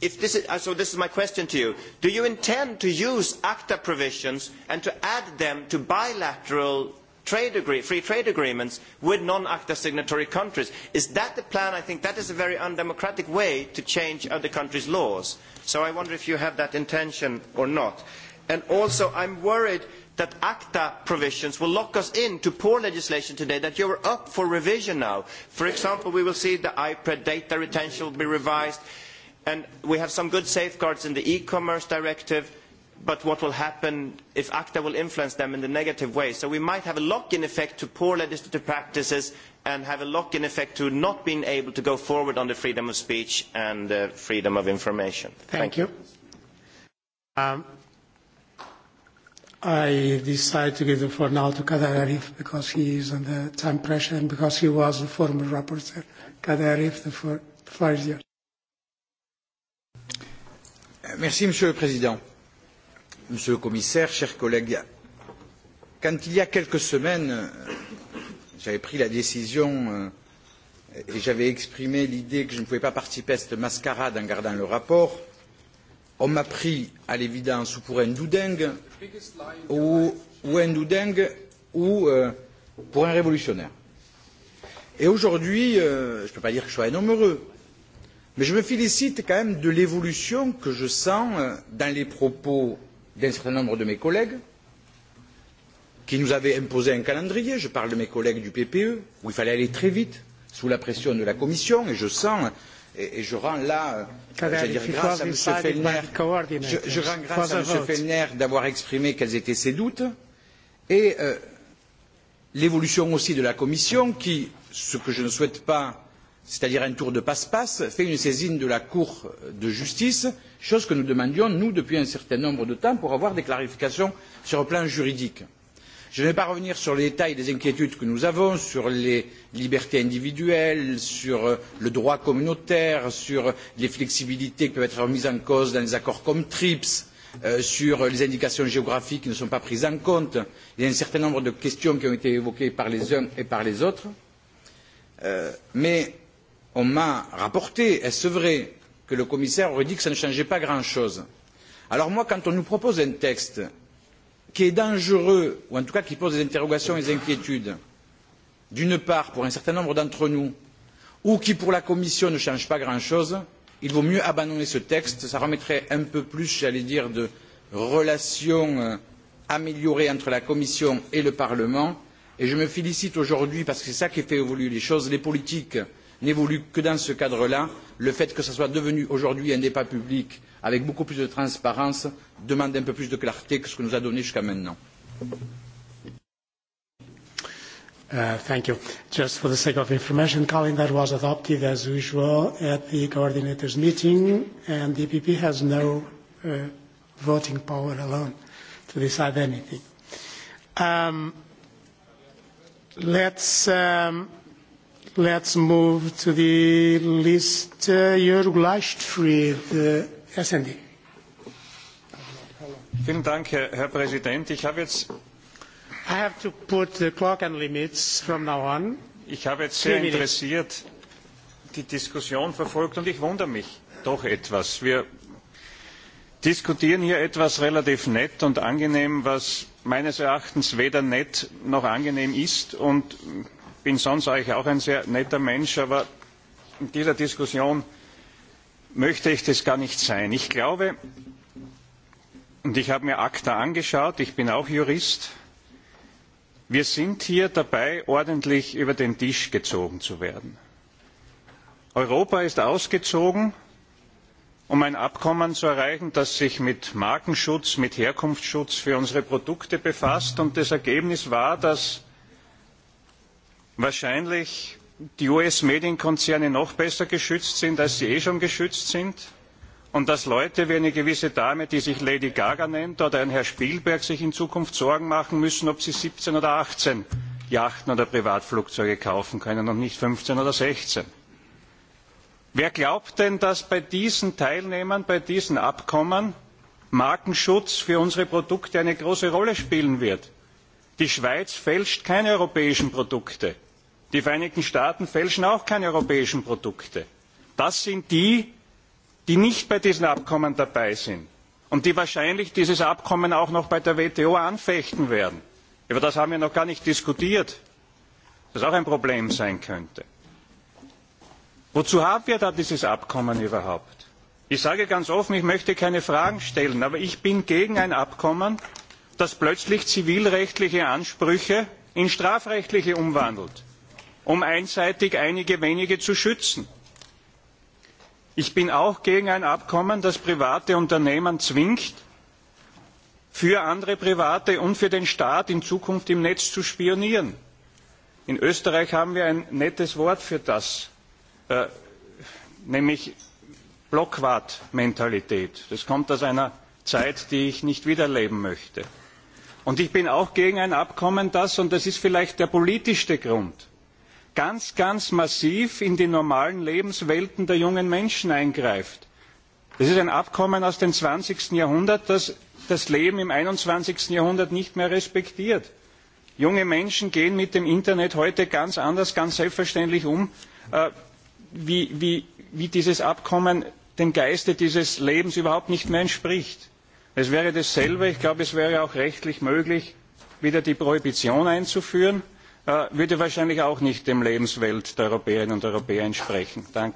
if this is, uh, so this is my question to you do you intend to use acta provisions and to add them to bilateral trade agree, free trade agreements with non acta signatory countries is that the plan i think that is a very undemocratic way to change other countries laws so i wonder if you have that intention or not and also i'm worried that acta provisions will lock us into poor legislation today that you are up for revision now. for example we will see the ipred data retention will be revised and we have some good safeguards in the e commerce directive but what will happen if acta will influence them in a negative way so we might have a lock in effect to poor legislative practices and have a lock in effect to not being able to go forward on the freedom of speech and uh, freedom of information thank, thank you, you. Um, I decided to give the floor now to Kader Arif because he is under time pressure and because he was a former rapporteur. Kader Arif, the floor, the floor is yours. Merci, Monsieur le Président. Monsieur le Commissaire, chers collègues, quand il y a quelques semaines, j'avais pris la décision euh, et j'avais exprimé l'idée que je ne pouvais pas participer à cette mascarade en gardant le rapport, On m'a pris à l'évidence pour un doudeng ou, ou un doudeng ou euh, pour un révolutionnaire. Et aujourd'hui, euh, je ne peux pas dire que je sois un homme heureux, mais je me félicite quand même de l'évolution que je sens euh, dans les propos d'un certain nombre de mes collègues qui nous avaient imposé un calendrier. Je parle de mes collègues du PPE, où il fallait aller très vite sous la pression de la Commission, et je sens euh, Et, et je rends là, euh, je dire, grâce à M. Fellner, je, je rends grâce à M. Fellner d'avoir exprimé quels étaient ses doutes et euh, l'évolution aussi de la Commission qui, ce que je ne souhaite pas, c'est-à-dire un tour de passe-passe, fait une saisine de la Cour de justice, chose que nous demandions, nous, depuis un certain nombre de temps, pour avoir des clarifications sur le plan juridique je ne vais pas revenir sur les détails des inquiétudes que nous avons sur les libertés individuelles sur euh, le droit communautaire sur les flexibilités qui peuvent être mises en cause dans les accords comme trips euh, sur les indications géographiques qui ne sont pas prises en compte. Il y a un certain nombre de questions qui ont été évoquées par les uns et par les autres. Euh, mais on m'a rapporté, est-ce vrai, que le commissaire aurait dit que ça ne changeait pas grand-chose Alors moi, quand on nous propose un texte qui est dangereux, ou en tout cas qui pose des interrogations et des inquiétudes, d'une part pour un certain nombre d'entre nous, ou qui pour la Commission ne change pas grand-chose, il vaut mieux abandonner ce texte. Ça remettrait un peu plus, j'allais dire, de relations euh, améliorées entre la Commission et le Parlement. Et je me félicite aujourd'hui, parce que c'est ça qui fait évoluer les choses, les politiques n'évoluent que dans ce cadre-là, le fait que ce soit devenu aujourd'hui un débat public avec beaucoup plus de transparence, demande un peu plus de clarté que ce que nous a donné jusqu'à maintenant. Uh, thank you. Just for the sake of information, calling that was adopted as usual at the coordinators' meeting, and the EPP has no uh, voting power alone to decide anything. Um, let's, um, let's move to the list. Uh, Jörg Leichtfried. Uh, herr sendi! herr präsident! ich habe jetzt sehr interessiert die diskussion verfolgt und ich wundere mich doch etwas. wir diskutieren hier etwas relativ nett und angenehm was meines erachtens weder nett noch angenehm ist und ich bin sonst eigentlich auch ein sehr netter mensch aber in dieser diskussion möchte ich das gar nicht sein. ich glaube und ich habe mir acta angeschaut ich bin auch jurist wir sind hier dabei ordentlich über den tisch gezogen zu werden. europa ist ausgezogen um ein abkommen zu erreichen das sich mit markenschutz mit herkunftsschutz für unsere produkte befasst und das ergebnis war dass wahrscheinlich die us medienkonzerne noch besser geschützt sind als sie eh schon geschützt sind und dass leute wie eine gewisse dame die sich lady gaga nennt oder ein herr spielberg sich in zukunft sorgen machen müssen ob sie siebzehn oder achtzehn yachten oder privatflugzeuge kaufen können und nicht fünfzehn oder? sechzehn wer glaubt denn dass bei diesen teilnehmern bei diesen abkommen markenschutz für unsere produkte eine große rolle spielen wird? die schweiz fälscht keine europäischen produkte die vereinigten staaten fälschen auch keine europäischen produkte. das sind die die nicht bei diesen abkommen dabei sind und die wahrscheinlich dieses abkommen auch noch bei der wto anfechten werden. über das haben wir noch gar nicht diskutiert was auch ein problem sein könnte. wozu haben wir da dieses abkommen überhaupt? ich sage ganz offen ich möchte keine fragen stellen aber ich bin gegen ein abkommen das plötzlich zivilrechtliche ansprüche in strafrechtliche umwandelt um einseitig einige wenige zu schützen. Ich bin auch gegen ein Abkommen, das private Unternehmen zwingt, für andere Private und für den Staat in Zukunft im Netz zu spionieren. In Österreich haben wir ein nettes Wort für das, äh, nämlich Blockwartmentalität. Das kommt aus einer Zeit, die ich nicht wiederleben möchte. Und ich bin auch gegen ein Abkommen, das, und das ist vielleicht der politischste Grund, ganz, ganz massiv in die normalen Lebenswelten der jungen Menschen eingreift. Das ist ein Abkommen aus dem 20. Jahrhundert, das das Leben im 21. Jahrhundert nicht mehr respektiert. Junge Menschen gehen mit dem Internet heute ganz anders, ganz selbstverständlich um, äh, wie, wie, wie dieses Abkommen dem Geiste dieses Lebens überhaupt nicht mehr entspricht. Es wäre dasselbe, ich glaube, es wäre auch rechtlich möglich, wieder die Prohibition einzuführen. Äh, würde wahrscheinlich auch nicht der lebenswelt der europäerinnen und europäer entsprechen. Äh,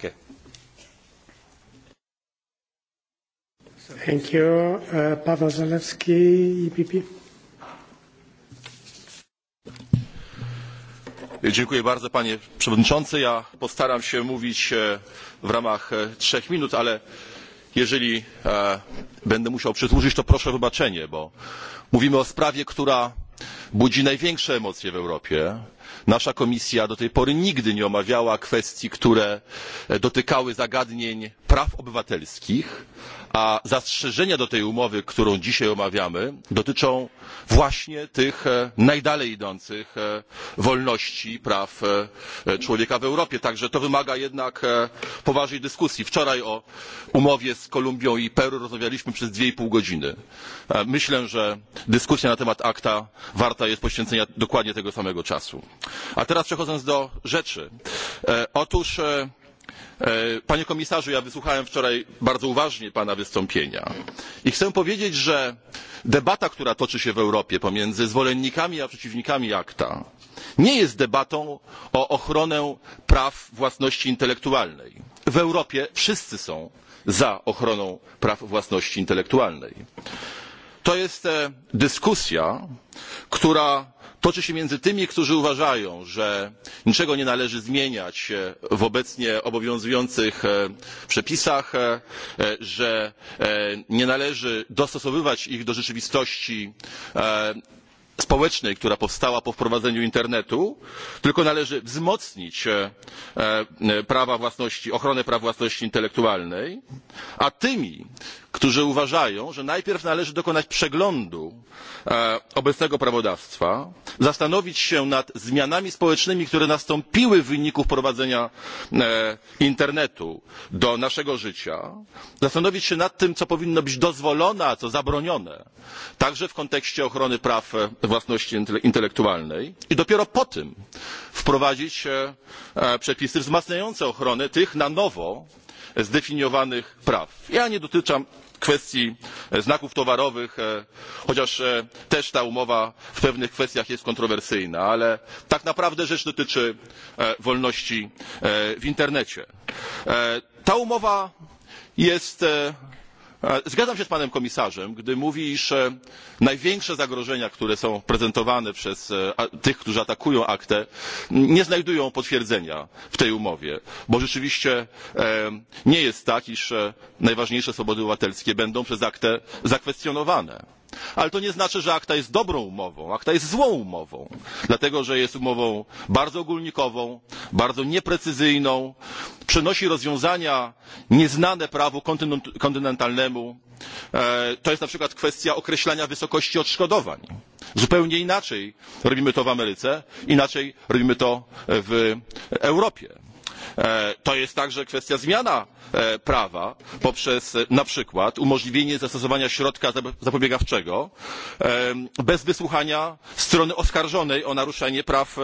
e ja, panie przewodniczący! Ja postaram się mówić e, w ramach e, trzech minut ale jeżeli będę musiał przedłużyć to proszę o wybaczenie bo mówimy o sprawie która budzi największe emocje w europie. nasza komisja do tej pory nigdy nie omawiała kwestii które dotykały zagadnień praw obywatelskich a a zastrzeżenia do tej umowy którą dzisiaj omawiamy dotyczą właśnie tych e, najdalej idących e, wolności i praw e, człowieka w europie. także to wymaga jednak poważnej dyskusji. wczoraj o umowie z kolumbią i peru rozmawialiśmy przez dwa pięć godziny. myślę że dyskusja na temat acta warta jest poświęcenia dokładnie tego samego czasu. a teraz przechodząc do rzeczy otóż E, panie komisarzu ja wysłuchałem wczoraj bardzo uważnie pana wystąpienia i chcę powiedzieć że debata która toczy się w europie pomiędzy zwolennikami a przeciwnikami acta nie jest debatą o ochronę praw własności intelektualnej. w europie wszyscy są za ochroną praw własności intelektualnej. to jest e, dyskusja która toczy się między tymi, którzy uważają, że niczego nie należy zmieniać e, w obecnie obowiązujących e, przepisach, e, że nie należy dostosowywać ich do rzeczywistości społecznej która powstała po wprowadzeniu internetu tylko należy wzmocnić e, e, prawa własności ochronę praw własności intelektualnej a tymi którzy uważają że najpierw należy dokonać przeglądu e, obecnego prawodawstwa zastanowić się nad zmianami społecznymi które nastąpiły w wyniku wprowadzenia internetu do naszego życia zastanowić się nad tym co powinno być dozwolone a co zabronione także w kontekście ochrony praw własności intelektualnej i dopiero po tym wprowadzić e, e, przepisy wzmacniające ochronę tych na nowo zdefiniowanych praw. Ja nie dotyczam kwestii e, znaków towarowych, chociaż też ta umowa w pewnych kwestiach jest kontrowersyjna, ale tak naprawdę rzecz dotyczy wolności w internecie. Ta umowa jest E, zgadzam się z panem komisarzem gdy mówi iż największe zagrożenia które są prezentowane przez e, tych którzy atakują acta nie znajdują potwierdzenia w tej umowie bo rzeczywiście e, nie jest tak iż najważniejsze swobody obywatelskie będą przez acta zakwestionowane. Ale to nie znaczy, że akta jest dobrą umową. Akta jest złą umową. Dlatego, że jest umową bardzo ogólnikową, bardzo nieprecyzyjną, przynosi rozwiązania nieznane prawu kontynentalnemu. E, to jest na przykład kwestia określania wysokości odszkodowań. Zupełnie inaczej robimy to w Ameryce, inaczej robimy to w Europie. E, to jest także kwestia zmiana e, prawa poprzez e, na przykład umożliwienie zastosowania środka zapobiegawczego bez wysłuchania strony oskarżonej o naruszenie praw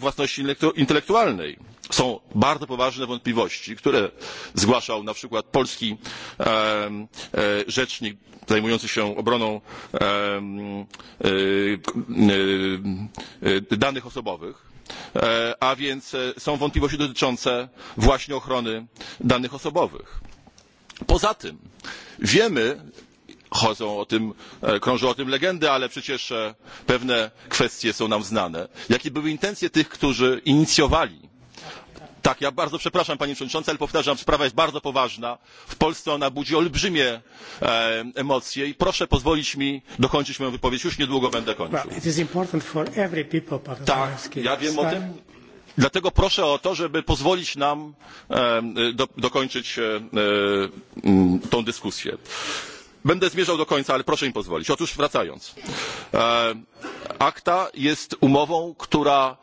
własności intelektualnej. Są bardzo poważne wątpliwości, które zgłaszał na przykład polski rzecznik zajmujący się obroną danych osobowych E, a więc e, są wątpliwości dotyczące właśnie ochrony danych osobowych. poza tym wiemy chodzą o tym e, krążą o tym legendy ale przecież pewne kwestie są nam znane jakie były intencje tych którzy inicjowali Tak, ja bardzo przepraszam Panie Przewodniczący, ale powtarzam, sprawa jest bardzo poważna. W Polsce ona budzi olbrzymie e, emocje i proszę pozwolić mi dokończyć moją wypowiedź. Już niedługo będę kończył. Well, it is important for every people, tak, ja wiem o tym. Dlatego proszę o to, żeby pozwolić nam e, do, dokończyć e, e, tą dyskusję. Będę zmierzał do końca, ale proszę mi pozwolić. Otóż wracając. E, acta jest umową która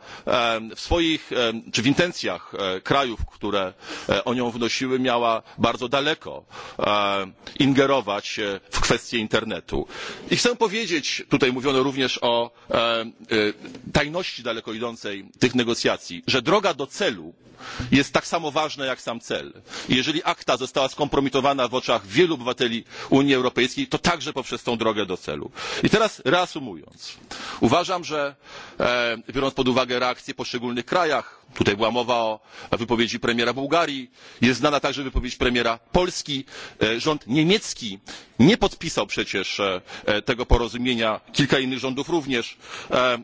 w swoich czy w intencjach e, krajów które e, o nią wnosiły miała bardzo daleko e, ingerować w kwestie internetu. i chcę powiedzieć tutaj mówiono również o tajności daleko idącej tych negocjacji że droga do celu jest tak samo ważna jak sam cel. jeżeli acta została skompromitowana w oczach wielu obywateli unii europejskiej to także poprzez tą drogę do celu. i teraz reasumując uważam że e, biorąc pod uwagę reakcje w poszczególnych krajach tutaj była mowa o wypowiedzi premiera bułgarii jest znana także wypowiedź premiera polski e, rząd niemiecki nie podpisał przecież e, tego porozumienia kilka innych rządów również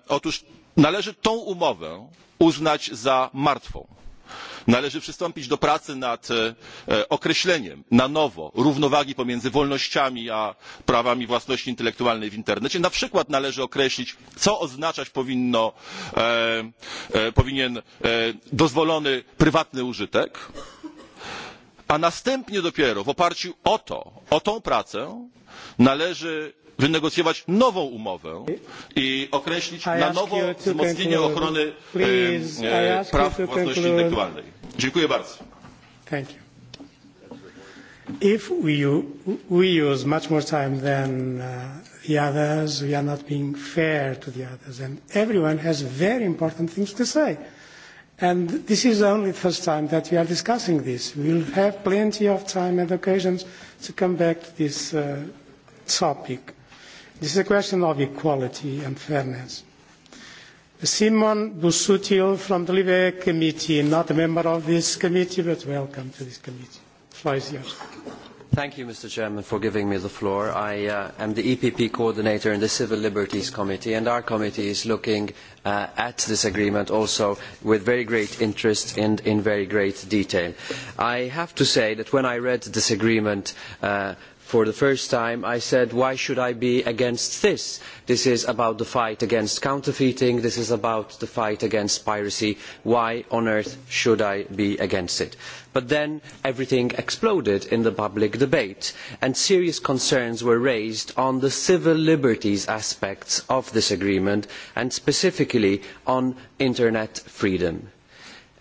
otóż należy tę umowę uznać za martwą należy przystąpić do pracy nad e, e, określeniem na nowo równowagi pomiędzy wolnościami a prawami własności intelektualnej w internecie na przykład należy określić co oznaczać powinno, e, e, powinien e, dozwolony prywatny użytek a następnie dopiero w oparciu o to o tą pracę należy wynegocjować nową umowę i określić na nowo wzmocnienie ochrony e, praw własności intelektualnej. Dziękuję bardzo. If we, we use much more time than uh, the others, we are not being fair to the others. And everyone has very important things to say. And this is only the first time that we are discussing this. We'll have plenty of time and occasions to come back to this uh, topic. This is a question of equality and fairness. Simon Busutil from the Libre Committee, not a member of this committee, but welcome to this committee. The floor is yours. Thank you, Mr. Chairman, for giving me the floor. I uh, am the EPP coordinator in the Civil Liberties Committee, and our committee is looking uh, at this agreement also with very great interest and in very great detail. I have to say that when I read this agreement, uh, for the first time i said why should i be against this this is about the fight against counterfeiting this is about the fight against piracy why on earth should i be against it but then everything exploded in the public debate and serious concerns were raised on the civil liberties aspects of this agreement and specifically on internet freedom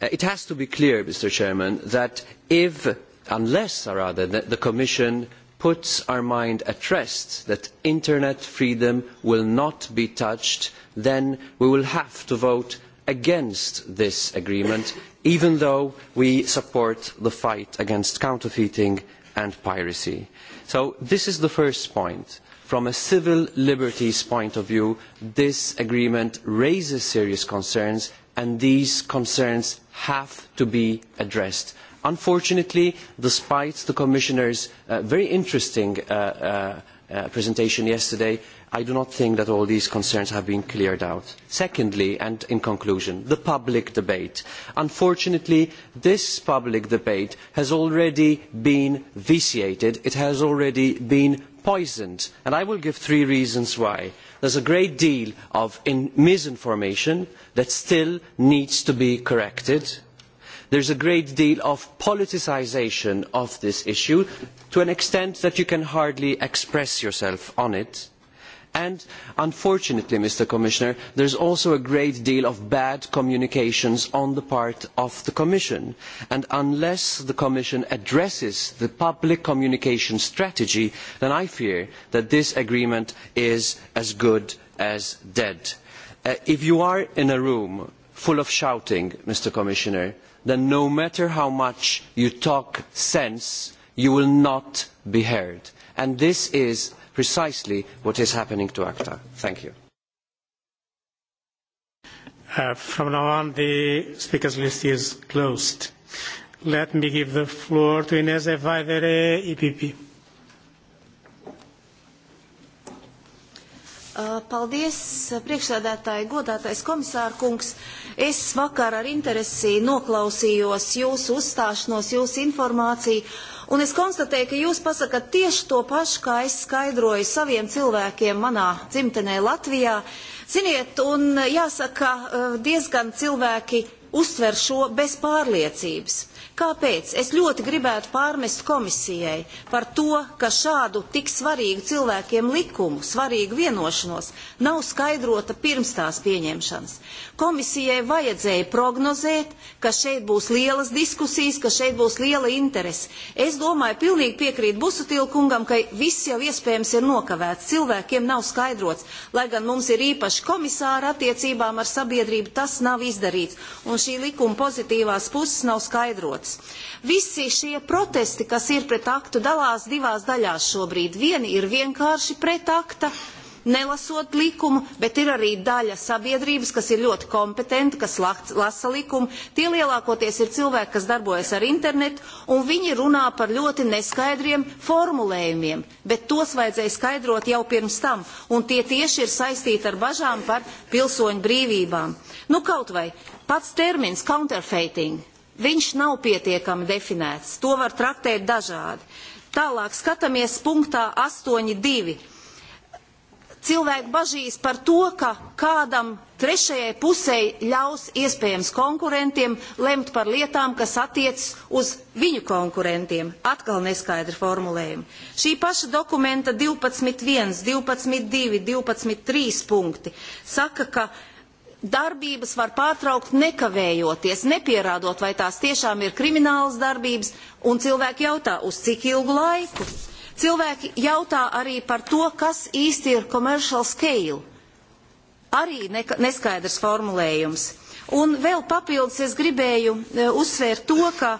uh, it has to be clear mr chairman that if unless rather the commission puts our mind at rest that internet freedom will not be touched, then we will have to vote against this agreement, even though we support the fight against counterfeiting and piracy. So this is the first point. From a civil liberties point of view, this agreement raises serious concerns, and these concerns have to be addressed unfortunately despite the commissioner's uh, very interesting uh, uh, uh, presentation yesterday i do not think that all these concerns have been cleared out secondly and in conclusion the public debate unfortunately this public debate has already been vitiated it has already been poisoned and i will give three reasons why there's a great deal of in misinformation that still needs to be corrected there is a great deal of politicisation of this issue to an extent that you can hardly express yourself on it and unfortunately commissioner there is also a great deal of bad communication on the part of the commission and unless the commission addresses the public communication strategy then i fear that this agreement is as good as dead. Uh, if you are in a room full of shouting commissioner then no matter how much you talk sense you will not be heard and this is precisely what is happening to acta thank you uh, from now on the speakers list is closed let me give the floor to Inés Evaidere, EPP. Eh, paldies, priekšsēdētāji, godātais komisārkungs. Es vakar ar interesi noklausījos jūsu uzstāšanos, jūsu informāciju, un es konstatēju, ka jūs pasakat tieši to pašu, kā es skaidroju saviem cilvēkiem manā dzimtenē Latvijā. Ziniet, un jāsaka, eh, diezgan cilvēki uztver šo bez pārliecības. Kāpēc? Es ļoti gribētu pārmest komisijai par to, ka šādu tik svarīgu cilvēkiem likumu, svarīgu vienošanos, nav skaidrota pirms tās pieņemšanas. Komisijai vajadzēja prognozēt, ka šeit būs lielas diskusijas, ka šeit būs liela interese. Es domāju, pilnīgi piekrīt Busutilkungam, ka viss jau iespējams ir nokavēts, cilvēkiem nav skaidrots, lai gan mums ir īpaši komisāra attiecībām ar sabiedrību, tas nav izdarīts, un šī likuma pozitīvās puses nav skaidrots atrodas. Visi šie protesti, kas ir pret aktu, dalās divās daļās šobrīd. Vieni ir vienkārši pret akta, nelasot likumu, bet ir arī daļa sabiedrības, kas ir ļoti kompetenta, kas lasa likumu. Tie lielākoties ir cilvēki, kas darbojas ar internetu, un viņi runā par ļoti neskaidriem formulējumiem, bet tos vajadzēja skaidrot jau pirms tam, un tie tieši ir saistīti ar bažām par pilsoņu brīvībām. Nu, kaut vai pats termins counterfeiting – viņš nav pietiekami definēts. To var traktēt dažādi. Tālāk, skatāmies punktā 8.2. Cilvēki bažīs par to, ka kādam trešajai pusē ļaus iespējams konkurentiem lemt par lietām, kas attiecas uz viņu konkurentiem. Atkal neskaidri formulējumi. Šī paša dokumenta 12.1, 12.2, 12.3 punkti saka, ka darbības var pārtraukt nekavējoties, nepierādot, vai tās tiešām ir kriminālas darbības, un cilvēki jautā, uz cik ilgu laiku. Cilvēki jautā arī par to, kas īsti ir commercial scale. Arī neskaidrs formulējums. Un vēl papildus es gribēju e, uzsvērt to, ka,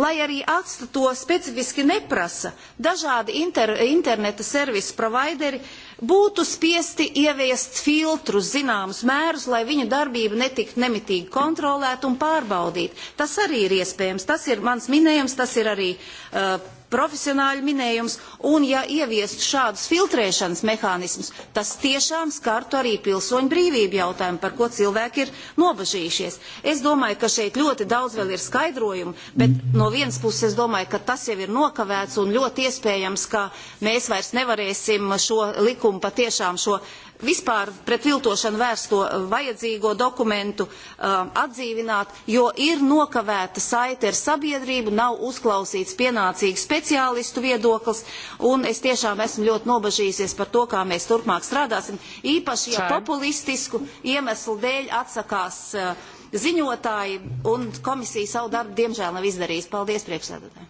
lai arī atstato specifiski neprasa, dažādi inter, interneta servisu provideri būtu spiesti ieviest filtrus zināmus mērus, lai viņa darbība netiktu nemitīgi kontrolēta un pārbaudīta. Tas arī ir iespējams. Tas ir mans minējums, tas ir arī. Uh, profesionāļu minējums, un ja ieviest šādus filtrēšanas mehānismus, tas tiešām skartu arī pilsoņu brīvību jautājumu, par ko cilvēki ir nobažījušies. Es domāju, ka šeit ļoti daudz vēl ir skaidrojumu, bet no vienas puses es domāju, ka tas jau ir nokavēts un ļoti iespējams, ka mēs vairs nevarēsim šo likumu patiešām šo uh, vispār pretviltošanu vērsto eh, vajadzīgo dokumentu eh, atdzīvināt, jo ir nokavēta saite ar sabiedrību, nav uzklausīts pienācīgs speciālistu viedoklis, un es tiešām esmu ļoti nobažījusies par to, kā mēs turpmāk strādāsim, īpaši ja populistisku iemeslu dēļ atsakās eh, ziņotāji, un komisija savu darbu diemžēl nav izdarījis. Paldies priekšsēdētājai.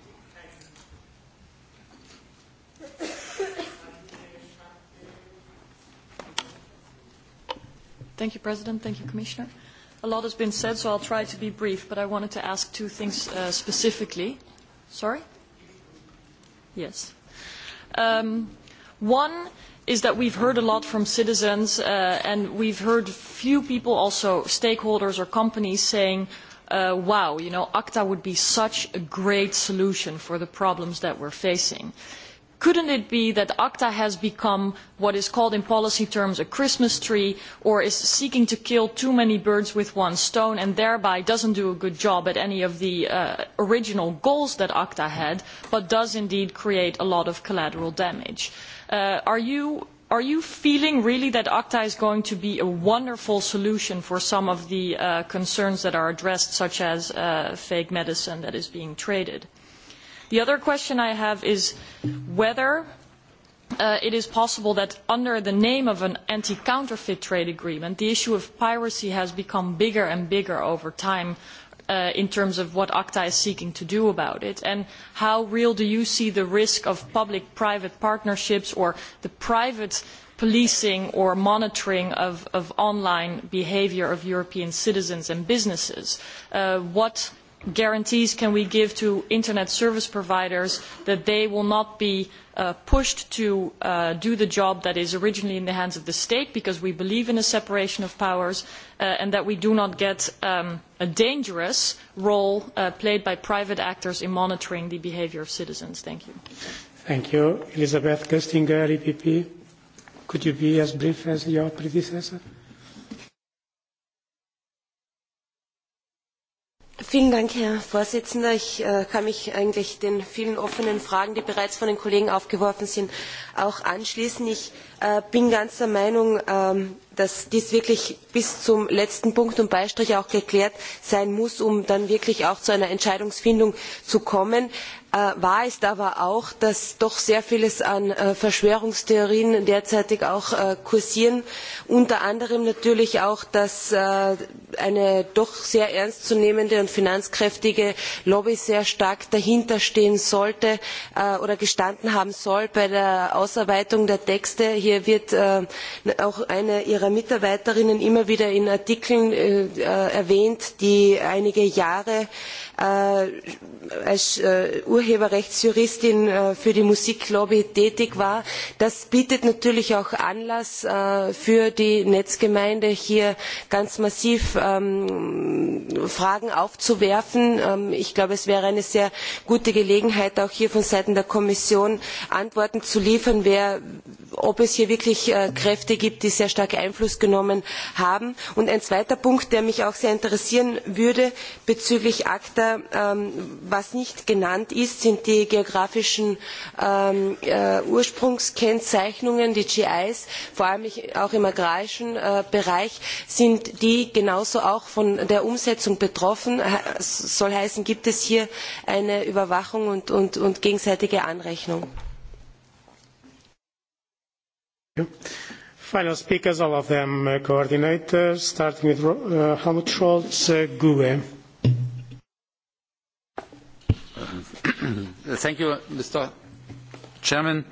Thank you, President. Thank you, Commissioner. A lot has been said, so I'll try to be brief, but I wanted to ask two things uh, specifically. Sorry? Yes. Um, one is that we've heard a lot from citizens, uh, and we've heard few people also, stakeholders or companies, saying, uh, wow, you know, ACTA would be such a great solution for the problems that we're facing couldn't it be that ACTA has become what is called in policy terms a Christmas tree or is seeking to kill too many birds with one stone and thereby doesn't do a good job at any of the uh, original goals that ACTA had but does indeed create a lot of collateral damage? Uh, are you... Are you feeling really that ACTA is going to be a wonderful solution for some of the uh, concerns that are addressed, such as uh, fake medicine that is being traded? The other question I have is whether uh, it is possible that under the name of an anti-counterfeit trade agreement, the issue of piracy has become bigger and bigger over time uh, in terms of what ACTA is seeking to do about it. And how real do you see the risk of public-private partnerships or the private policing or monitoring of, of online behavior of European citizens and businesses? Uh, what guarantees can we give to internet service providers that they will not be uh, pushed to uh, do the job that is originally in the hands of the state because we believe in a separation of powers uh, and that we do not get um, a dangerous role uh, played by private actors in monitoring the behavior of citizens. Thank you. Thank you. Elizabeth Göstinger, EPP. Could you be as brief as your predecessor? Vielen Dank, Herr Vorsitzender. Ich äh, kann mich eigentlich den vielen offenen Fragen, die bereits von den Kollegen aufgeworfen sind, auch anschließen. Ich äh, bin ganz der Meinung, ähm, dass dies wirklich bis zum letzten Punkt und Beistrich auch geklärt sein muss, um dann wirklich auch zu einer Entscheidungsfindung zu kommen. Äh, wahr ist aber auch dass doch sehr vieles an äh, verschwörungstheorien derzeit äh, kursiert unter anderem natürlich auch dass eine doch sehr ernst zu nehmende und finanzkräftige lobby sehr stark dahinterstehen sollte oder gestanden haben soll bei der ausarbeitung der texte. hier wird auch eine ihrer mitarbeiterinnen immer wieder in artikeln erwähnt die einige jahre äh, als äh, Urheberrechtsjuristin äh, für die Musiklobby tätig war. Das bietet natürlich auch Anlass äh, für die Netzgemeinde, hier ganz massiv ähm, Fragen aufzuwerfen. Ähm, ich glaube, es wäre eine sehr gute Gelegenheit, auch hier von Seiten der Kommission Antworten zu liefern, wer, ob es hier wirklich äh, Kräfte gibt, die sehr stark Einfluss genommen haben. Und ein zweiter Punkt, der mich auch sehr interessieren würde bezüglich ACTA, Ähm, was nicht genannt ist, sind die geografischen ähm, äh, Ursprungskennzeichnungen, die GIs, vor allem auch im agrarischen äh, Bereich. Sind die genauso auch von der Umsetzung betroffen? Das soll heißen, gibt es hier eine Überwachung und, und, und gegenseitige Anrechnung? Ja. Final speakers, all of them uh, coordinators, starting with uh, Helmut Scholz, uh, GUE. mr president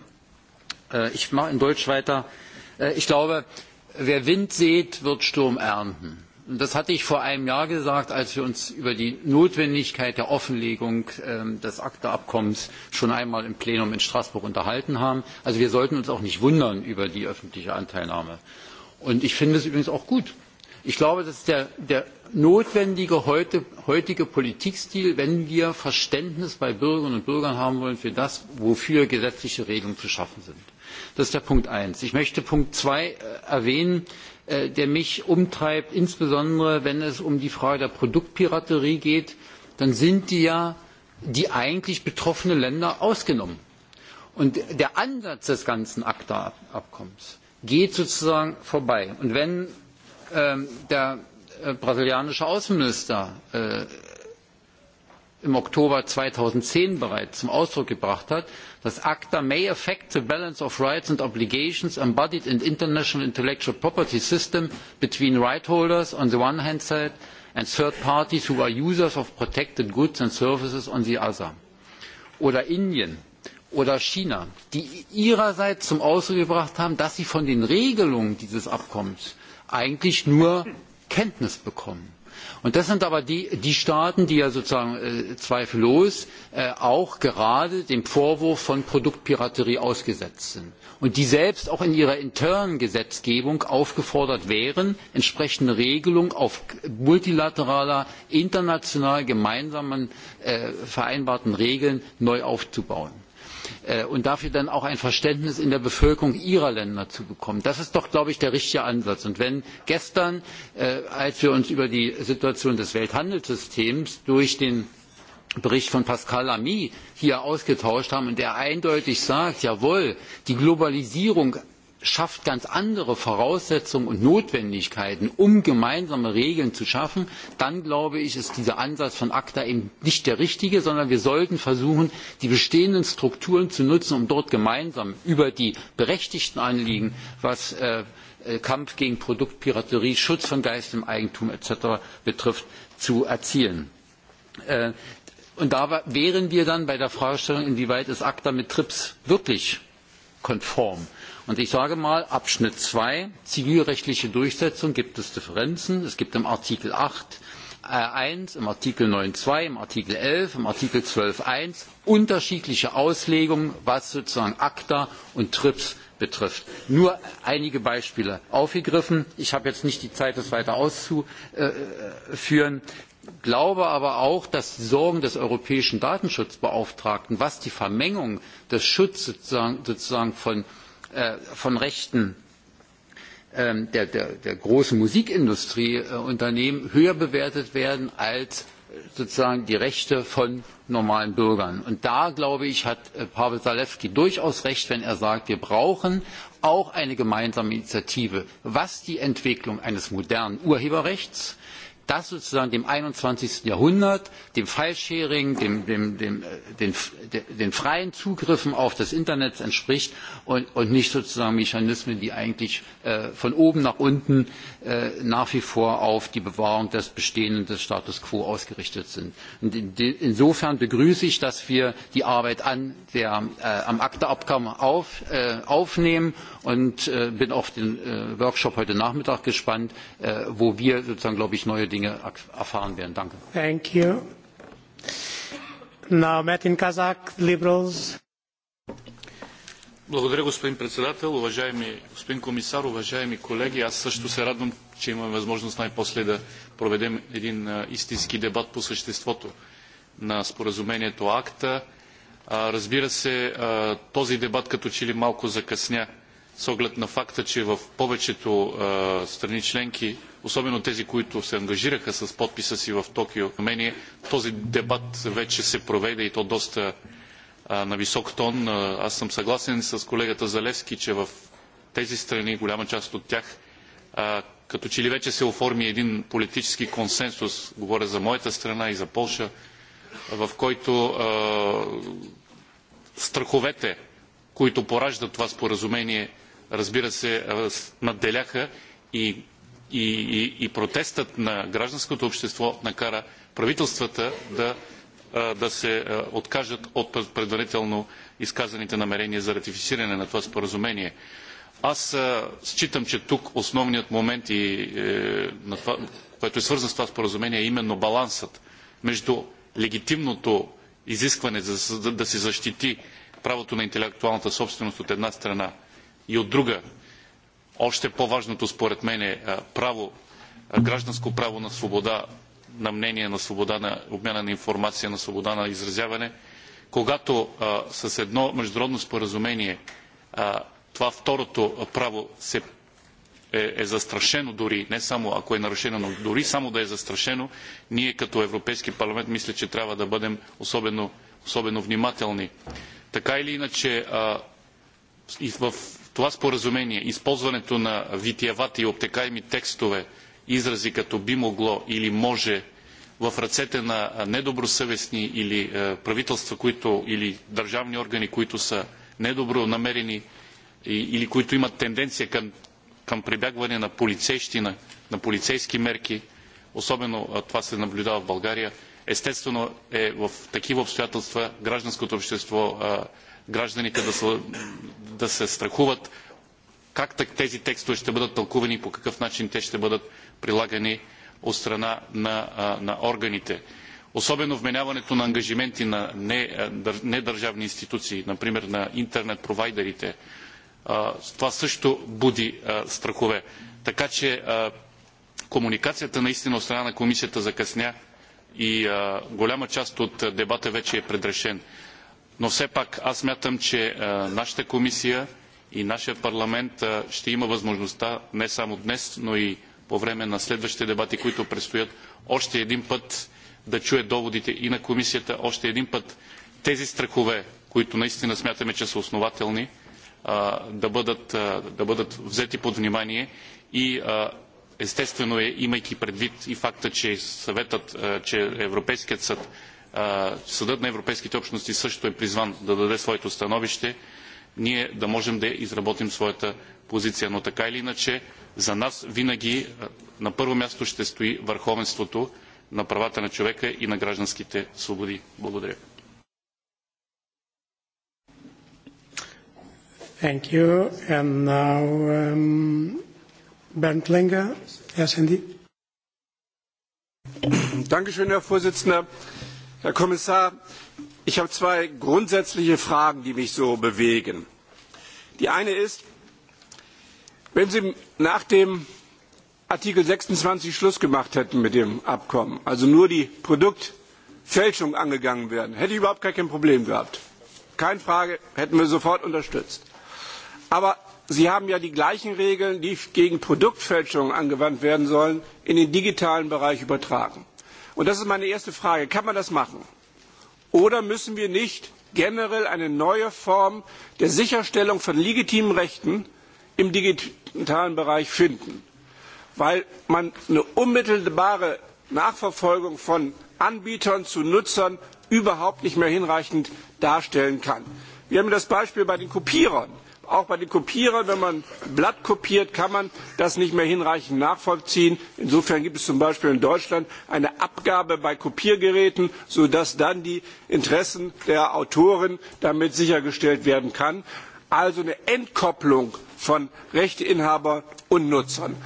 äh, ich mache in deutsch weiter äh, ich glaube wer wind sät wird sturm ernten. das hatte ich vor einem jahr gesagt als wir uns über die notwendigkeit der offenlegung ähm, des acta abkommens schon einmal im plenum in straßburg unterhalten haben. also wir sollten uns auch nicht wundern über die öffentliche anteilnahme. ich finde es übrigens auch gut ich glaube das ist der notwendige heutige politikstil wenn wir verständnis bei bürgerinnen und bürgern haben wollen für das wofür gesetzliche regeln zu schaffen sind. das ist punkt. eins ich möchte punkt zwei äh, erwähnen äh, der mich umtreibt insbesondere wenn es um die frage der produktpiraterie geht dann sind ja die eigentlich betroffenen länder ausgenommen. und der ansatz des ganzen acta abkommens geht sozusagen vorbei. wenn Ähm, der äh, brasilianische Außenminister äh, im Oktober 2010 bereits zum Ausdruck gebracht hat, dass ACTA may affect the balance of rights and obligations embodied in the international intellectual property system between rightholders on the one hand side and third parties who are users of protected goods and services on the other. Oder Indien oder China, die ihrerseits zum Ausdruck gebracht haben, dass sie von den Regelungen dieses Abkommens eigentlich nur Kenntnis bekommen. Und das sind aber die, die Staaten, die ja sozusagen äh, zweifellos äh, auch gerade dem Vorwurf von Produktpiraterie ausgesetzt sind und die selbst auch in ihrer internen Gesetzgebung aufgefordert wären, entsprechende Regelungen auf multilateraler, international gemeinsamen äh, vereinbarten Regeln neu aufzubauen. Äh, und dafür dann auch ein verständnis in der bevölkerung ihrer länder zu bekommen das ist doch glaube ich der richtige ansatz. und wenn gestern äh, als wir uns über die situation des welthandelssystems durch den bericht von pascal lamy hier ausgetauscht haben und er eindeutig sagt jawohl die globalisierung schafft ganz andere Voraussetzungen und Notwendigkeiten, um gemeinsame Regeln zu schaffen, dann glaube ich, ist dieser Ansatz von ACTA eben nicht der richtige, sondern wir sollten versuchen, die bestehenden Strukturen zu nutzen, um dort gemeinsam über die berechtigten Anliegen, was äh, äh Kampf gegen Produktpiraterie, Schutz von geistigem Eigentum etc. betrifft, zu erzielen. Äh, und da wären wir dann bei der Fragestellung, inwieweit ist ACTA mit TRIPS wirklich konform? und ich sage mal abschnitt zwei zivilrechtliche durchsetzung gibt es differenzen es gibt in artikel acht äh, eins in artikel neun zwei in artikel elf in artikel zwölf eins unterschiedliche auslegungen was sozusagen acta und trips betrifft. nur einige beispiele aufgegriffen ich habe jetzt nicht die zeit das weiter auszuführen glaube aber auch dass die sorgen des europäischen datenschutzbeauftragten was die vermengung des schutzes sozusagen von Äh, von rechten ähm, der, der, der großen musikindustrieunternehmen äh, höher bewertet werden als äh, sozusagen die rechte von normalen bürgern. und da glaube ich hat pavel zalewski durchaus recht wenn er sagt wir brauchen auch eine gemeinsame initiative was die entwicklung eines modernen urheberrechts das sozusagen dem. einundzwanzig jahrhundert dem filesharing äh, den freien zugriffen auf das internet entspricht und nicht sozusagen mechanismen die eigentlich äh, von oben nach unten äh, nach wie vor auf die bewahrung des bestehenden des status quo ausgerichtet sind. insofern begrüße ich dass wir die arbeit an der, äh, am acta abkommen auf, äh, aufnehmen und äh, bin auf den äh, workshop heute nachmittag gespannt äh, wo wir sozusagen glaube ich neue dinge erfahren werden. danke. thank you. now, martin kazak, liberals. Благодаря, господин председател. Уважаеми господин комисар, уважаеми колеги, аз също се радвам, че имаме възможност най-после да проведем един истински дебат по съществото на споразумението АКТА. Разбира се, този дебат като че ли малко закъсня с оглед на факта, че в повечето страни членки особено тези, които се ангажираха с подписа си в Токио. На мен този дебат вече се проведе и то доста а, на висок тон. Аз съм съгласен с колегата Залевски, че в тези страни, голяма част от тях, а, като че ли вече се оформи един политически консенсус, говоря за моята страна и за Полша, в който а, страховете, които пораждат това споразумение, разбира се, надделяха и и, и, и протестът на гражданското общество накара правителствата да, да се откажат от предварително изказаните намерения за ратифициране на това споразумение. Аз считам, че тук основният момент, и, е, на това, което е свързан с това споразумение, е именно балансът между легитимното изискване за, за, да се защити правото на интелектуалната собственост от една страна и от друга още по-важното според мен е право, гражданско право на свобода на мнение, на свобода на обмяна на информация, на свобода на изразяване. Когато а, с едно международно споразумение а, това второто право се е, е застрашено дори, не само ако е нарушено, но дори само да е застрашено, ние като Европейски парламент мисля, че трябва да бъдем особено, особено внимателни. Така или иначе, а, и в това споразумение, използването на витиевати и обтекаеми текстове, изрази като би могло или може в ръцете на недобросъвестни или правителства, които, или държавни органи, които са недобро намерени или които имат тенденция към, към прибягване на полицейщина, на полицейски мерки, особено това се наблюдава в България, естествено е в такива обстоятелства гражданското общество а, гражданите да, са, да се страхуват как так тези текстове ще бъдат тълкувани и по какъв начин те ще бъдат прилагани от страна на, на органите. Особено вменяването на ангажименти на недържавни институции, например на интернет провайдерите, това също буди страхове. Така че комуникацията наистина от страна на комисията закъсня и голяма част от дебата вече е предрешен но все пак аз мятам, че а, нашата комисия и нашия парламент а, ще има възможността не само днес, но и по време на следващите дебати, които предстоят, още един път да чуе доводите и на комисията, още един път тези страхове, които наистина смятаме, че са основателни, а, да, бъдат, а, да бъдат взети под внимание и а, естествено е, имайки предвид и факта, че съветът, а, че Европейският съд Съдът на европейските общности също е призван да даде своето становище, ние да можем да изработим своята позиция. Но така или иначе, за нас винаги на първо място ще стои върховенството на правата на човека и на гражданските свободи. Благодаря. Thank you. And now um, Bernd Lenger, SND. Dankeschön, Herr Vorsitzender. Herr Kommissar, ich habe zwei grundsätzliche Fragen, die mich so bewegen. Die eine ist, wenn Sie nach dem Artikel 26 Schluss gemacht hätten mit dem Abkommen, also nur die Produktfälschung angegangen werden, hätte ich überhaupt gar kein Problem gehabt. Keine Frage, hätten wir sofort unterstützt. Aber Sie haben ja die gleichen Regeln, die gegen Produktfälschungen angewandt werden sollen, in den digitalen Bereich übertragen. Und das ist meine erste Frage. Kann man das machen? Oder müssen wir nicht generell eine neue Form der Sicherstellung von legitimen Rechten im digitalen Bereich finden? Weil man eine unmittelbare Nachverfolgung von Anbietern zu Nutzern überhaupt nicht mehr hinreichend darstellen kann. Wir haben das Beispiel bei den Kopierern auch bei den Kopierern, wenn man ein Blatt kopiert, kann man das nicht mehr hinreichend nachvollziehen. Insofern gibt es zum Beispiel in Deutschland eine Abgabe bei Kopiergeräten, sodass dann die Interessen der Autoren damit sichergestellt werden kann. Also eine Entkopplung von Rechteinhabern und Nutzern.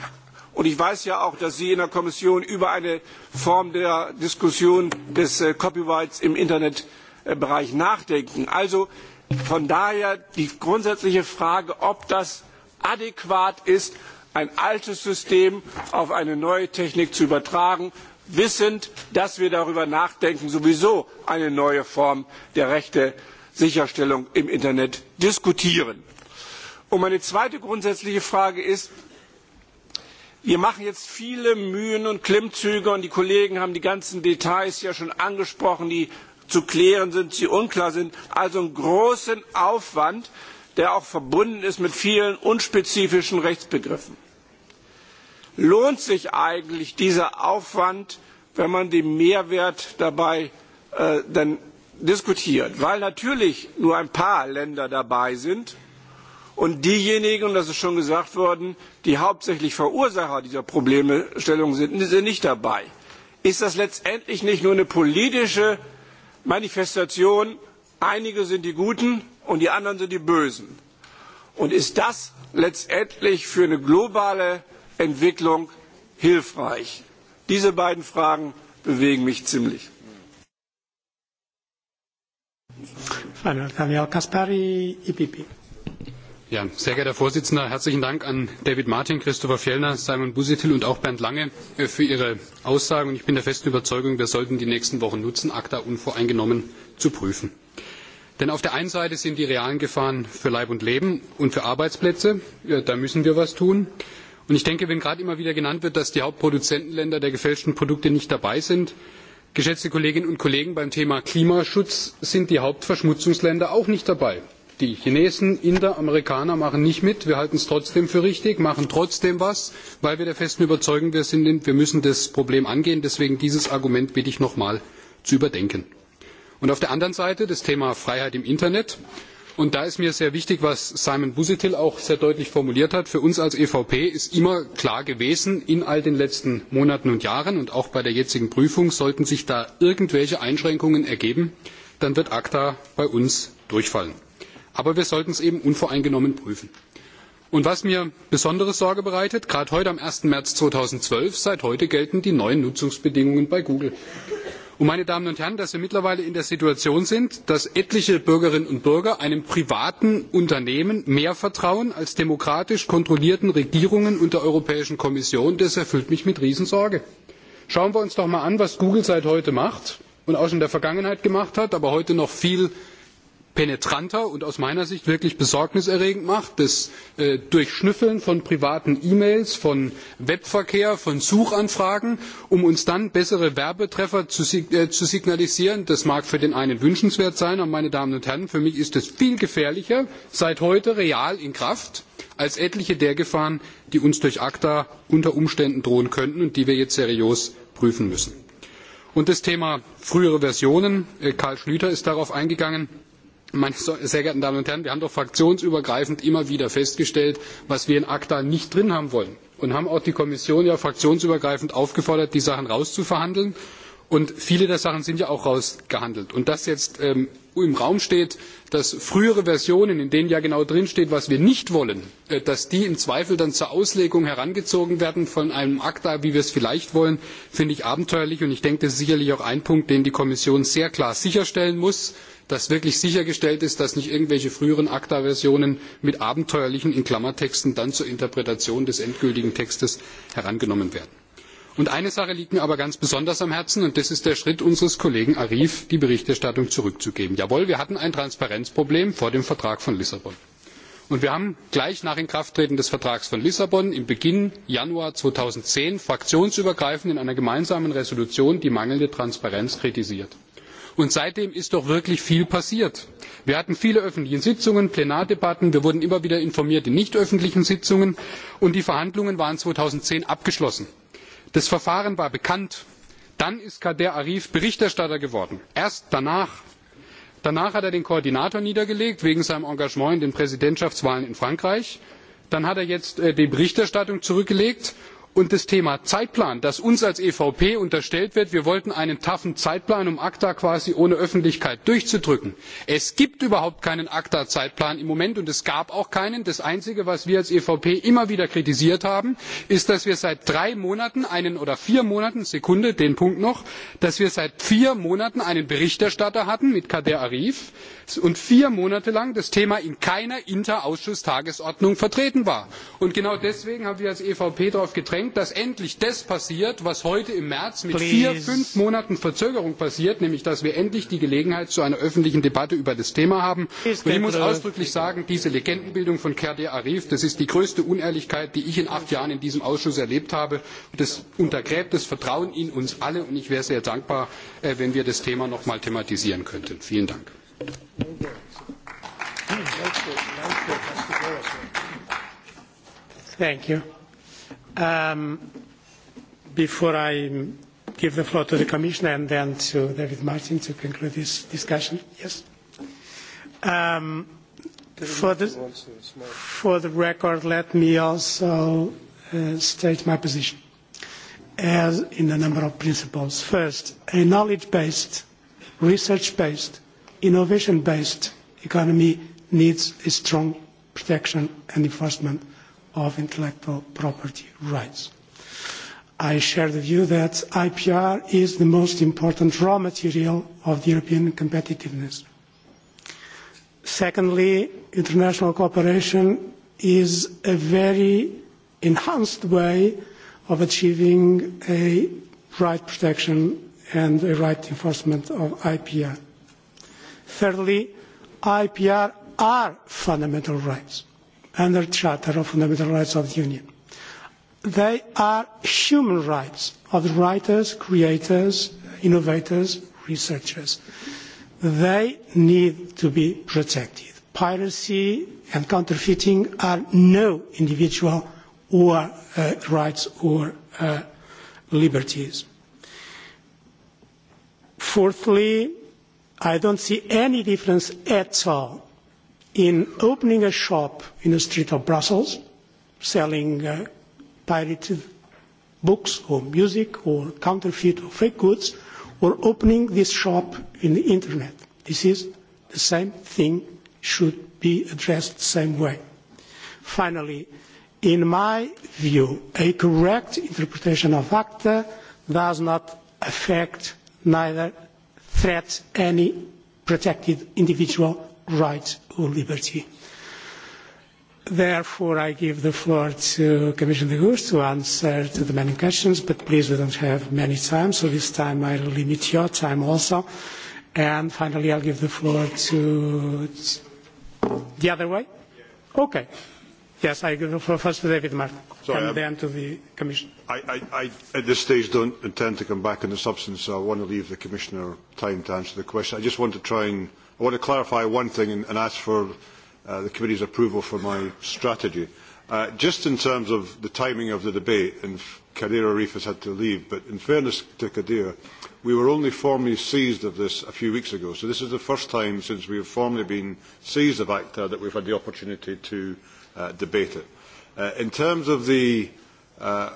Und ich weiß ja auch, dass Sie in der Kommission über eine Form der Diskussion des äh, Copyrights im Internetbereich nachdenken. Also Von daher die grundsätzliche Frage, ob das adäquat ist, ein altes System auf eine neue Technik zu übertragen, wissend, dass wir darüber nachdenken, sowieso eine neue Form der Rechte-Sicherstellung im Internet diskutieren. Und meine zweite grundsätzliche Frage ist, wir machen jetzt viele Mühen und Klimmzüge und die Kollegen haben die ganzen Details ja schon angesprochen, die zu klären sind, die unklar sind. Also einen großen Aufwand, der auch verbunden ist mit vielen unspezifischen Rechtsbegriffen. Lohnt sich eigentlich dieser Aufwand, wenn man den Mehrwert dabei äh, dann diskutiert? Weil natürlich nur ein paar Länder dabei sind und diejenigen, und das ist schon gesagt worden, die hauptsächlich Verursacher dieser Problemstellung sind, sind nicht dabei. Ist das letztendlich nicht nur eine politische Manifestation, einige sind die Guten und die anderen sind die Bösen. Und ist das letztendlich für eine globale Entwicklung hilfreich? Diese beiden Fragen bewegen mich ziemlich. Daniel Kaspari, IPP. E Ja, sehr geehrter Herr Vorsitzender, herzlichen Dank an David Martin, Christopher Fjellner, Simon Busitil und auch Bernd Lange äh, für Ihre Aussagen. Und ich bin der festen Überzeugung, wir sollten die nächsten Wochen nutzen, ACTA unvoreingenommen zu prüfen. Denn auf der einen Seite sind die realen Gefahren für Leib und Leben und für Arbeitsplätze. Ja, da müssen wir was tun. Und ich denke, wenn gerade immer wieder genannt wird, dass die Hauptproduzentenländer der gefälschten Produkte nicht dabei sind, geschätzte Kolleginnen und Kollegen, beim Thema Klimaschutz sind die Hauptverschmutzungsländer auch nicht dabei. Die Chinesen, Inder, Amerikaner machen nicht mit. Wir halten es trotzdem für richtig, machen trotzdem was, weil wir der festen Überzeugung wir sind, wir müssen das Problem angehen. Deswegen dieses Argument bitte ich nochmal zu überdenken. Und auf der anderen Seite das Thema Freiheit im Internet. Und da ist mir sehr wichtig, was Simon Busitil auch sehr deutlich formuliert hat. Für uns als EVP ist immer klar gewesen, in all den letzten Monaten und Jahren und auch bei der jetzigen Prüfung, sollten sich da irgendwelche Einschränkungen ergeben, dann wird ACTA bei uns durchfallen aber wir sollten es eben unvoreingenommen prüfen. Und was mir besondere Sorge bereitet, gerade heute am 1. März 2012, seit heute gelten die neuen Nutzungsbedingungen bei Google. Und meine Damen und Herren, dass wir mittlerweile in der Situation sind, dass etliche Bürgerinnen und Bürger einem privaten Unternehmen mehr vertrauen als demokratisch kontrollierten Regierungen und der Europäischen Kommission, das erfüllt mich mit Riesensorge. Schauen wir uns doch mal an, was Google seit heute macht und auch schon in der Vergangenheit gemacht hat, aber heute noch viel penetranter und aus meiner Sicht wirklich besorgniserregend macht. Das äh, Durchschnüffeln von privaten E-Mails, von Webverkehr, von Suchanfragen, um uns dann bessere Werbetreffer zu, sig äh, zu signalisieren, das mag für den einen wünschenswert sein, aber meine Damen und Herren, für mich ist es viel gefährlicher, seit heute real in Kraft, als etliche der Gefahren, die uns durch ACTA unter Umständen drohen könnten und die wir jetzt seriös prüfen müssen. Und das Thema frühere Versionen, äh, Karl Schlüter ist darauf eingegangen, Meine sehr geehrten Damen und Herren, wir haben doch fraktionsübergreifend immer wieder festgestellt, was wir in ACTA nicht drin haben wollen. Und haben auch die Kommission ja fraktionsübergreifend aufgefordert, die Sachen rauszuverhandeln. Und viele der Sachen sind ja auch rausgehandelt. Und dass jetzt ähm, im Raum steht, dass frühere Versionen, in denen ja genau drinsteht, was wir nicht wollen, äh, dass die im Zweifel dann zur Auslegung herangezogen werden von einem ACTA, wie wir es vielleicht wollen, finde ich abenteuerlich. Und ich denke, das ist sicherlich auch ein Punkt, den die Kommission sehr klar sicherstellen muss dass wirklich sichergestellt ist, dass nicht irgendwelche früheren ACTA-Versionen mit abenteuerlichen in Klammertexten dann zur Interpretation des endgültigen Textes herangenommen werden. Und eine Sache liegt mir aber ganz besonders am Herzen, und das ist der Schritt unseres Kollegen Arif, die Berichterstattung zurückzugeben. Jawohl, wir hatten ein Transparenzproblem vor dem Vertrag von Lissabon. Und wir haben gleich nach Inkrafttreten des Vertrags von Lissabon im Beginn Januar 2010 fraktionsübergreifend in einer gemeinsamen Resolution die mangelnde Transparenz kritisiert und seitdem ist doch wirklich viel passiert. Wir hatten viele öffentliche Sitzungen, Plenardebatten, wir wurden immer wieder informiert in nicht öffentlichen Sitzungen und die Verhandlungen waren 2010 abgeschlossen. Das Verfahren war bekannt. Dann ist Kader Arif Berichterstatter geworden. Erst danach. Danach hat er den Koordinator niedergelegt wegen seinem Engagement in den Präsidentschaftswahlen in Frankreich. Dann hat er jetzt äh, die Berichterstattung zurückgelegt und das thema zeitplan das uns als evp unterstellt wird wir wollten einen taffen zeitplan um acta quasi ohne öffentlichkeit durchzudrücken es gibt überhaupt keinen acta zeitplan im moment und es gab auch keinen. das einzige was wir als evp immer wieder kritisiert haben ist dass wir seit drei monaten einen oder vier monaten sekunde den punkt noch dass wir seit vier monaten einen berichterstatter hatten mit kader arif und vier monate lang das thema in keiner interausschuss tagesordnung vertreten war. genau deswegen haben wir als evp darauf verdrängt dass endlich das passiert was heute im märz mit Please. vier fünf monaten verzögerung passiert nämlich dass wir endlich die gelegenheit zu einer öffentlichen debatte über das thema haben. Und ich muss ausdrücklich sagen diese legendenbildung von kerdi arif das ist die größte unehrlichkeit die ich in acht jahren in diesem ausschuss erlebt habe. das untergräbt das vertrauen in uns alle und ich wäre sehr dankbar äh, wenn wir das thema noch einmal thematisieren könnten. vielen dank. Thank you. Um, before I give the floor to the Commissioner and then to David Martin to conclude this discussion, yes. Um, for, the, for the record, let me also uh, state my position as in a number of principles. First, a knowledge-based, research-based, innovation-based economy needs a strong protection and enforcement of intellectual property rights. I share the view that IPR is the most important raw material of the European competitiveness. Secondly, international cooperation is a very enhanced way of achieving a right protection and a right enforcement of IPR. Thirdly, IPR are fundamental rights under the Charter of Fundamental Rights of the Union. They are human rights of the writers, creators, innovators, researchers. They need to be protected. Piracy and counterfeiting are no individual or uh, rights or uh, liberties. Fourthly, I don't see any difference at all in opening a shop in the street of Brussels, selling uh, pirated books or music or counterfeit or fake goods, or opening this shop in the internet. This is the same thing should be addressed the same way. Finally, in my view, a correct interpretation of ACTA does not affect neither threat any protected individual rights or liberty. Therefore, I give the floor to Commissioner Gus to answer to the many questions, but please, we don't have many time, so this time I'll limit your time also. And finally, I'll give the floor to... The other way? Yeah. Okay. Yes, I give the floor first to David Martin, Sorry, and I'm, um, then to the Commissioner. I, I, at this stage, don't intend to come back on the substance, so I want to leave the Commissioner time to answer the question. I just want to try and... I want to clarify one thing and, and ask for uh, the committee's approval for my strategy. Uh, just in terms of the timing of the debate, and Kadir Arif has had to leave, but in fairness to Kadir, we were only formally seized of this a few weeks ago. So this is the first time since we have formally been seized of ACTA that we've had the opportunity to uh, debate it. Uh, in terms of the uh,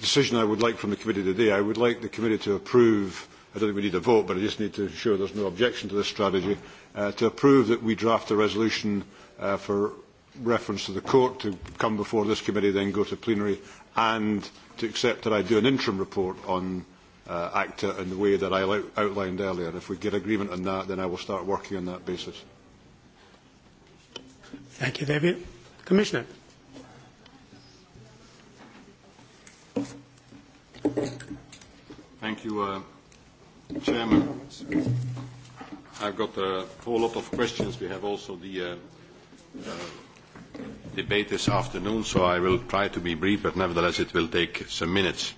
decision I would like from the committee today, I would like the committee to approve uh, I don't think we need a vote, but I just need to ensure there's no objection to this strategy, uh, to approve that we draft a resolution uh, for reference to the court to come before this committee, then go to plenary, and to accept that I do an interim report on uh, ACTA in the way that I outlined earlier. If we get agreement on that, then I will start working on that basis. Thank you, David. Commissioner. Thank you. Uh Chairman, I've got a whole lot of questions. We have also the uh, uh, debate this afternoon, so I will try to be brief, but nevertheless it will take some minutes.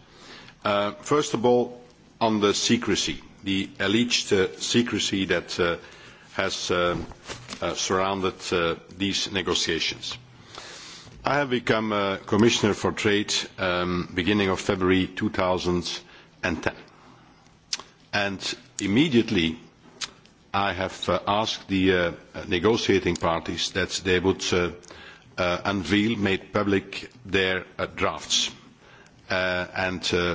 Uh, first of all, on the secrecy, the alleged uh, secrecy that uh, has uh, uh, surrounded uh, these negotiations. I have become uh, Commissioner for Trade um, beginning of February 2010 and immediately I have uh, asked the uh, negotiating parties that they would uh, uh, unveil, made public their uh, drafts. Uh, and uh,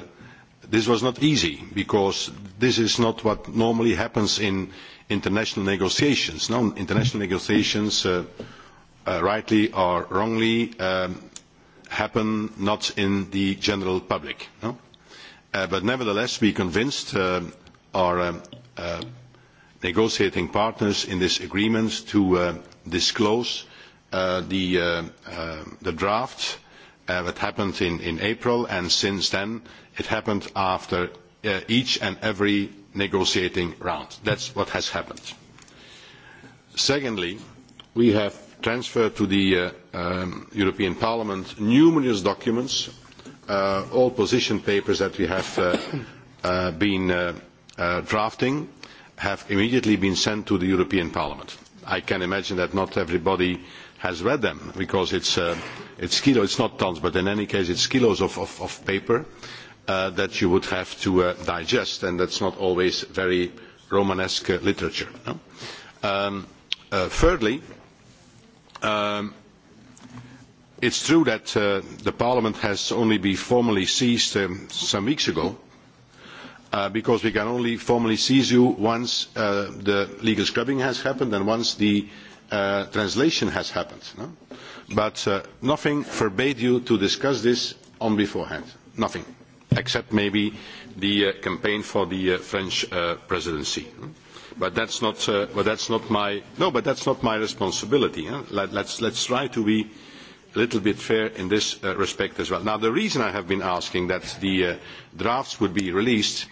this was not easy because this is not what normally happens in international negotiations. No, international negotiations, uh, uh, rightly or wrongly, um, happen not in the general public. No? Uh, but nevertheless, we convinced uh, our um, uh, negotiating partners in this agreement to uh, disclose uh, the draft that happened in april and since then it happened after each and every negotiating round. that is what has happened. secondly we have transferred to the um, european parliament numerous documents all position papers that we have been Uh, drafting have immediately been sent to the european parliament. i can imagine that not everybody has read them because it uh, is kilos it is not tonnes but in any case it is kilos of paper uh, that you would have to digest and that is not always very romanesque literature. No? Um, thirdly um, it is true that parliament has only been formally seized um, some weeks ago Uh, because we can only formally seize you once uh, the legal scrubbing has happened and once the uh, translation has happened no? but nothing forbade you to discuss this on beforehand nothing except maybe the campaign for the french presidency no? but that's not uh, but that's not my no but that's not my responsibility huh? Let, let's let's try to be a little bit fair in this uh, respect as well now the reason i have been asking that the uh, drafts would be released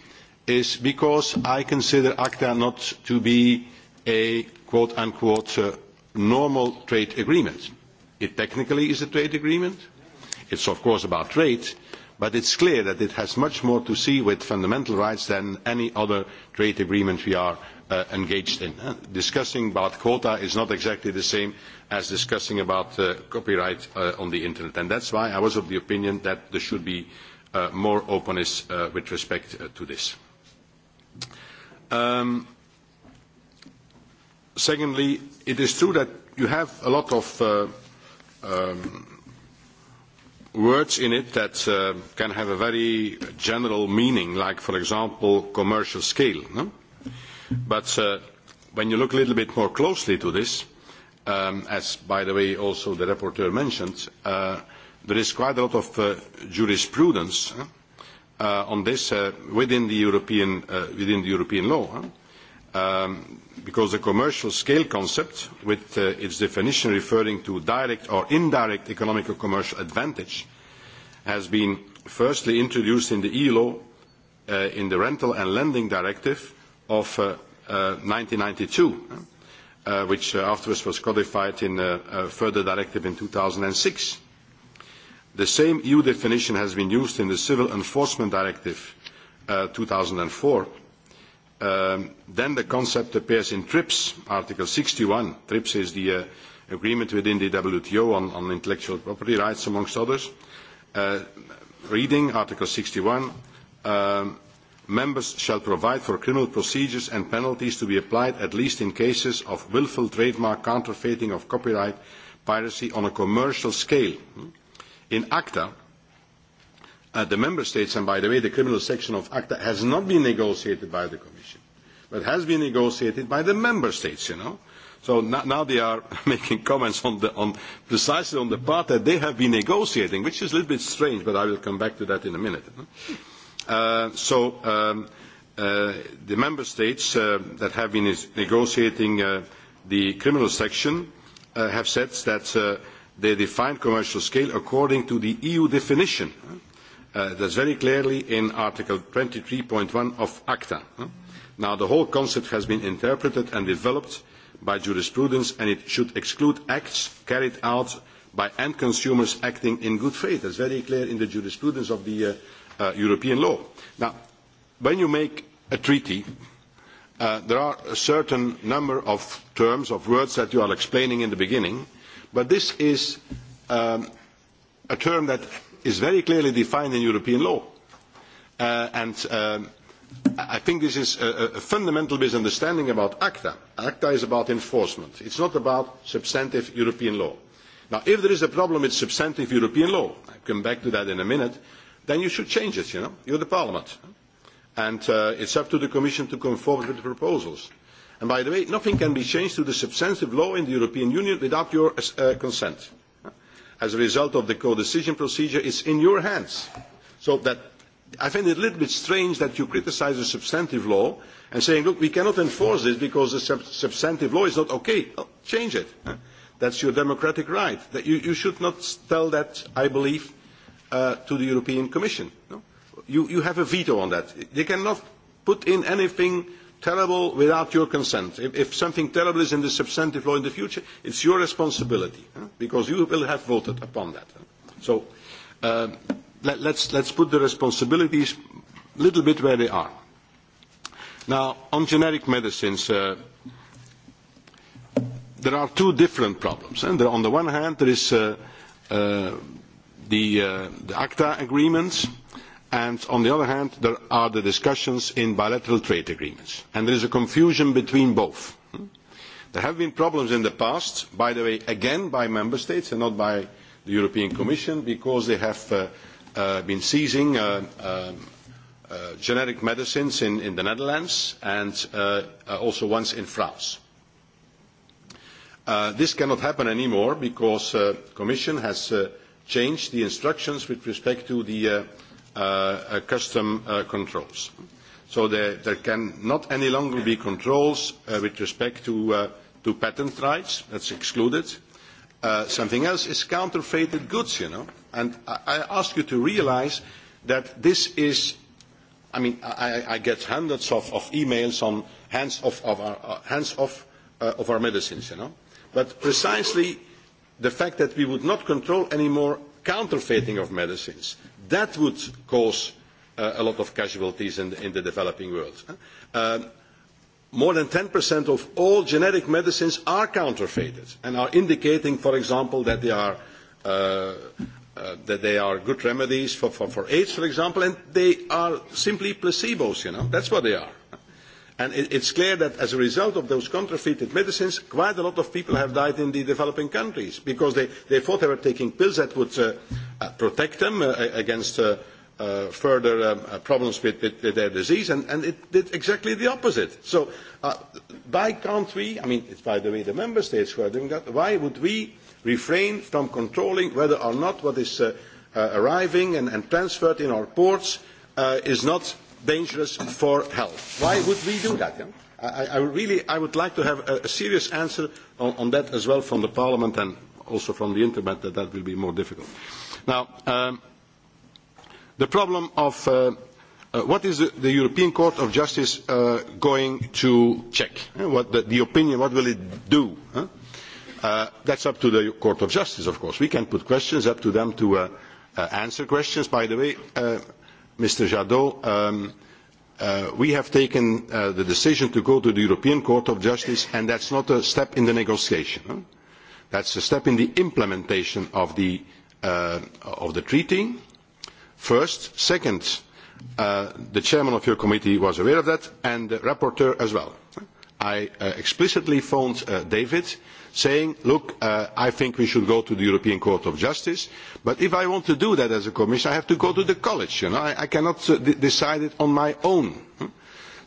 is because i consider acta not to be a uh, normal trade agreement. it technically is a trade agreement it is of course about trade but it is clear that it has much more to do with fundamental rights than any other trade agreement we are uh, engaged in. Uh, discussing about quotas is not exactly the same as discussing about copyright on the internet and that is why i was of the opinion that there should be more openness with respect to this. Um, secondly it is true that you have a lot of uh, um, words in it that uh, can have a very general meaning like for example commercial scale no? but uh, when you look a little bit more closely to this um, as by the way also the rapporteur mentioned there is quite a lot of jurisprudence Uh, on this uh, within uh, european law um, because the commercial scale concept with its definition referring to direct or indirect economic or commercial advantage has been firstly introduced in the eu law in the rental and lending directive of one thousand nine hundred and ninety two which afterwards was codified in a further directive in two thousand and six the same eu definition has been used in the civil enforcement directive uh, 2004 um, then the concept appears in trips article 61 trips is the uh, agreement within the wto on, on intellectual property rights amongst others uh, reading article 61 um, members shall provide for criminal procedures and penalties to be applied at least in cases of willful trademark counterfeiting of copyright piracy on a commercial scale. Hmm? in acta the member states and by the way the criminal section of acta has not been negotiated by the commission but has been negotiated by the member states you know so now they are making comments on, the, on precisely on the part that they have been negotiating, which is a little bit strange, but I will come back to that in a minute. Uh, so um, uh, the member states uh, that have been negotiating uh, the criminal section uh, have said that uh, they define commercial scale according to the eu definition uh, that is very clearly in article twenty three point one of acta. the whole concept has been interpreted and developed by jurisprudence and it should exclude acts carried out by end consumers acting in good faith. that is very clear in the jurisprudence of the uh, uh, european law. now when you make a treaty there are a certain number of terms of words that you are explaining in the beginning but this is um, a term that is very clearly defined in european law uh, and um, I think this is a, a fundamental misunderstanding about ACTA. ACTA is about enforcement. It's not about substantive European law. Now, if there is a problem with substantive European law, I'll come back to that in a minute, then you should change it, you know. You're the Parliament. And uh, it's up to the Commission to come forward with the proposals by the way nothing can be changed to the substantive law in the european union without your uh, consent. as a result of the codecision procedure is in your hands so that i find it a little bit strange that you criticise the substantive law and saying look we cannot enforce this because the sub substantive law is not okay well, change it that's your democratic right that you, you should not tell that i believe uh, to the european commission no? you, you have a veto on that they cannot put in anything terrible without your consent. If, if something terrible is in the substantive law in the future, it's your responsibility huh? because you will have voted upon that. So uh, let, let's, let's put the responsibilities a little bit where they are. Now, on generic medicines, uh, there are two different problems. And on the one hand, there is uh, uh, the, uh, the ACTA agreements and on the other hand there are the discussions in bilateral trade agreements and there is a confusion between both. there have been problems in the past by the way again by member states and not by the european commission because they have uh, uh, been seizing uh, uh, uh, generic medicines in, in the netherlands and uh, uh, also once in france. Uh, this cannot happen anymore because the uh, commission has uh, changed the instructions with respect to the uh, Uh, uh, customs uh, controls. So there, there can not any longer be controls uh, with respect to, uh, to patent rights. That's excluded. Uh, something else is counterfeited goods, you know. And I, I ask you to realize that this is, I mean, I, I get hundreds of, of emails on hands off of our, uh, hands off, uh, of our medicines, you know. But precisely the fact that we would not control anymore counterfeiting of medicines, that would cause uh, a lot of casualties in the, in the developing world. Uh, more than 10% of all generic medicines are counterfeited and are indicating, for example, that they are, uh, uh, that they are good remedies for, for, for AIDS, for example, and they are simply placebos, you know, that's what they are and it is clear that as a result of those counterfeited medicines quite a lot of people have died in the developing countries because they, they thought they were taking pills that would uh, uh, protect them uh, against uh, uh, further um, uh, problems with, with, with their disease, and, and it did exactly the opposite. So, uh, by country, I mean, it's by the way, the member states who are doing that, why would we refrain from controlling whether or not what is uh, uh, arriving and, and transferred in our ports uh, is not dangerous for health. Why would we do that? Yeah? I, I, really, I would like to have a, a serious answer on, on that as well from the Parliament and also from the Internet that that will be more difficult. Now, um, the problem of uh, uh, what is the, the European Court of Justice uh, going to check? Eh? What the, the opinion, what will it do? Huh? Uh, that's up to the Court of Justice, of course. We can put questions up to them to uh, uh, answer questions. By the way, uh, Mr. Jadot, um, uh, we have taken uh, the decision to go to the European Court of Justice, and that's not a step in the negotiation. Huh? That's a step in the implementation of the, uh, of the treaty, first. Second, uh, the chairman of your committee was aware of that, and the rapporteur as well. I uh, explicitly phoned uh, David saying look uh, i think we should go to the european court of justice but if i want to do that as a commission i have to go to the college i cannot uh, decide it on my own. Hmm?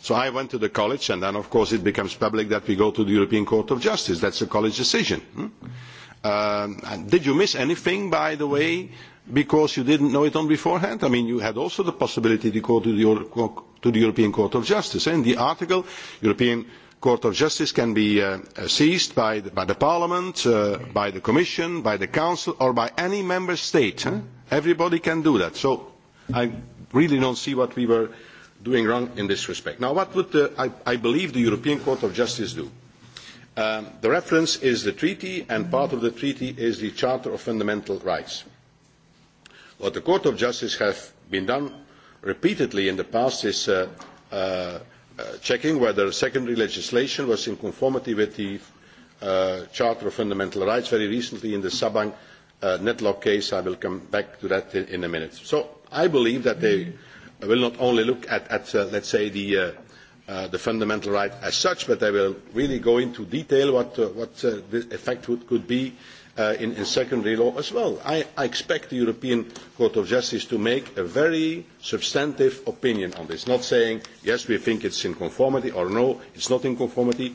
so i went to the college and then of course it becomes public that we go to the european court of justice that is a college decision. Hmm? Um, did you miss anything by the way because you did not know it beforehand? i mean you had also the possibility to go to the european court of justice. in the article the european court of justice can be uh, seized by parliament uh, by the commission by the council or by any member state. everybody can do that so i really do not see what we were doing wrong in this respect. now what would the, I, I believe the european court of justice do? Um, the reference is the treaty and part of the treaty is the charter of fundamental rights. what the court of justice have been done repeatedly in the past is uh, uh, Uh, checking whether secondary legislation was in conformity with the uh, charter of fundamental rights very recently in the sabang uh, netlock case i will come back to that in a minute so i believe that they will not only look at, at uh, let's say the uh, uh, the fundamental right as such but they will really go into detail what uh, what uh, the effect would, could be uh, in, in secondary law as well. I, I expect the European Court of Justice to make a very substantive opinion on this, not saying, yes, we think it's in conformity, or no, it's not in conformity.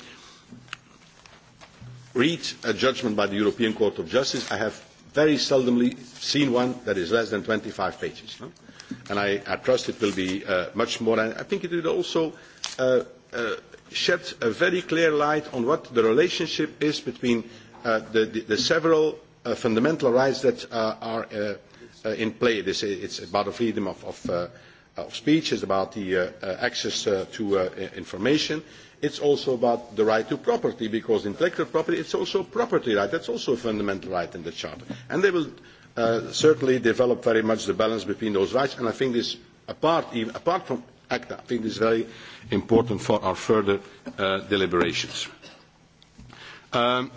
Read a judgment by the European Court of Justice. I have very seldomly seen one that is less than 25 pages. No? And I, I trust it will be uh, much more. And I think it will also uh, uh, shed a very clear light on what the relationship is between Uh, the, the several uh, fundamental rights that uh, are uh, uh, in play. This, it's about the freedom of, of, uh, of speech, it's about the uh, uh access uh, to uh, information. It's also about the right to property, because intellectual property is also a property right. That's also a fundamental right in the Charter. And they will uh, certainly develop very much the balance between those rights. And I think this, apart, even, apart from ACTA, I think this is very important for our further uh, deliberations. Um,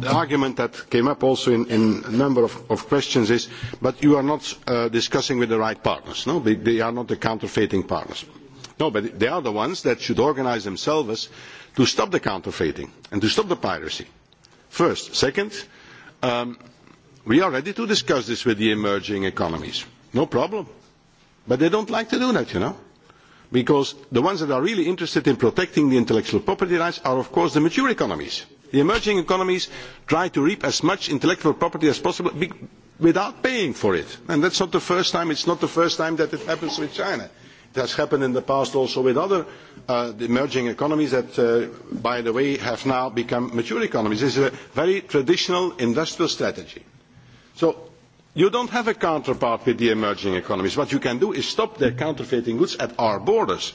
the argument that came up also in, in a number of, of questions is, but you are not uh, discussing with the right partners. No, they, they are not the counterfeiting partners. No, but they are the ones that should organize themselves to stop the counterfeiting and to stop the piracy. First. Second, um, we are ready to discuss this with the emerging economies. No problem. But they don't like to do that, you know. Because the ones that are really interested in protecting the intellectual property rights are, of course, the mature economies the emerging economies try to reap as much intellectual property as possible without paying for it and that is not the first time it is not the first time that it happens with china. it has happened in the past also with other uh, emerging economies that uh, by the way have now become mature economies. this is a very traditional industrial strategy. so you do not have a counterpart with the emerging economies. what you can do is stop their counterfeiting goods at our borders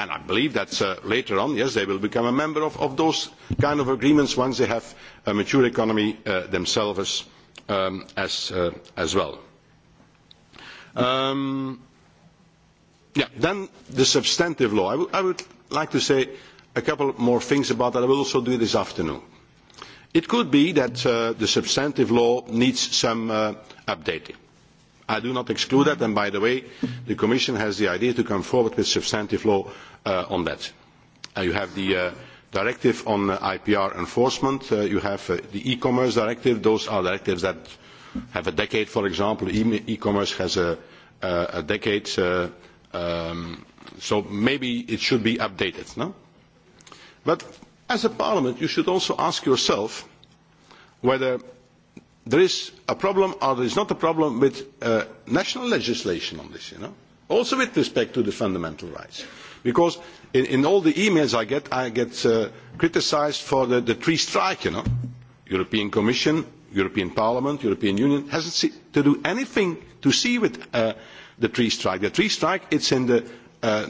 and i believe that uh, later on they will become a member of those kinds of agreements once they have a mature economy uh, themselves um, uh, as well. Um, then the substantive law. i would like to say a couple more things about that. i will also do this afternoon. it could be that the substantive law needs some updating i do not exclude that and by the way the commission has the idea to come forward with substantive law uh, on that. Uh, you have the uh, directive on ipr enforcement you have the e commerce directive those are directives that have a decade for example e commerce has a decade um, so maybe it should be updated. No? but as a parliament you should also ask yourself whether there is a problem or there is not a problem with uh, national legislation on this also with respect to the fundamental rights because in all the e mails i get i get uh, criticised for the three strikes you know the european commission the european parliament the european union has not to do anything to see with uh, the three strikes. the three strikes it is in the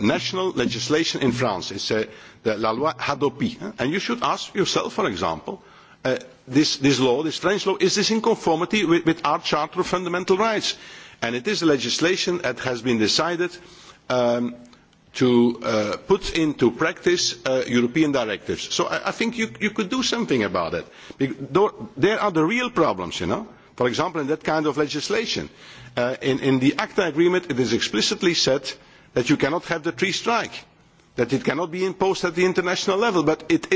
national legislation in france it is la loi hadopi and you should ask yourself for example Eh, this law this french law is in conformity with our charter of fundamental rights and it is legislation that has been decided um, to uh, put into practice uh, european directives. so i think you could do something about it. there are the real problems you know for example in that kind of legislation. Uh, in the acta agreement it is explicitly said that you cannot have the three strikes that it cannot be imposed at the international level but it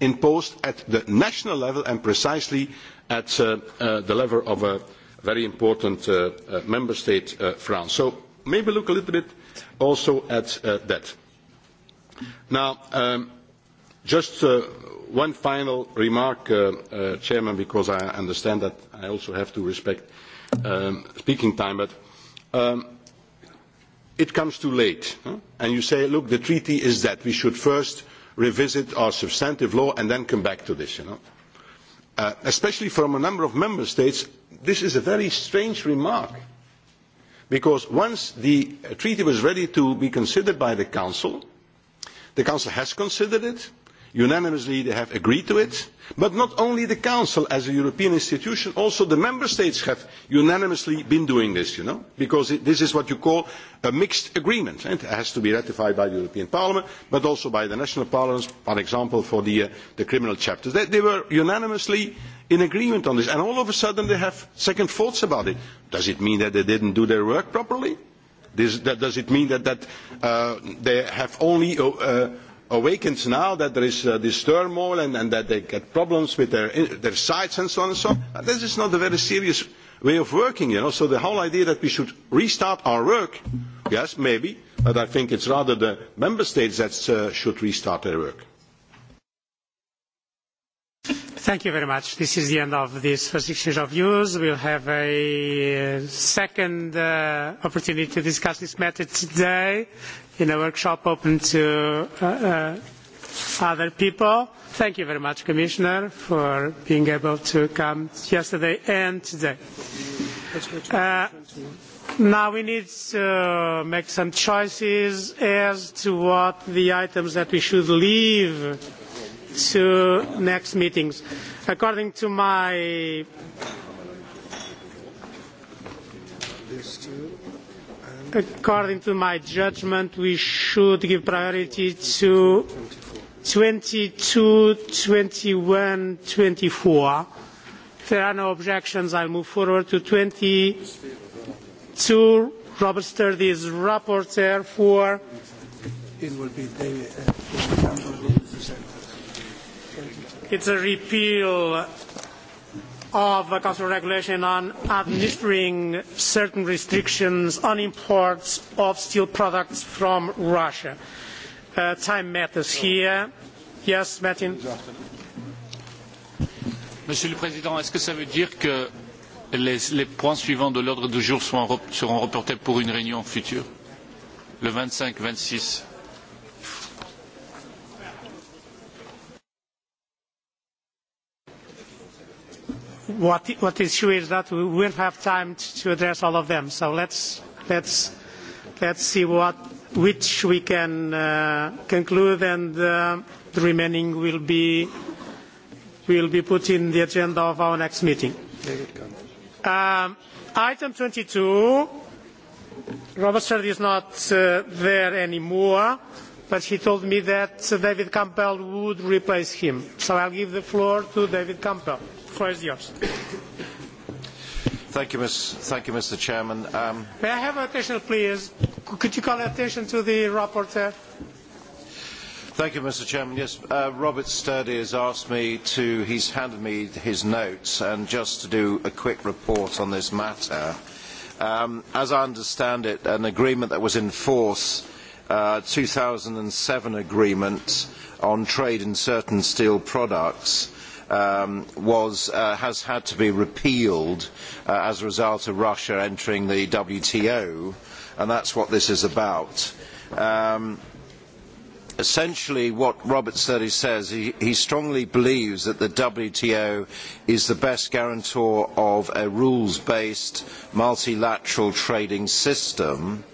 imposed at the national level and precisely at uh, uh, the level of a very important uh, member state france. so maybe look a little bit also at that. now um, just one final remark chairman because i understand that i also have to respect um, speaking time but um, it comes too late and you say look the treaty is that we should first revisit our substantive law and then come back to this. You know? uh, especially from a number of member states, this is a very strange remark. Because once the treaty was ready to be considered by the Council, the Council has considered it. Unanimously, they have agreed to it but not only the council as a european institution also the member states have unanimously been doing this you know because this is what you call a mixed agreement and it has to be ratified by the european parliament but also by the national parliaments for example for the, uh, the criminal chapters they, they were unanimously in agreement on this and all of a sudden they have second thoughts about it does it mean that they didn't do their work properly this, that, does it mean that, that uh, they have only uh, uh, awakens now that there is uh, this turmoil and that they get problems with their sites and so on and so on. This is not a very serious way of working, you know. So the whole idea that we should restart our work, yes, maybe, but I think it's rather the member states that uh, should restart their work. Thank you very much. This is the end of this first exchange of views. We'll have a uh, second uh, opportunity to discuss this matter today in a workshop open to uh, uh, other people. Thank you very much, Commissioner, for being able to come yesterday and today. Uh, now we need to make some choices as to what the items that we should leave to next meetings. According to my According to my judgment, we should give priority to 22, 21, 24. If there are no objections, I'll move forward to 22. Robert Sturdy is rapporteur for. It will be David, uh, it's a repeal of the council regulation on administering certain restrictions on imports of steel products from Russia. Uh, time matters here. Yes, Martin. Monsieur le Président, est-ce que ça veut dire que les, les points suivants de l'ordre du jour seront reportés pour une réunion future, le 25-26 what, what is true is that we will have time to address all of them. So let's, let's, let's see what, which we can uh, conclude and uh, the remaining will be, will be put in the agenda of our next meeting. Um, item 22, Robert Sard is not uh, there anymore, but he told me that uh, David Campbell would replace him. So I'll give the floor to David Campbell floor is yours. Thank you, Ms. Thank you, Mr. Chairman. Um, May I have attention, please? Could you call attention to the rapporteur? Thank you, Mr. Chairman. Yes, uh, Robert Sturdy has asked me to, he's handed me his notes, and just to do a quick report on this matter. Um, as I understand it, an agreement that was in force, uh, 2007 agreement on trade in certain steel products, uh, um, was, uh, has had to be repealed uh, as a result of Russia entering the WTO, and that's what this is about. Um, essentially, what Robert Sturdy says, he, he strongly believes that the WTO is the best guarantor of a rules-based multilateral trading system.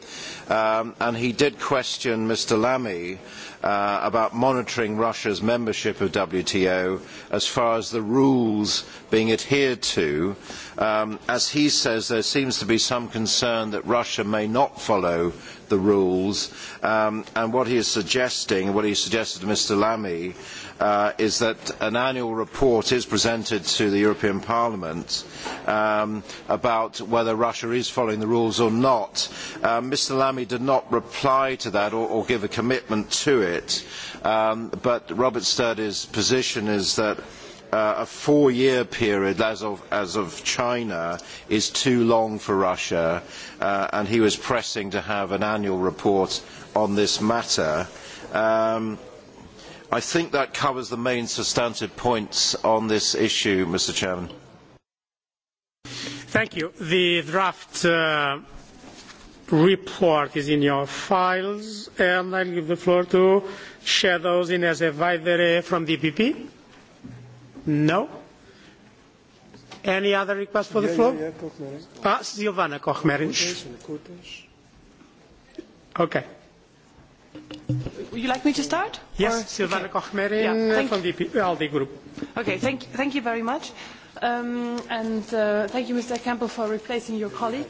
Um, and he did question Mr. Lamy uh, about monitoring Russia's membership of WTO as far as the rules being adhered to. Um, as he says, there seems to be some concern that Russia may not follow the rules. Um, and what he is suggesting, what he suggested to Mr. Lamy, uh, is that an annual report is presented to the European Parliament um, about whether Russia is following the rules or not. Uh, um, Mr Lamy did not reply to that or, or give a commitment to it, um, but Robert Sturdy's position is that uh, a four-year period, as of, as of China, is too long for Russia, uh, and he was pressing to have an annual report on this matter. Um, i think that covers the main substantive points on this issue mr chairman thank you the draft uh, report is in your files and i'll give the floor to shadows in as advisory from dpp e no any other request for the yeah, floor yeah, yeah. Koch ah, Giovanna Koch-Merinch. okay would you like me to start? Yes, or? Silvana okay. Kochmerin yeah, thank from the ALDE group. Okay, thank, thank you very much. Um, and uh, thank you, Mr. Campbell, for replacing your colleague.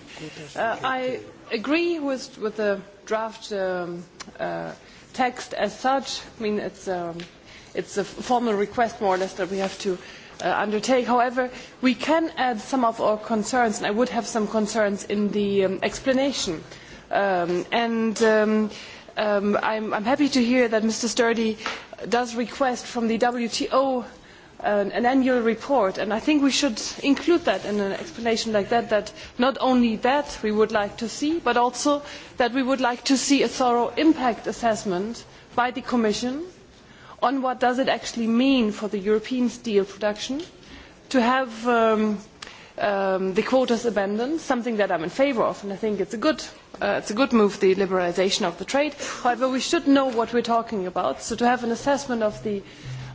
Uh, I agree with, with the draft um, uh, text as such. I mean, it's, um, it's a formal request, more or less, that we have to uh, undertake. However, we can add some of our concerns, and I would have some concerns in the um, explanation. Um, and... Um, I am um, happy to hear that Mr. Sturdy does request from the WTO an, um, an annual report, and I think we should include that in an explanation like that, that not only that we would like to see, but also that we would like to see a thorough impact assessment by the Commission on what does it actually mean for the European steel production to have um, um, the quotas abandoned, something that I'm in favour of, and I think it's a good, uh, it's a good move, the liberalisation of the trade. However, we should know what we're talking about, so to have an assessment of the,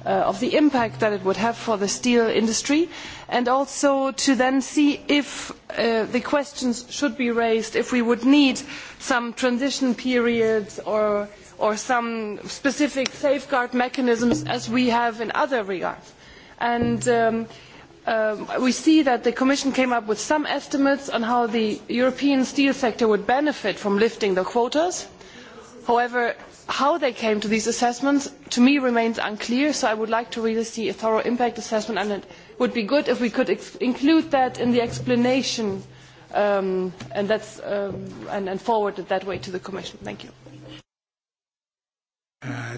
uh, of the impact that it would have for the steel industry, and also to then see if uh, the questions should be raised, if we would need some transition periods or, or some specific safeguard mechanisms as we have in other regards. And... Um, Um, we see that the commission came up with some estimates on how the european steel sector would benefit from lifting the quotas. however how they came to these assessments to me remains unclear so i would like to really see a thorough impact assessment and it would be good if we could include that in the explanation um, um, and forward it that way to the commission. thank you. Uh,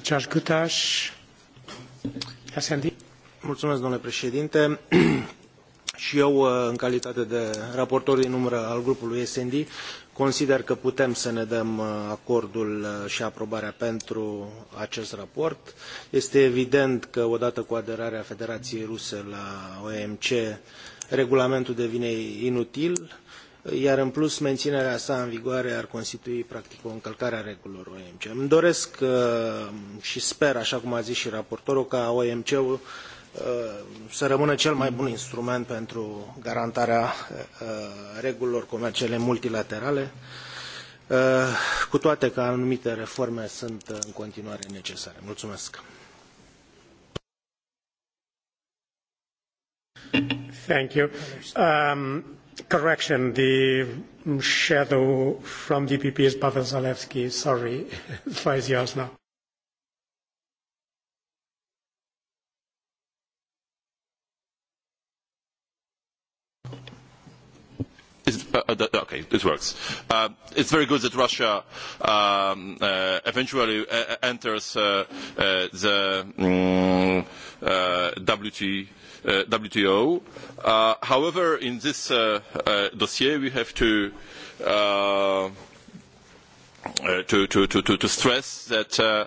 i eu uh, în calitate de raportor din umbră al grupului sd consider că putem să ne dăm uh, acordul uh, i aprobarea pentru acest raport. este evident că odată cu aderarea federației ruse la omc regulamentul devine inutil iar în plus menținerea sa în vigoare ar constitui practic o încălcare a regulilor OMC. Îmi doresc și sper, așa cum a zis și raportorul, ca OMC-ul să rămână cel mai bun instrument pentru garantarea uh, regulilor comerciale multilaterale, uh, cu toate că anumite reforme sunt în continuare necesare. Mulțumesc! Thank you. Um, correction, the shadow from DPP is Pavel Zalewski. Sorry, it's five years now. it uh, is uh, very good that russia um, uh, eventually enters the mm, wto. however, in this dossier, we have to to to to to stress that uh,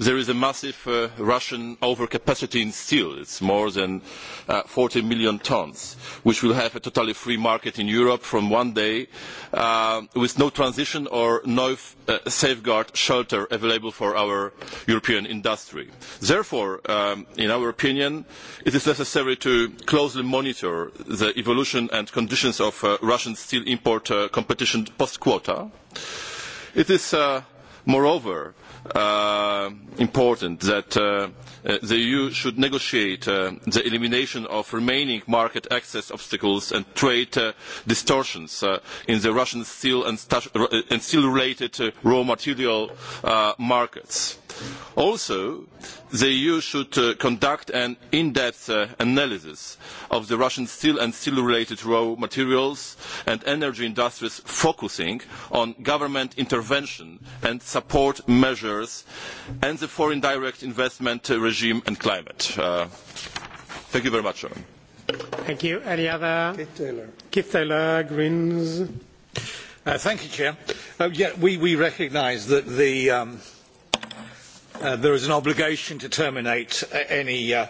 there is a massive uh, russian overcapacity in steel it's more than uh, 40 million tons which will have a totally free market in europe from one day uh, with no transition or no f- uh, safeguard shelter available for our european industry therefore um, in our opinion it is necessary to closely monitor the evolution and conditions of uh, russian steel import uh, competition post quota it is uh, moreover, uh, important that uh, uh the EU should negotiate uh, the elimination of remaining market access obstacles and trade uh, distortions uh, in the Russian steel and, stash- uh, and steel-related uh, raw material uh, markets also the eu should uh, conduct an in depth uh, analysis of the russian steel and steel related raw materials and energy industries focusing on government intervention and support measures and the foreign direct investment uh, regime and climate uh, thank you very much Sharon. thank you any other keith taylor, keith taylor greens uh, thank you chair uh, yeah, we we recognize that the um, Uh, there is an obligation to terminate uh, any uh,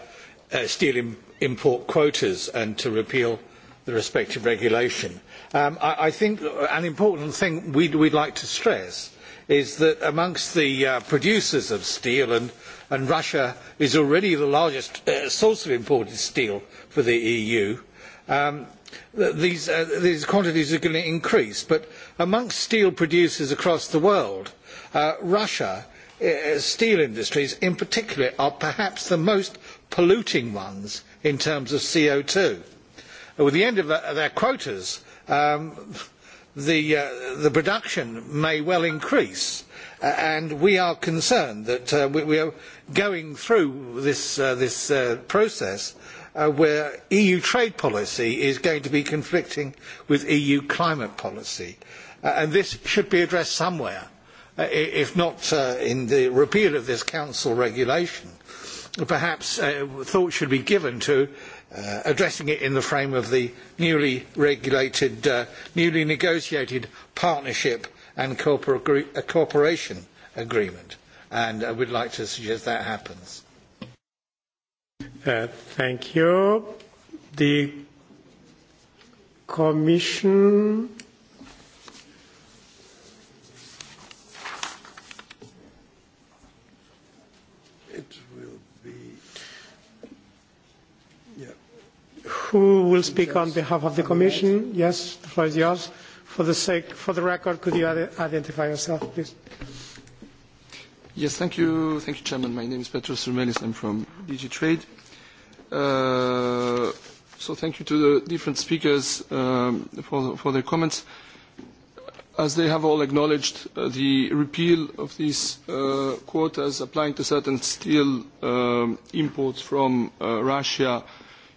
uh, steel Im- import quotas and to repeal the respective regulation. Um, I, I think uh, an important thing we'd, we'd like to stress is that amongst the uh, producers of steel, and, and Russia is already the largest uh, source of imported steel for the EU, um, these, uh, these quantities are going to increase. But amongst steel producers across the world, uh, Russia Eh, steel industries in particular are perhaps the most polluting ones in terms of co. two with the end of their quotas um, the, uh, the production may well increase uh, and we are concerned that uh, we, we are going through this, uh, this uh, process uh, where EU trade policy is going to be conflicting with EU climate policy. Uh, and this should be addressed somewhere. Uh, if not uh, in the repeal of this council regulation perhaps uh, thought should be given to addressing it in the frame of the newly regulated uh, newly negotiated partnership and corporate cooperation agreement and i would like to suggest that happens uh, thank you the commission who will speak on behalf of the commission? Yes, the floor is yours. For the record, could you identify yourself, please? Yes, thank you. Thank you, Chairman. My name is Petros Roumelis. I'm from Digi Trade. Uh, so thank you to the different speakers um, for their comments. As they have all acknowledged, uh, the repeal of these uh, quotas applying to certain steel um, imports from Russia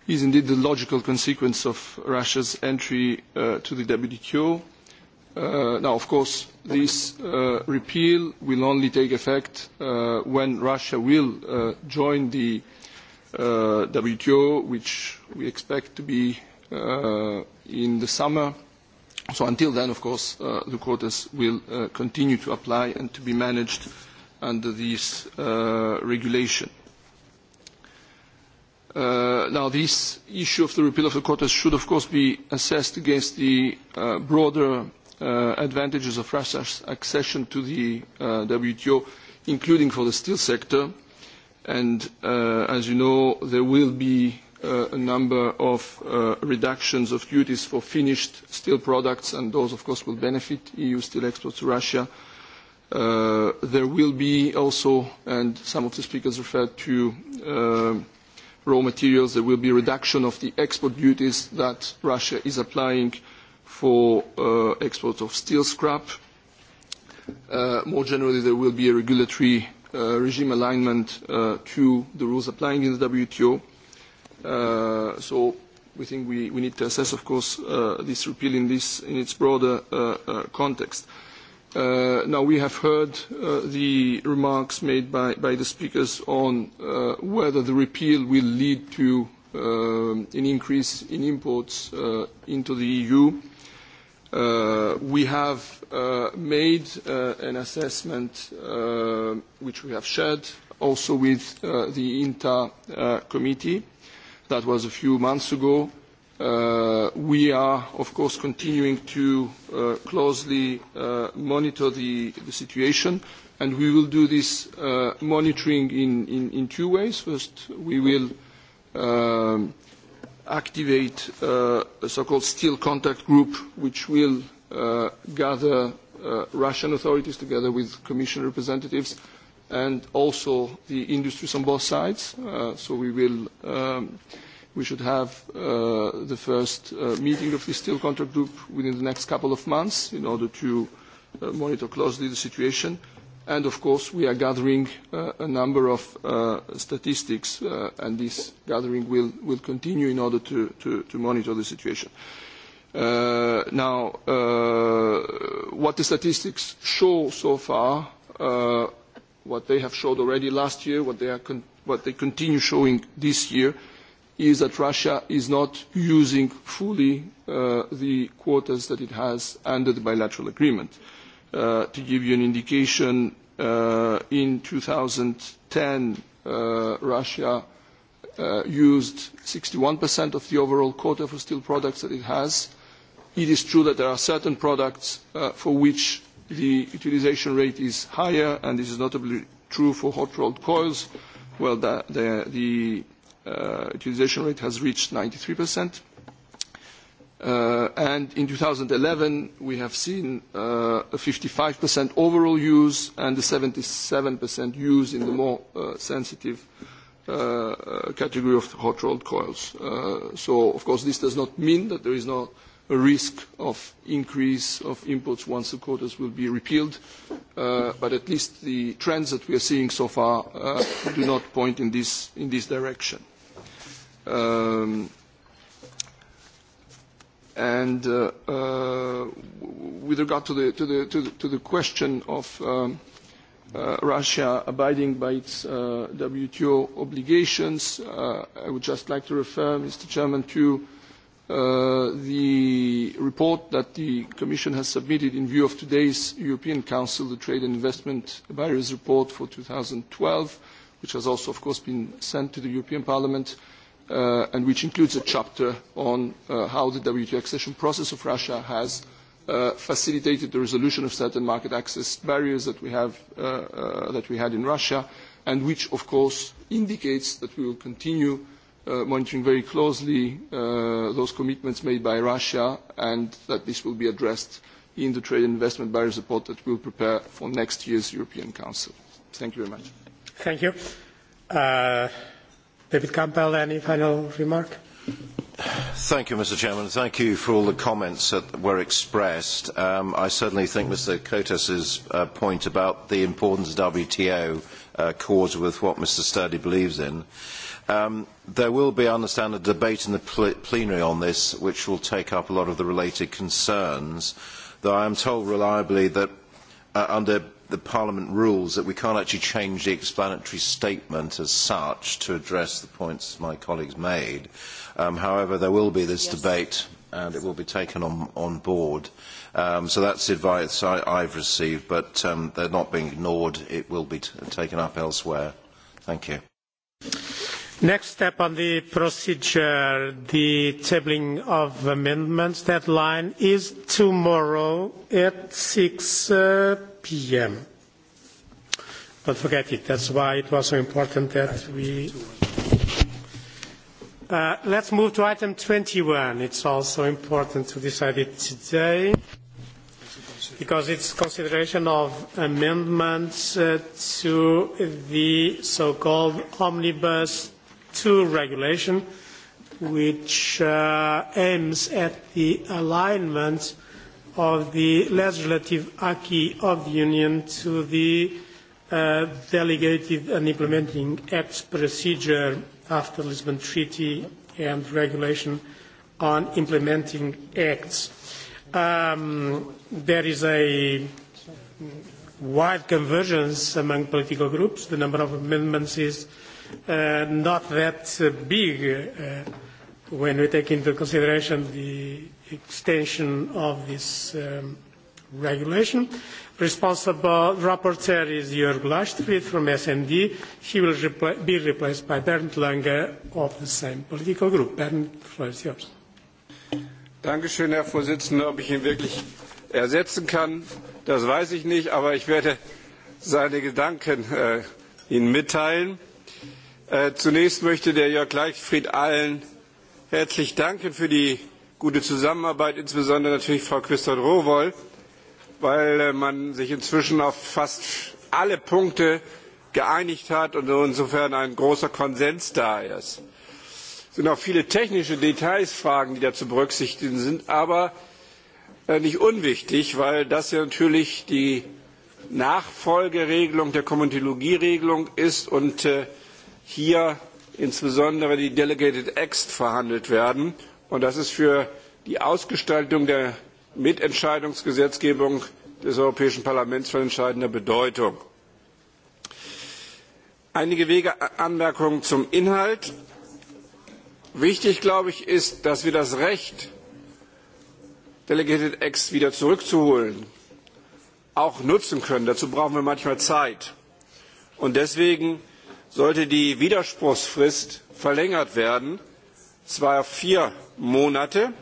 is indeed the logical consequence of Russia's entry uh, to the WTO. Uh, now, of course, this uh, repeal will only take effect uh, when Russia will uh, join the uh, WTO, which we expect to be uh, in the summer. So until then, of course, uh, the quotas will uh, continue to apply and to be managed under this uh, regulation. Uh, now this issue of the repeal of the quotas should of course be assessed against the uh, broader uh, advantages of Russia's accession to the uh, WTO, including for the steel sector. And uh, as you know, there will be uh, a number of uh, reductions of duties for finished steel products, and those, of course, will benefit EU steel exports to Russia. Uh, there will be also, and some of the speakers referred to, uh, raw materials, there will be a reduction of the export duties that Russia is applying for uh, exports of steel scrap. Uh, more generally, there will be a regulatory uh, regime alignment to the rules applying in the WTO. We think we need to assess, of course, this repeal in its broader context. Uh, now, we have heard uh, the remarks made by, by the speakers on uh, whether the repeal will lead to um, an increase in imports uh, into the EU. Uh, we have uh, made uh, an assessment uh, which we have shared also with uh, the INTA uh, committee that was a few months ago. Uh, we are of course continuing to uh, closely uh, monitor the situation and we will do this monitoring in two ways. first we will um, activate a so called steel contact group which will gather russian authorities together with commission representatives and also the industries on both sides. so we will um, we should have uh, the first uh, meeting of the steel contract group within the next couple of months in order to uh, monitor closely the situation. And of course, we are gathering uh, a number of uh, statistics, uh, and this gathering will, will continue in order to, to, to monitor the situation. Uh, now, uh, what the statistics show so far, uh, what they have showed already last year, what they, are con- what they continue showing this year, uh, is that Russia is not using fully uh, the quotas that it has under the bilateral agreement. Uh, to give you an indication, uh, in 2010, uh, Russia uh, used 61% of the overall quota for steel products that it has. It is true that there are certain products uh, for which the utilization rate is higher, and this is notably true for hot-rolled coils. Well, the, the, the Uh, utilization rate has reached 93%. Uh, and in 2011, we have seen uh, a 55% overall use and a 77% use in the more sensitive category of hot-rolled coils. So of course, this does not mean that there is not a risk of increase of imports once the quotas will be repealed, but at least the trends that we are seeing so far do not point in this direction. Um, and uh, uh, with regard to the, to the, to the, to the question of um, uh, Russia abiding by its uh, WTO obligations, uh, I would just like to refer, Mr. Chairman, to uh, the report that the Commission has submitted in view of today's European Council, the Trade and Investment Barriers Report for 2012, which has also, of course, been sent to the European Parliament uh, and which includes a chapter on uh, how the WTO accession process of Russia has uh, facilitated the resolution of certain market access barriers that we, have, uh, uh, that we had in Russia, and which, of course, indicates that we will continue uh, monitoring very closely uh, those commitments made by Russia and that this will be addressed in the trade and investment barriers report that we'll prepare for next year's European Council. Thank you very much. Thank you. Uh david campbell any final remark thank you mr chairman thank you for all the comments that were expressed um, i certainly think mr kotas's uh, point about the importance of wto uh, cause with what mr sturdy believes in um, there will be, I understand, a debate in the pl plenary on this, which will take up a lot of the related concerns, though I am told reliably that uh, under the Parliament rules that we can't actually change the explanatory statement as such to address the points my colleagues made. Um, however, there will be this yes. debate and it will be taken on, on board. Um, so that's advice I, I've received, but um, they're not being ignored. It will be t taken up elsewhere. Thank you. Next step on the procedure, the tabling of amendments deadline is tomorrow at 6 uh, p.m. But forget it. That's why it was so important that we. Uh, let's move to item 21. It's also important to decide it today because it's consideration of amendments uh, to the so-called Omnibus 2 regulation, which uh, aims at the alignment of the legislative acquis of the Union to the uh, delegated and implementing acts procedure after the Lisbon Treaty and regulation on implementing acts. Um, there is a wide convergence among political groups. The number of amendments is uh, not that uh, big uh, when we take into consideration the extension of this um, regulation. Responsible rapporteur is Jörg Lastfried from SND. He will repl be replaced by Bernd Lange of the same political group. Bernd, the floor is yours. Danke schön, Herr Vorsitzender. Ob ich ihn wirklich ersetzen kann, das weiß ich nicht, aber ich werde seine Gedanken äh, Ihnen mitteilen. Äh, zunächst möchte der Jörg Leichtfried allen herzlich danken für die gute Zusammenarbeit, insbesondere natürlich Frau Christoph Rowohl, weil äh, man sich inzwischen auf fast alle Punkte geeinigt hat und insofern ein großer Konsens da ist. Es sind auch viele technische Detailsfragen, die da zu berücksichtigen sind, aber äh, nicht unwichtig, weil das ja natürlich die Nachfolgeregelung der Komitologieregelung ist und äh, hier insbesondere die Delegated Acts verhandelt werden und das ist für die ausgestaltung der mitentscheidungsgesetzgebung des europäischen parlaments von entscheidender bedeutung. einige wenige anmerkungen zum inhalt wichtig glaube ich ist dass wir das recht delegated acts wieder zurückzuholen auch nutzen können. dazu brauchen wir manchmal zeit. Und deswegen sollte die widerspruchsfrist verlängert werden zwar auf vier Monate.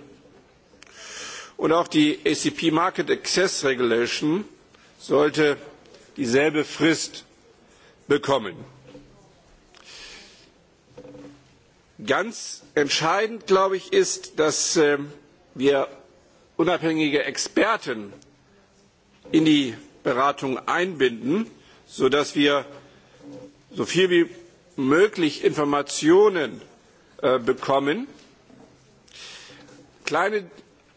Und auch die ACP e Market Access Regulation sollte dieselbe Frist bekommen. Ganz entscheidend, glaube ich, ist, dass äh, wir unabhängige Experten in die Beratung einbinden, sodass wir so viel wie möglich Informationen äh, bekommen kleine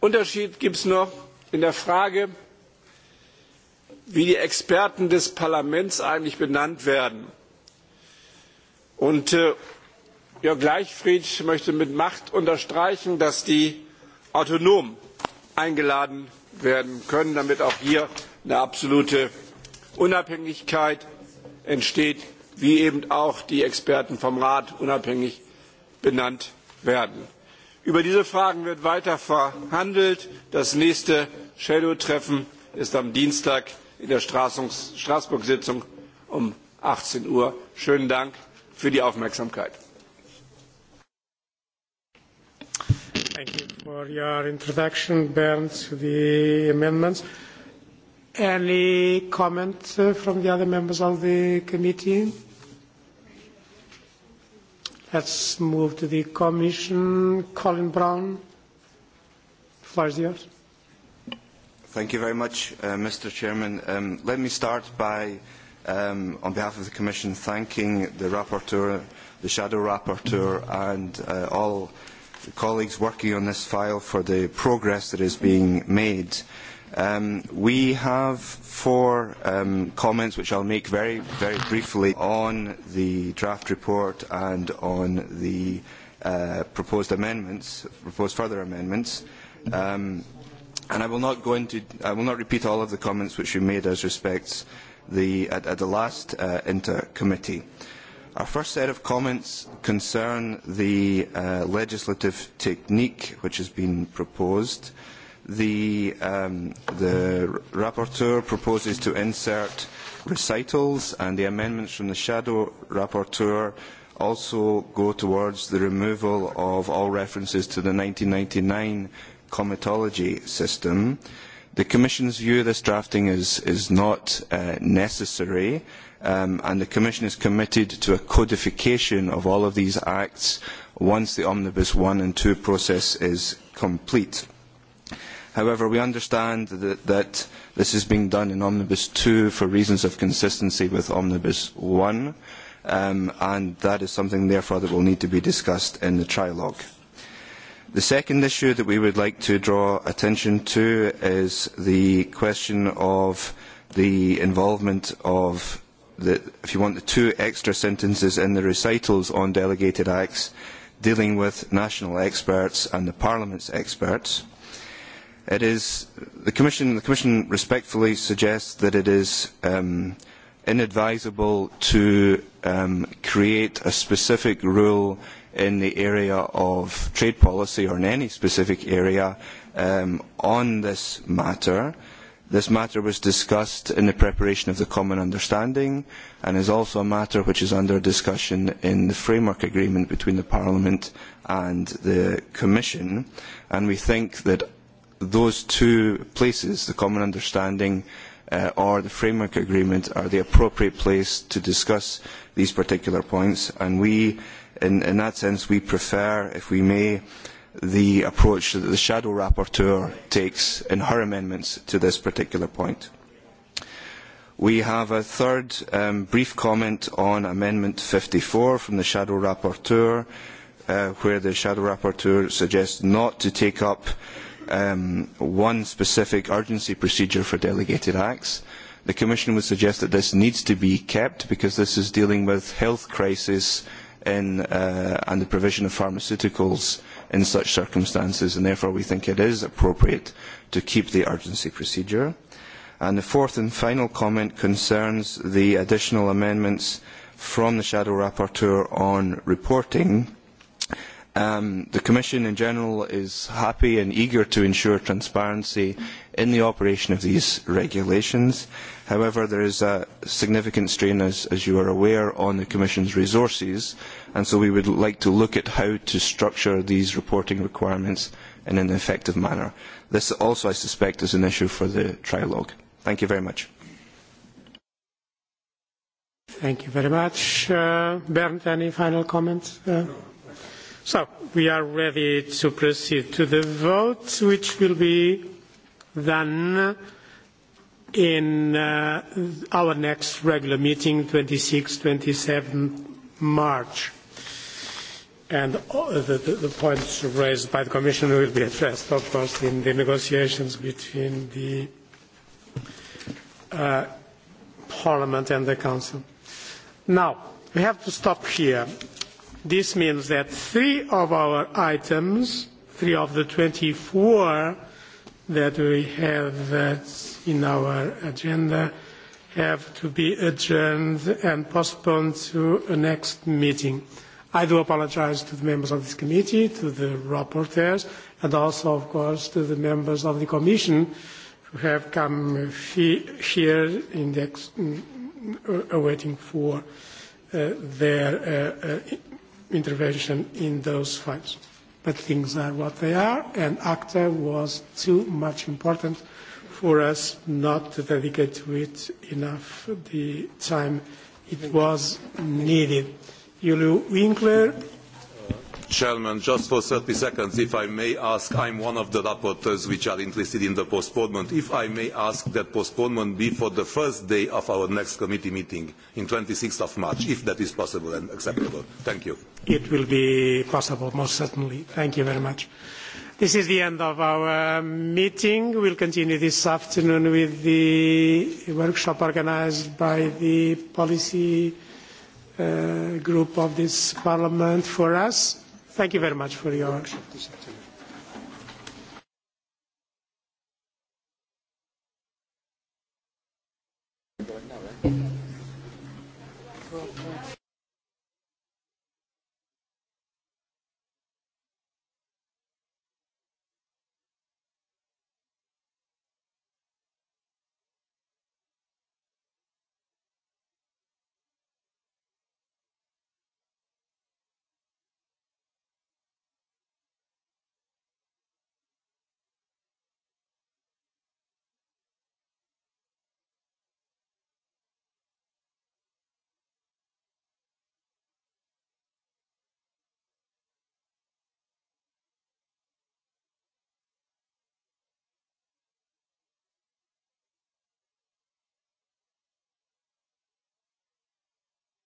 Unterschied gibt es noch in der Frage, wie die Experten des Parlaments eigentlich benannt werden. Und äh, Jörg Gleichfried möchte mit Macht unterstreichen, dass die autonom eingeladen werden können, damit auch hier eine absolute Unabhängigkeit entsteht, wie eben auch die Experten vom Rat unabhängig benannt werden. Über diese Fragen wird weiter verhandelt. Das nächste Shadow-Treffen ist am Dienstag in der Straßburg-Sitzung um 18 Uhr. Schönen Dank für die Aufmerksamkeit. Thank you for your introduction, Bernd, to the amendments. Any comments uh, from the other members of the committee? Let's move to the Commission. Colin Brown, the floor is yours. Thank you very much, uh, Mr. Chairman. Um, let me start by, um, on behalf of the Commission, thanking the Rapporteur, the Shadow Rapporteur, and uh, all the colleagues working on this file for the progress that is being made. Uh, Um, we have four um, comments which I'll make very, very briefly on the draft report and on the uh, proposed amendments, proposed further amendments. Um, and I will not go into, I will not repeat all of the comments which you made as respects the, at, at the last uh, inter-committee. Our first set of comments concern the uh, legislative technique which has been proposed. Uh, The, um, the rapporteur proposes to insert recitals and the amendments from the shadow rapporteur also go towards the removal of all references to the 1999 comitology system. The Commission's view of this drafting is, is not uh, necessary um, and the Commission is committed to a codification of all of these acts once the Omnibus 1 and 2 process is complete. However, we understand that, that this is being done in Omnibus 2 for reasons of consistency with Omnibus 1, um, and that is something, therefore, that will need to be discussed in the trilogue. The second issue that we would like to draw attention to is the question of the involvement of, the, if you want, the two extra sentences in the recitals on delegated acts dealing with national experts and the Parliament's experts it is the commission the commission respectfully suggests that it is um, inadvisable to um, create a specific rule in the area of trade policy or in any specific area um, on this matter. This matter was discussed in the preparation of the common understanding and is also a matter which is under discussion in the framework agreement between the Parliament and the Commission. And we think that those two places, the common understanding uh, or the framework agreement, are the appropriate place to discuss these particular points. And we, in, in that sense, we prefer, if we may, the approach that the shadow rapporteur takes in her amendments to this particular point. We have a third um, brief comment on Amendment 54 from the shadow rapporteur, uh, where the shadow rapporteur suggests not to take up um, one specific urgency procedure for delegated acts. The Commission would suggest that this needs to be kept because this is dealing with health crisis in, uh, and the provision of pharmaceuticals in such circumstances, and therefore we think it is appropriate to keep the urgency procedure. And the fourth and final comment concerns the additional amendments from the Shadow Rapporteur on reporting. Um, the commission in general is happy and eager to ensure transparency in the operation of these regulations. However, there is a significant strain, as, as you are aware, on the commission's resources, and so we would like to look at how to structure these reporting requirements in an effective manner. This also, I suspect, is an issue for the trilogue. Thank you very much. Thank you very much. Uh, Bernd, any final comments? Uh, no. We are ready to proceed to the vote, which will be done in uh, our next regular meeting, 26th, 27th March. Uh, the points raised by the commission will be addressed, of course, in the negotiations between the uh, parliament and the council. We have to stop here. This means that three of our items, three of the 24 that we have uh, in our agenda, have to be adjourned and postponed to a next meeting. I do apologize to the members of this committee, to the rapporteurs, and also, of course, to the members of the commission who have come here mm, mm, awaiting for uh, their uh, intervention in those fights. But things are what they are, and ACTA was too much important for us not to dedicate to it enough the time it was needed. Julio Winkler, chairman just for thirty seconds if i may ask i am one of the rapporteurs which are interested in the postponement if i may ask that postponement be for the first day of our next committee meeting on twenty six march if that is possible and acceptable thank you it will be possible most certainly thank you very much this is the end of our um, meeting we'll continue this afternoon with the workshop organized by the policy uh, group of this parliament for us thank you very much for your